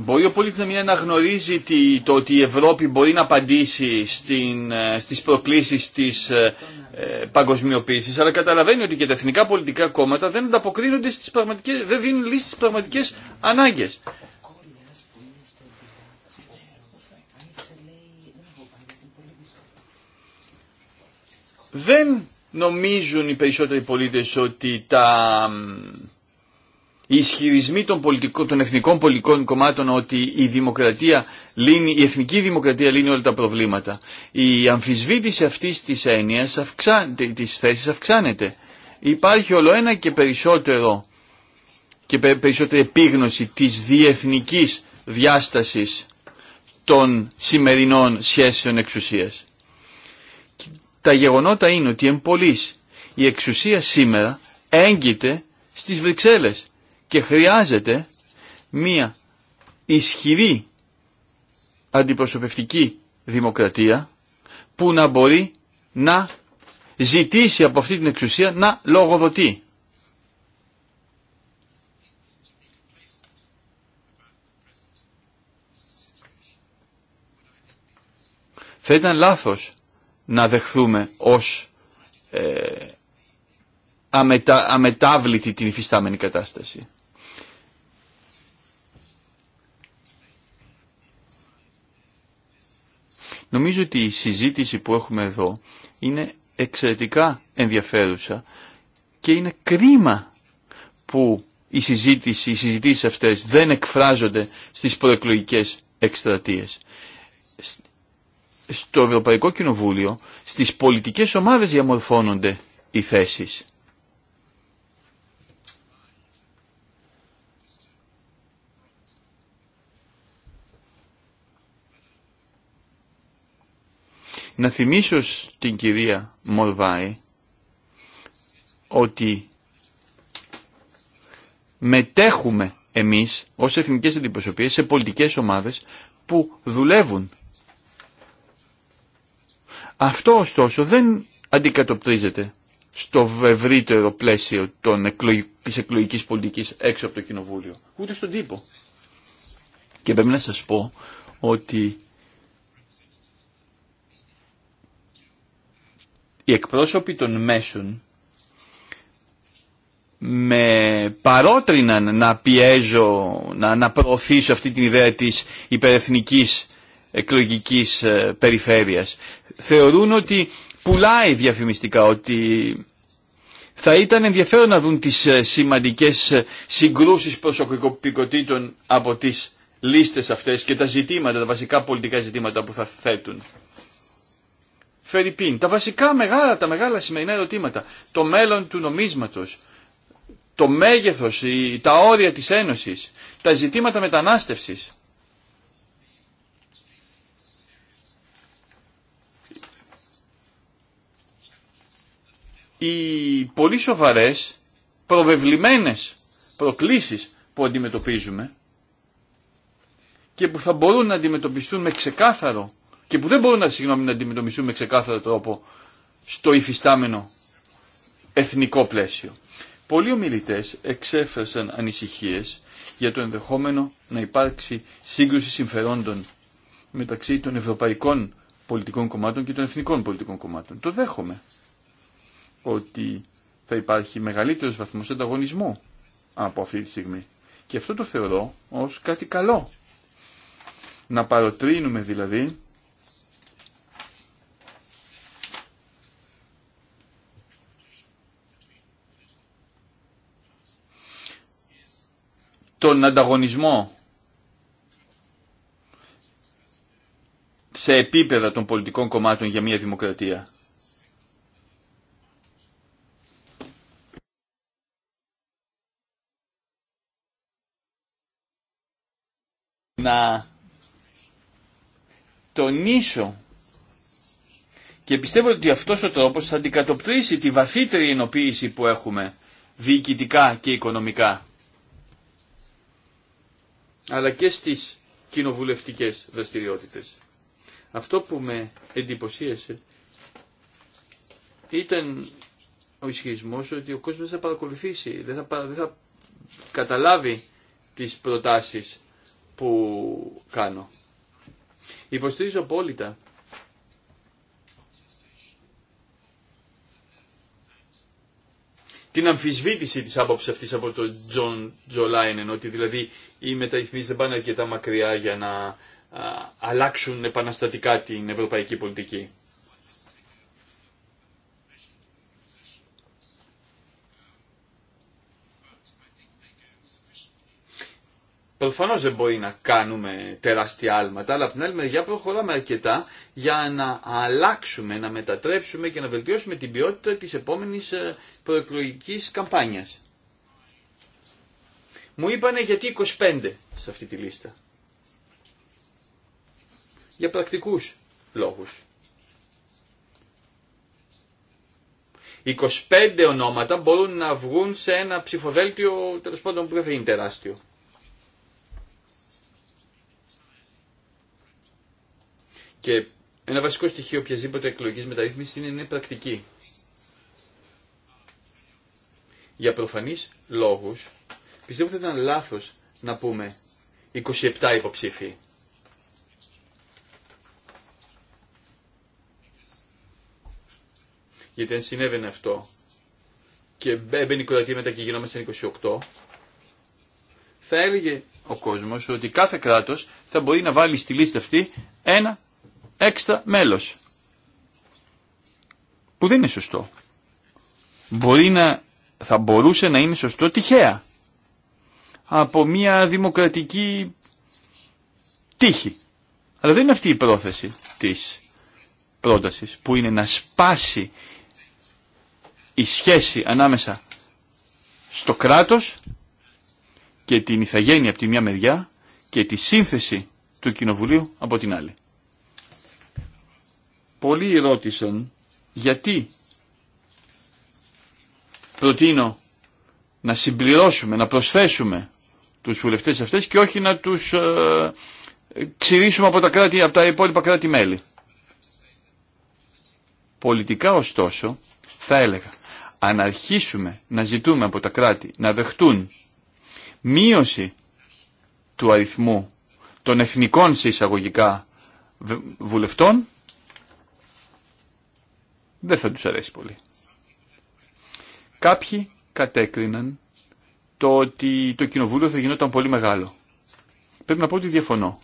Μπορεί ο πολίτη να μην αναγνωρίζει το ότι η Ευρώπη μπορεί να απαντήσει στην, ε, στις προκλήσεις της ε, ε, παγκοσμιοποίησης, αλλά καταλαβαίνει ότι και τα εθνικά πολιτικά κόμματα δεν ανταποκρίνονται στις πραγματικές, δεν δίνουν λύσεις στις πραγματικές ανάγκες. Δεν νομίζουν οι περισσότεροι πολίτες ότι τα οι ισχυρισμοί των, πολιτικών, των εθνικών πολιτικών κομμάτων ότι η, δημοκρατία η εθνική δημοκρατία λύνει όλα τα προβλήματα. Η αμφισβήτηση αυτής της έννοιας, της θέσης αυξάνεται. Υπάρχει όλο ένα και περισσότερο και περισσότερη επίγνωση της διεθνικής διάστασης των σημερινών σχέσεων εξουσίας. Τα γεγονότα είναι ότι εμπολής η εξουσία σήμερα έγκυται στις Βρυξέλλες και χρειάζεται μία ισχυρή αντιπροσωπευτική δημοκρατία που να μπορεί να ζητήσει από αυτή την εξουσία να λογοδοτεί. Θα ήταν λάθος να δεχθούμε ως ε, αμετάβλητη την υφιστάμενη κατάσταση. Νομίζω ότι η συζήτηση που έχουμε εδώ είναι εξαιρετικά ενδιαφέρουσα και είναι κρίμα που η συζήτηση, οι συζητήσεις αυτές δεν εκφράζονται στις προεκλογικές εκστρατείες. Στο Ευρωπαϊκό Κοινοβούλιο, στις πολιτικές ομάδες διαμορφώνονται οι θέσεις. Να θυμίσω στην κυρία Μορβάη ότι μετέχουμε εμείς ως εθνικές αντιπροσωπείες σε πολιτικές ομάδες που δουλεύουν. Αυτό ωστόσο δεν αντικατοπτρίζεται στο ευρύτερο πλαίσιο των εκλογ... της εκλογικής πολιτικής έξω από το Κοινοβούλιο, ούτε στον τύπο. Και πρέπει να σας πω ότι οι εκπρόσωποι των μέσων με παρότριναν να πιέζω, να, να προωθήσω αυτή την ιδέα της υπερεθνικής εκλογικής ε, περιφέρειας. Θεωρούν ότι πουλάει διαφημιστικά, ότι θα ήταν ενδιαφέρον να δουν τις ε, σημαντικές ε, συγκρούσεις προσωπικότητων από τις λίστες αυτές και τα ζητήματα, τα βασικά πολιτικά ζητήματα που θα θέτουν. Φερρυπίν, τα βασικά μεγάλα, τα μεγάλα σημερινά ερωτήματα, το μέλλον του νομίσματος, το μέγεθος, τα όρια της Ένωσης, τα ζητήματα μετανάστευσης. Οι πολύ σοβαρές, προβεβλημένες προκλήσεις που αντιμετωπίζουμε και που θα μπορούν να αντιμετωπιστούν με ξεκάθαρο και που δεν μπορούν να, συγγνώμη, να αντιμετωπιστούν με ξεκάθαρο τρόπο στο υφιστάμενο εθνικό πλαίσιο. Πολλοί ομιλητέ εξέφρασαν ανησυχίε για το ενδεχόμενο να υπάρξει σύγκρουση συμφερόντων μεταξύ των ευρωπαϊκών πολιτικών κομμάτων και των εθνικών πολιτικών κομμάτων. Το δέχομαι ότι θα υπάρχει μεγαλύτερος βαθμός ανταγωνισμού από αυτή τη στιγμή. Και αυτό το θεωρώ ως κάτι καλό. Να παροτρύνουμε δηλαδή τον ανταγωνισμό σε επίπεδα των πολιτικών κομμάτων για μια δημοκρατία. Να τονίσω και πιστεύω ότι αυτός ο τρόπος θα αντικατοπτρίσει τη βαθύτερη ενοποίηση που έχουμε διοικητικά και οικονομικά αλλά και στις κοινοβουλευτικές δραστηριότητες. Αυτό που με εντυπωσίασε ήταν ο ισχυρισμό ότι ο κόσμος δεν θα παρακολουθήσει, δεν θα, καταλάβει τις προτάσεις που κάνω. Υποστηρίζω απόλυτα την αμφισβήτηση της άποψης αυτής από τον Τζον Τζολάινεν, ότι δηλαδή οι μεταρρυθμίσεις δεν πάνε αρκετά μακριά για να αλλάξουν επαναστατικά την ευρωπαϊκή πολιτική. Προφανώ δεν μπορεί να κάνουμε τεράστια άλματα, αλλά από την άλλη μεριά προχωράμε αρκετά για να αλλάξουμε, να μετατρέψουμε και να βελτιώσουμε την ποιότητα της επόμενης ε, προεκλογική καμπάνια. Μου είπανε γιατί 25 σε αυτή τη λίστα. Για πρακτικούς λόγους. 25 ονόματα μπορούν να βγουν σε ένα ψηφοδέλτιο τέλο πάντων που δεν θα είναι τεράστιο. Και ένα βασικό στοιχείο οποιασδήποτε εκλογική μεταρρύθμιση είναι, είναι πρακτική. Για προφανείς λόγους Πιστεύω ότι ήταν λάθος να πούμε 27 υποψήφοι. Γιατί αν συνέβαινε αυτό και μπαίνει η κρατή μετά και γινόμασταν 28, θα έλεγε ο κόσμος ότι κάθε κράτος θα μπορεί να βάλει στη λίστα αυτή ένα έξτρα μέλος. Που δεν είναι σωστό. θα μπορούσε να είναι σωστό τυχαία από μια δημοκρατική τύχη. Αλλά δεν είναι αυτή η πρόθεση της πρότασης που είναι να σπάσει η σχέση ανάμεσα στο κράτος και την ηθαγένεια από τη μια μεριά και τη σύνθεση του Κοινοβουλίου από την άλλη. Πολλοί ρώτησαν γιατί προτείνω να συμπληρώσουμε, να προσθέσουμε τους βουλευτές αυτές και όχι να τους ε, ξηρίσουμε από τα, κράτη, από τα υπόλοιπα κράτη-μέλη. Πολιτικά ωστόσο θα έλεγα αν αρχίσουμε να ζητούμε από τα κράτη να δεχτούν μείωση του αριθμού των εθνικών σε εισαγωγικά βουλευτών δεν θα τους αρέσει πολύ. Κάποιοι κατέκριναν το ότι το κοινοβούλιο θα γινόταν πολύ μεγάλο. Πρέπει να πω ότι διαφωνώ.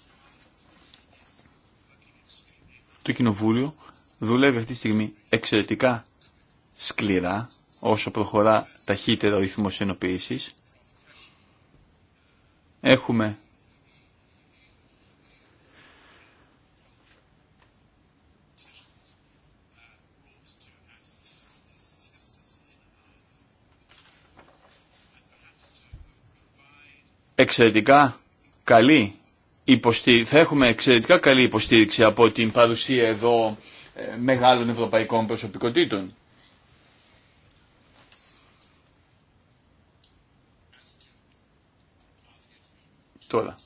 Το κοινοβούλιο δουλεύει αυτή τη στιγμή εξαιρετικά σκληρά όσο προχωρά ταχύτερα ο ρυθμός ενοποίησης. Έχουμε εξαιρετικά καλή υποστήριξη, θα έχουμε εξαιρετικά καλή υποστήριξη από την παρουσία εδώ ε, μεγάλων ευρωπαϊκών προσωπικότητων. Τώρα,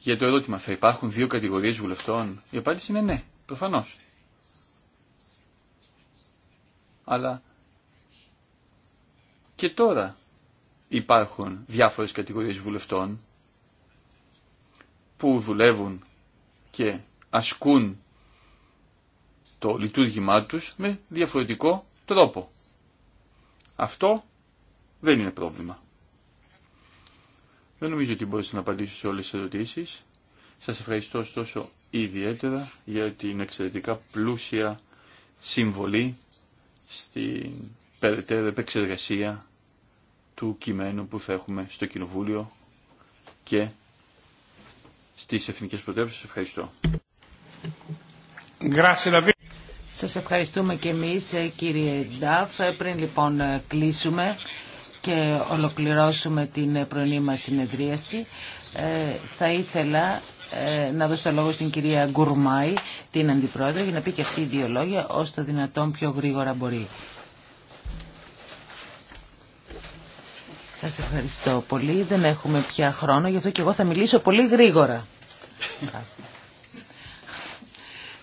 για το ερώτημα, θα υπάρχουν δύο κατηγορίες βουλευτών. Η απάντηση είναι ναι, προφανώς. Αλλά και τώρα υπάρχουν διάφορες κατηγορίες βουλευτών που δουλεύουν και ασκούν το λειτουργήμά τους με διαφορετικό τρόπο. Αυτό δεν είναι πρόβλημα. Δεν νομίζω ότι μπορούσα να απαντήσω σε όλες τις ερωτήσεις. Σας ευχαριστώ ωστόσο ιδιαίτερα για την εξαιρετικά πλούσια συμβολή στην περαιτέρω επεξεργασία του κειμένου που θα έχουμε στο Κοινοβούλιο και στις Εθνικές Πρωτεύουσες. Ευχαριστώ. Σας ευχαριστούμε και εμείς ε, κύριε Νταφ. Ε, πριν λοιπόν ε, κλείσουμε και ολοκληρώσουμε την πρωινή μας συνεδρίαση, θα ήθελα να δώσω λόγο στην κυρία Γκουρμάη, την Αντιπρόεδρο, για να πει και αυτή δύο λόγια, όσο το δυνατόν πιο γρήγορα μπορεί. Σας ευχαριστώ πολύ. Δεν έχουμε πια χρόνο, γι' αυτό και εγώ θα μιλήσω πολύ γρήγορα.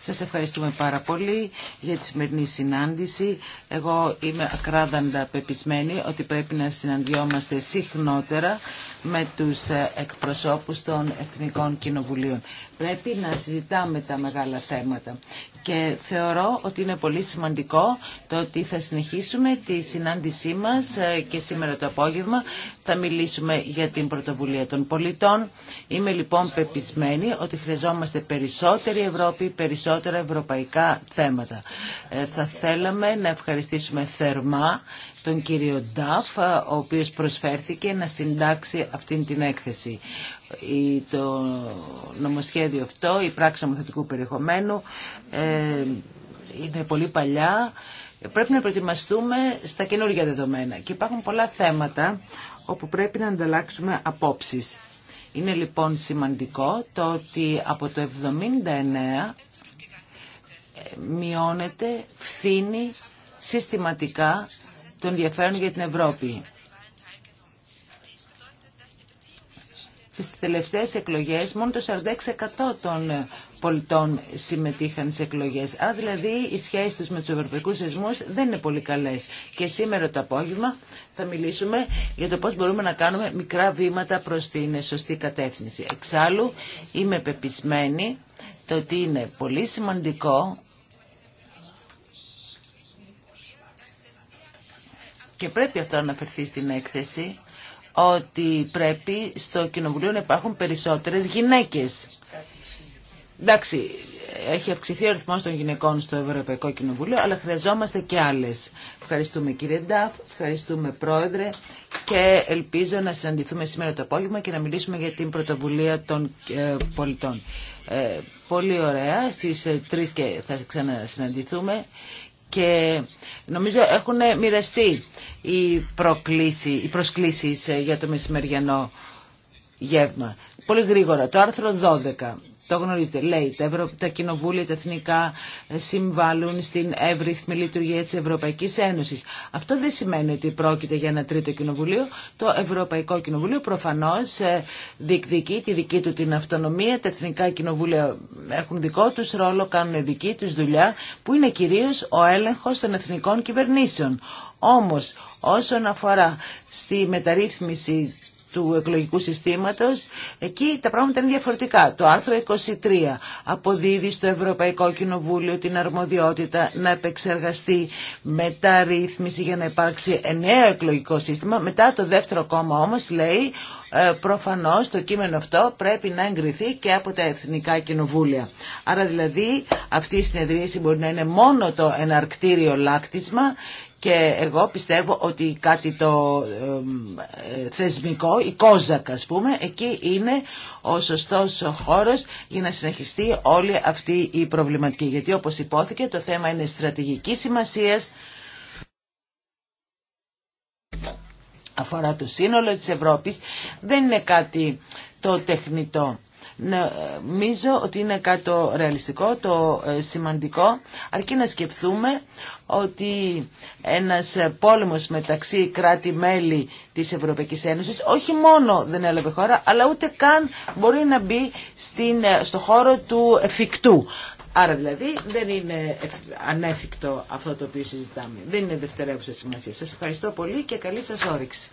Σας ευχαριστούμε πάρα πολύ για τη σημερινή συνάντηση. Εγώ είμαι ακράδαντα πεπισμένη ότι πρέπει να συναντιόμαστε συχνότερα με τους ε, εκπροσώπους των Εθνικών Κοινοβουλίων. Πρέπει να συζητάμε τα μεγάλα θέματα. Και θεωρώ ότι είναι πολύ σημαντικό το ότι θα συνεχίσουμε τη συνάντησή μας ε, και σήμερα το απόγευμα θα μιλήσουμε για την πρωτοβουλία των πολιτών. Είμαι λοιπόν πεπισμένη ότι χρειαζόμαστε περισσότερη Ευρώπη, περισσότερα ευρωπαϊκά θέματα. Ε, θα θέλαμε να ευχαριστήσουμε θερμά τον κύριο Νταφ, ο οποίος προσφέρθηκε να συντάξει αυτήν την έκθεση. Το νομοσχέδιο αυτό, η πράξη νομοθετικού περιεχομένου, ε, είναι πολύ παλιά. Πρέπει να προετοιμαστούμε στα καινούργια δεδομένα. Και υπάρχουν πολλά θέματα όπου πρέπει να ανταλλάξουμε απόψεις. Είναι λοιπόν σημαντικό το ότι από το 1979 ε, μειώνεται φθήνη συστηματικά τον ενδιαφέρον για την Ευρώπη. Στις τελευταίες εκλογές μόνο το 46% των πολιτών συμμετείχαν σε εκλογές. Άρα δηλαδή οι σχέσεις τους με τους ευρωπαϊκούς θεσμούς δεν είναι πολύ καλές. Και σήμερα το απόγευμα θα μιλήσουμε για το πώς μπορούμε να κάνουμε μικρά βήματα προς την σωστή κατεύθυνση. Εξάλλου είμαι πεπισμένη το ότι είναι πολύ σημαντικό και πρέπει αυτό να αναφερθεί στην έκθεση, ότι πρέπει στο Κοινοβουλίο να υπάρχουν περισσότερες γυναίκες. Εντάξει, έχει αυξηθεί ο αριθμός των γυναικών στο Ευρωπαϊκό Κοινοβούλιο, αλλά χρειαζόμαστε και άλλες. Ευχαριστούμε κύριε Νταφ, ευχαριστούμε πρόεδρε και ελπίζω να συναντηθούμε σήμερα το απόγευμα και να μιλήσουμε για την πρωτοβουλία των ε, πολιτών. Ε, πολύ ωραία, στις 3 ε, και θα ξανασυναντηθούμε και νομίζω έχουν μοιραστεί οι, προσκλήσει οι προσκλήσεις ε, για το μεσημεριανό γεύμα. Πολύ γρήγορα, το άρθρο 12 το γνωρίζετε. Λέει, τα, Ευρω... κοινοβούλια, τα εθνικά ε, συμβάλλουν στην εύρυθμη λειτουργία της Ευρωπαϊκής Ένωσης. Αυτό δεν σημαίνει ότι πρόκειται για ένα τρίτο κοινοβουλίο. Το Ευρωπαϊκό Κοινοβούλιο προφανώς ε, διεκδικεί τη δική του την αυτονομία. Τα εθνικά κοινοβούλια έχουν δικό τους ρόλο, κάνουν δική τους δουλειά, που είναι κυρίως ο έλεγχος των εθνικών κυβερνήσεων. Όμως, όσον αφορά στη μεταρρύθμιση του εκλογικού συστήματος, εκεί τα πράγματα είναι διαφορετικά. Το άρθρο 23 αποδίδει στο Ευρωπαϊκό Κοινοβούλιο την αρμοδιότητα να επεξεργαστεί μεταρρύθμιση για να υπάρξει νέο εκλογικό σύστημα. Μετά το δεύτερο κόμμα όμως λέει ε, προφανώς το κείμενο αυτό πρέπει να εγκριθεί και από τα Εθνικά Κοινοβούλια. Άρα δηλαδή αυτή η συνεδρίαση μπορεί να είναι μόνο το εναρκτήριο λάκτισμα και εγώ πιστεύω ότι κάτι το ε, θεσμικό, η Κόζακα ας πούμε, εκεί είναι ο σωστός χώρος για να συνεχιστεί όλη αυτή η προβληματική. Γιατί όπως υπόθηκε το θέμα είναι στρατηγική σημασίας, αφορά το σύνολο της Ευρώπης δεν είναι κάτι το τεχνητό. Νομίζω ε, ότι είναι κάτι το ρεαλιστικό, το ε, σημαντικό, αρκεί να σκεφτούμε ότι ένας πόλεμος μεταξύ κράτη-μέλη της Ευρωπαϊκής Ένωσης όχι μόνο δεν έλαβε χώρα, αλλά ούτε καν μπορεί να μπει στην, ε, στο χώρο του εφικτού. Άρα δηλαδή δεν είναι ανέφικτο αυτό το οποίο συζητάμε. Δεν είναι δευτερεύουσα σημασία. Σας ευχαριστώ πολύ και καλή σας όρεξη.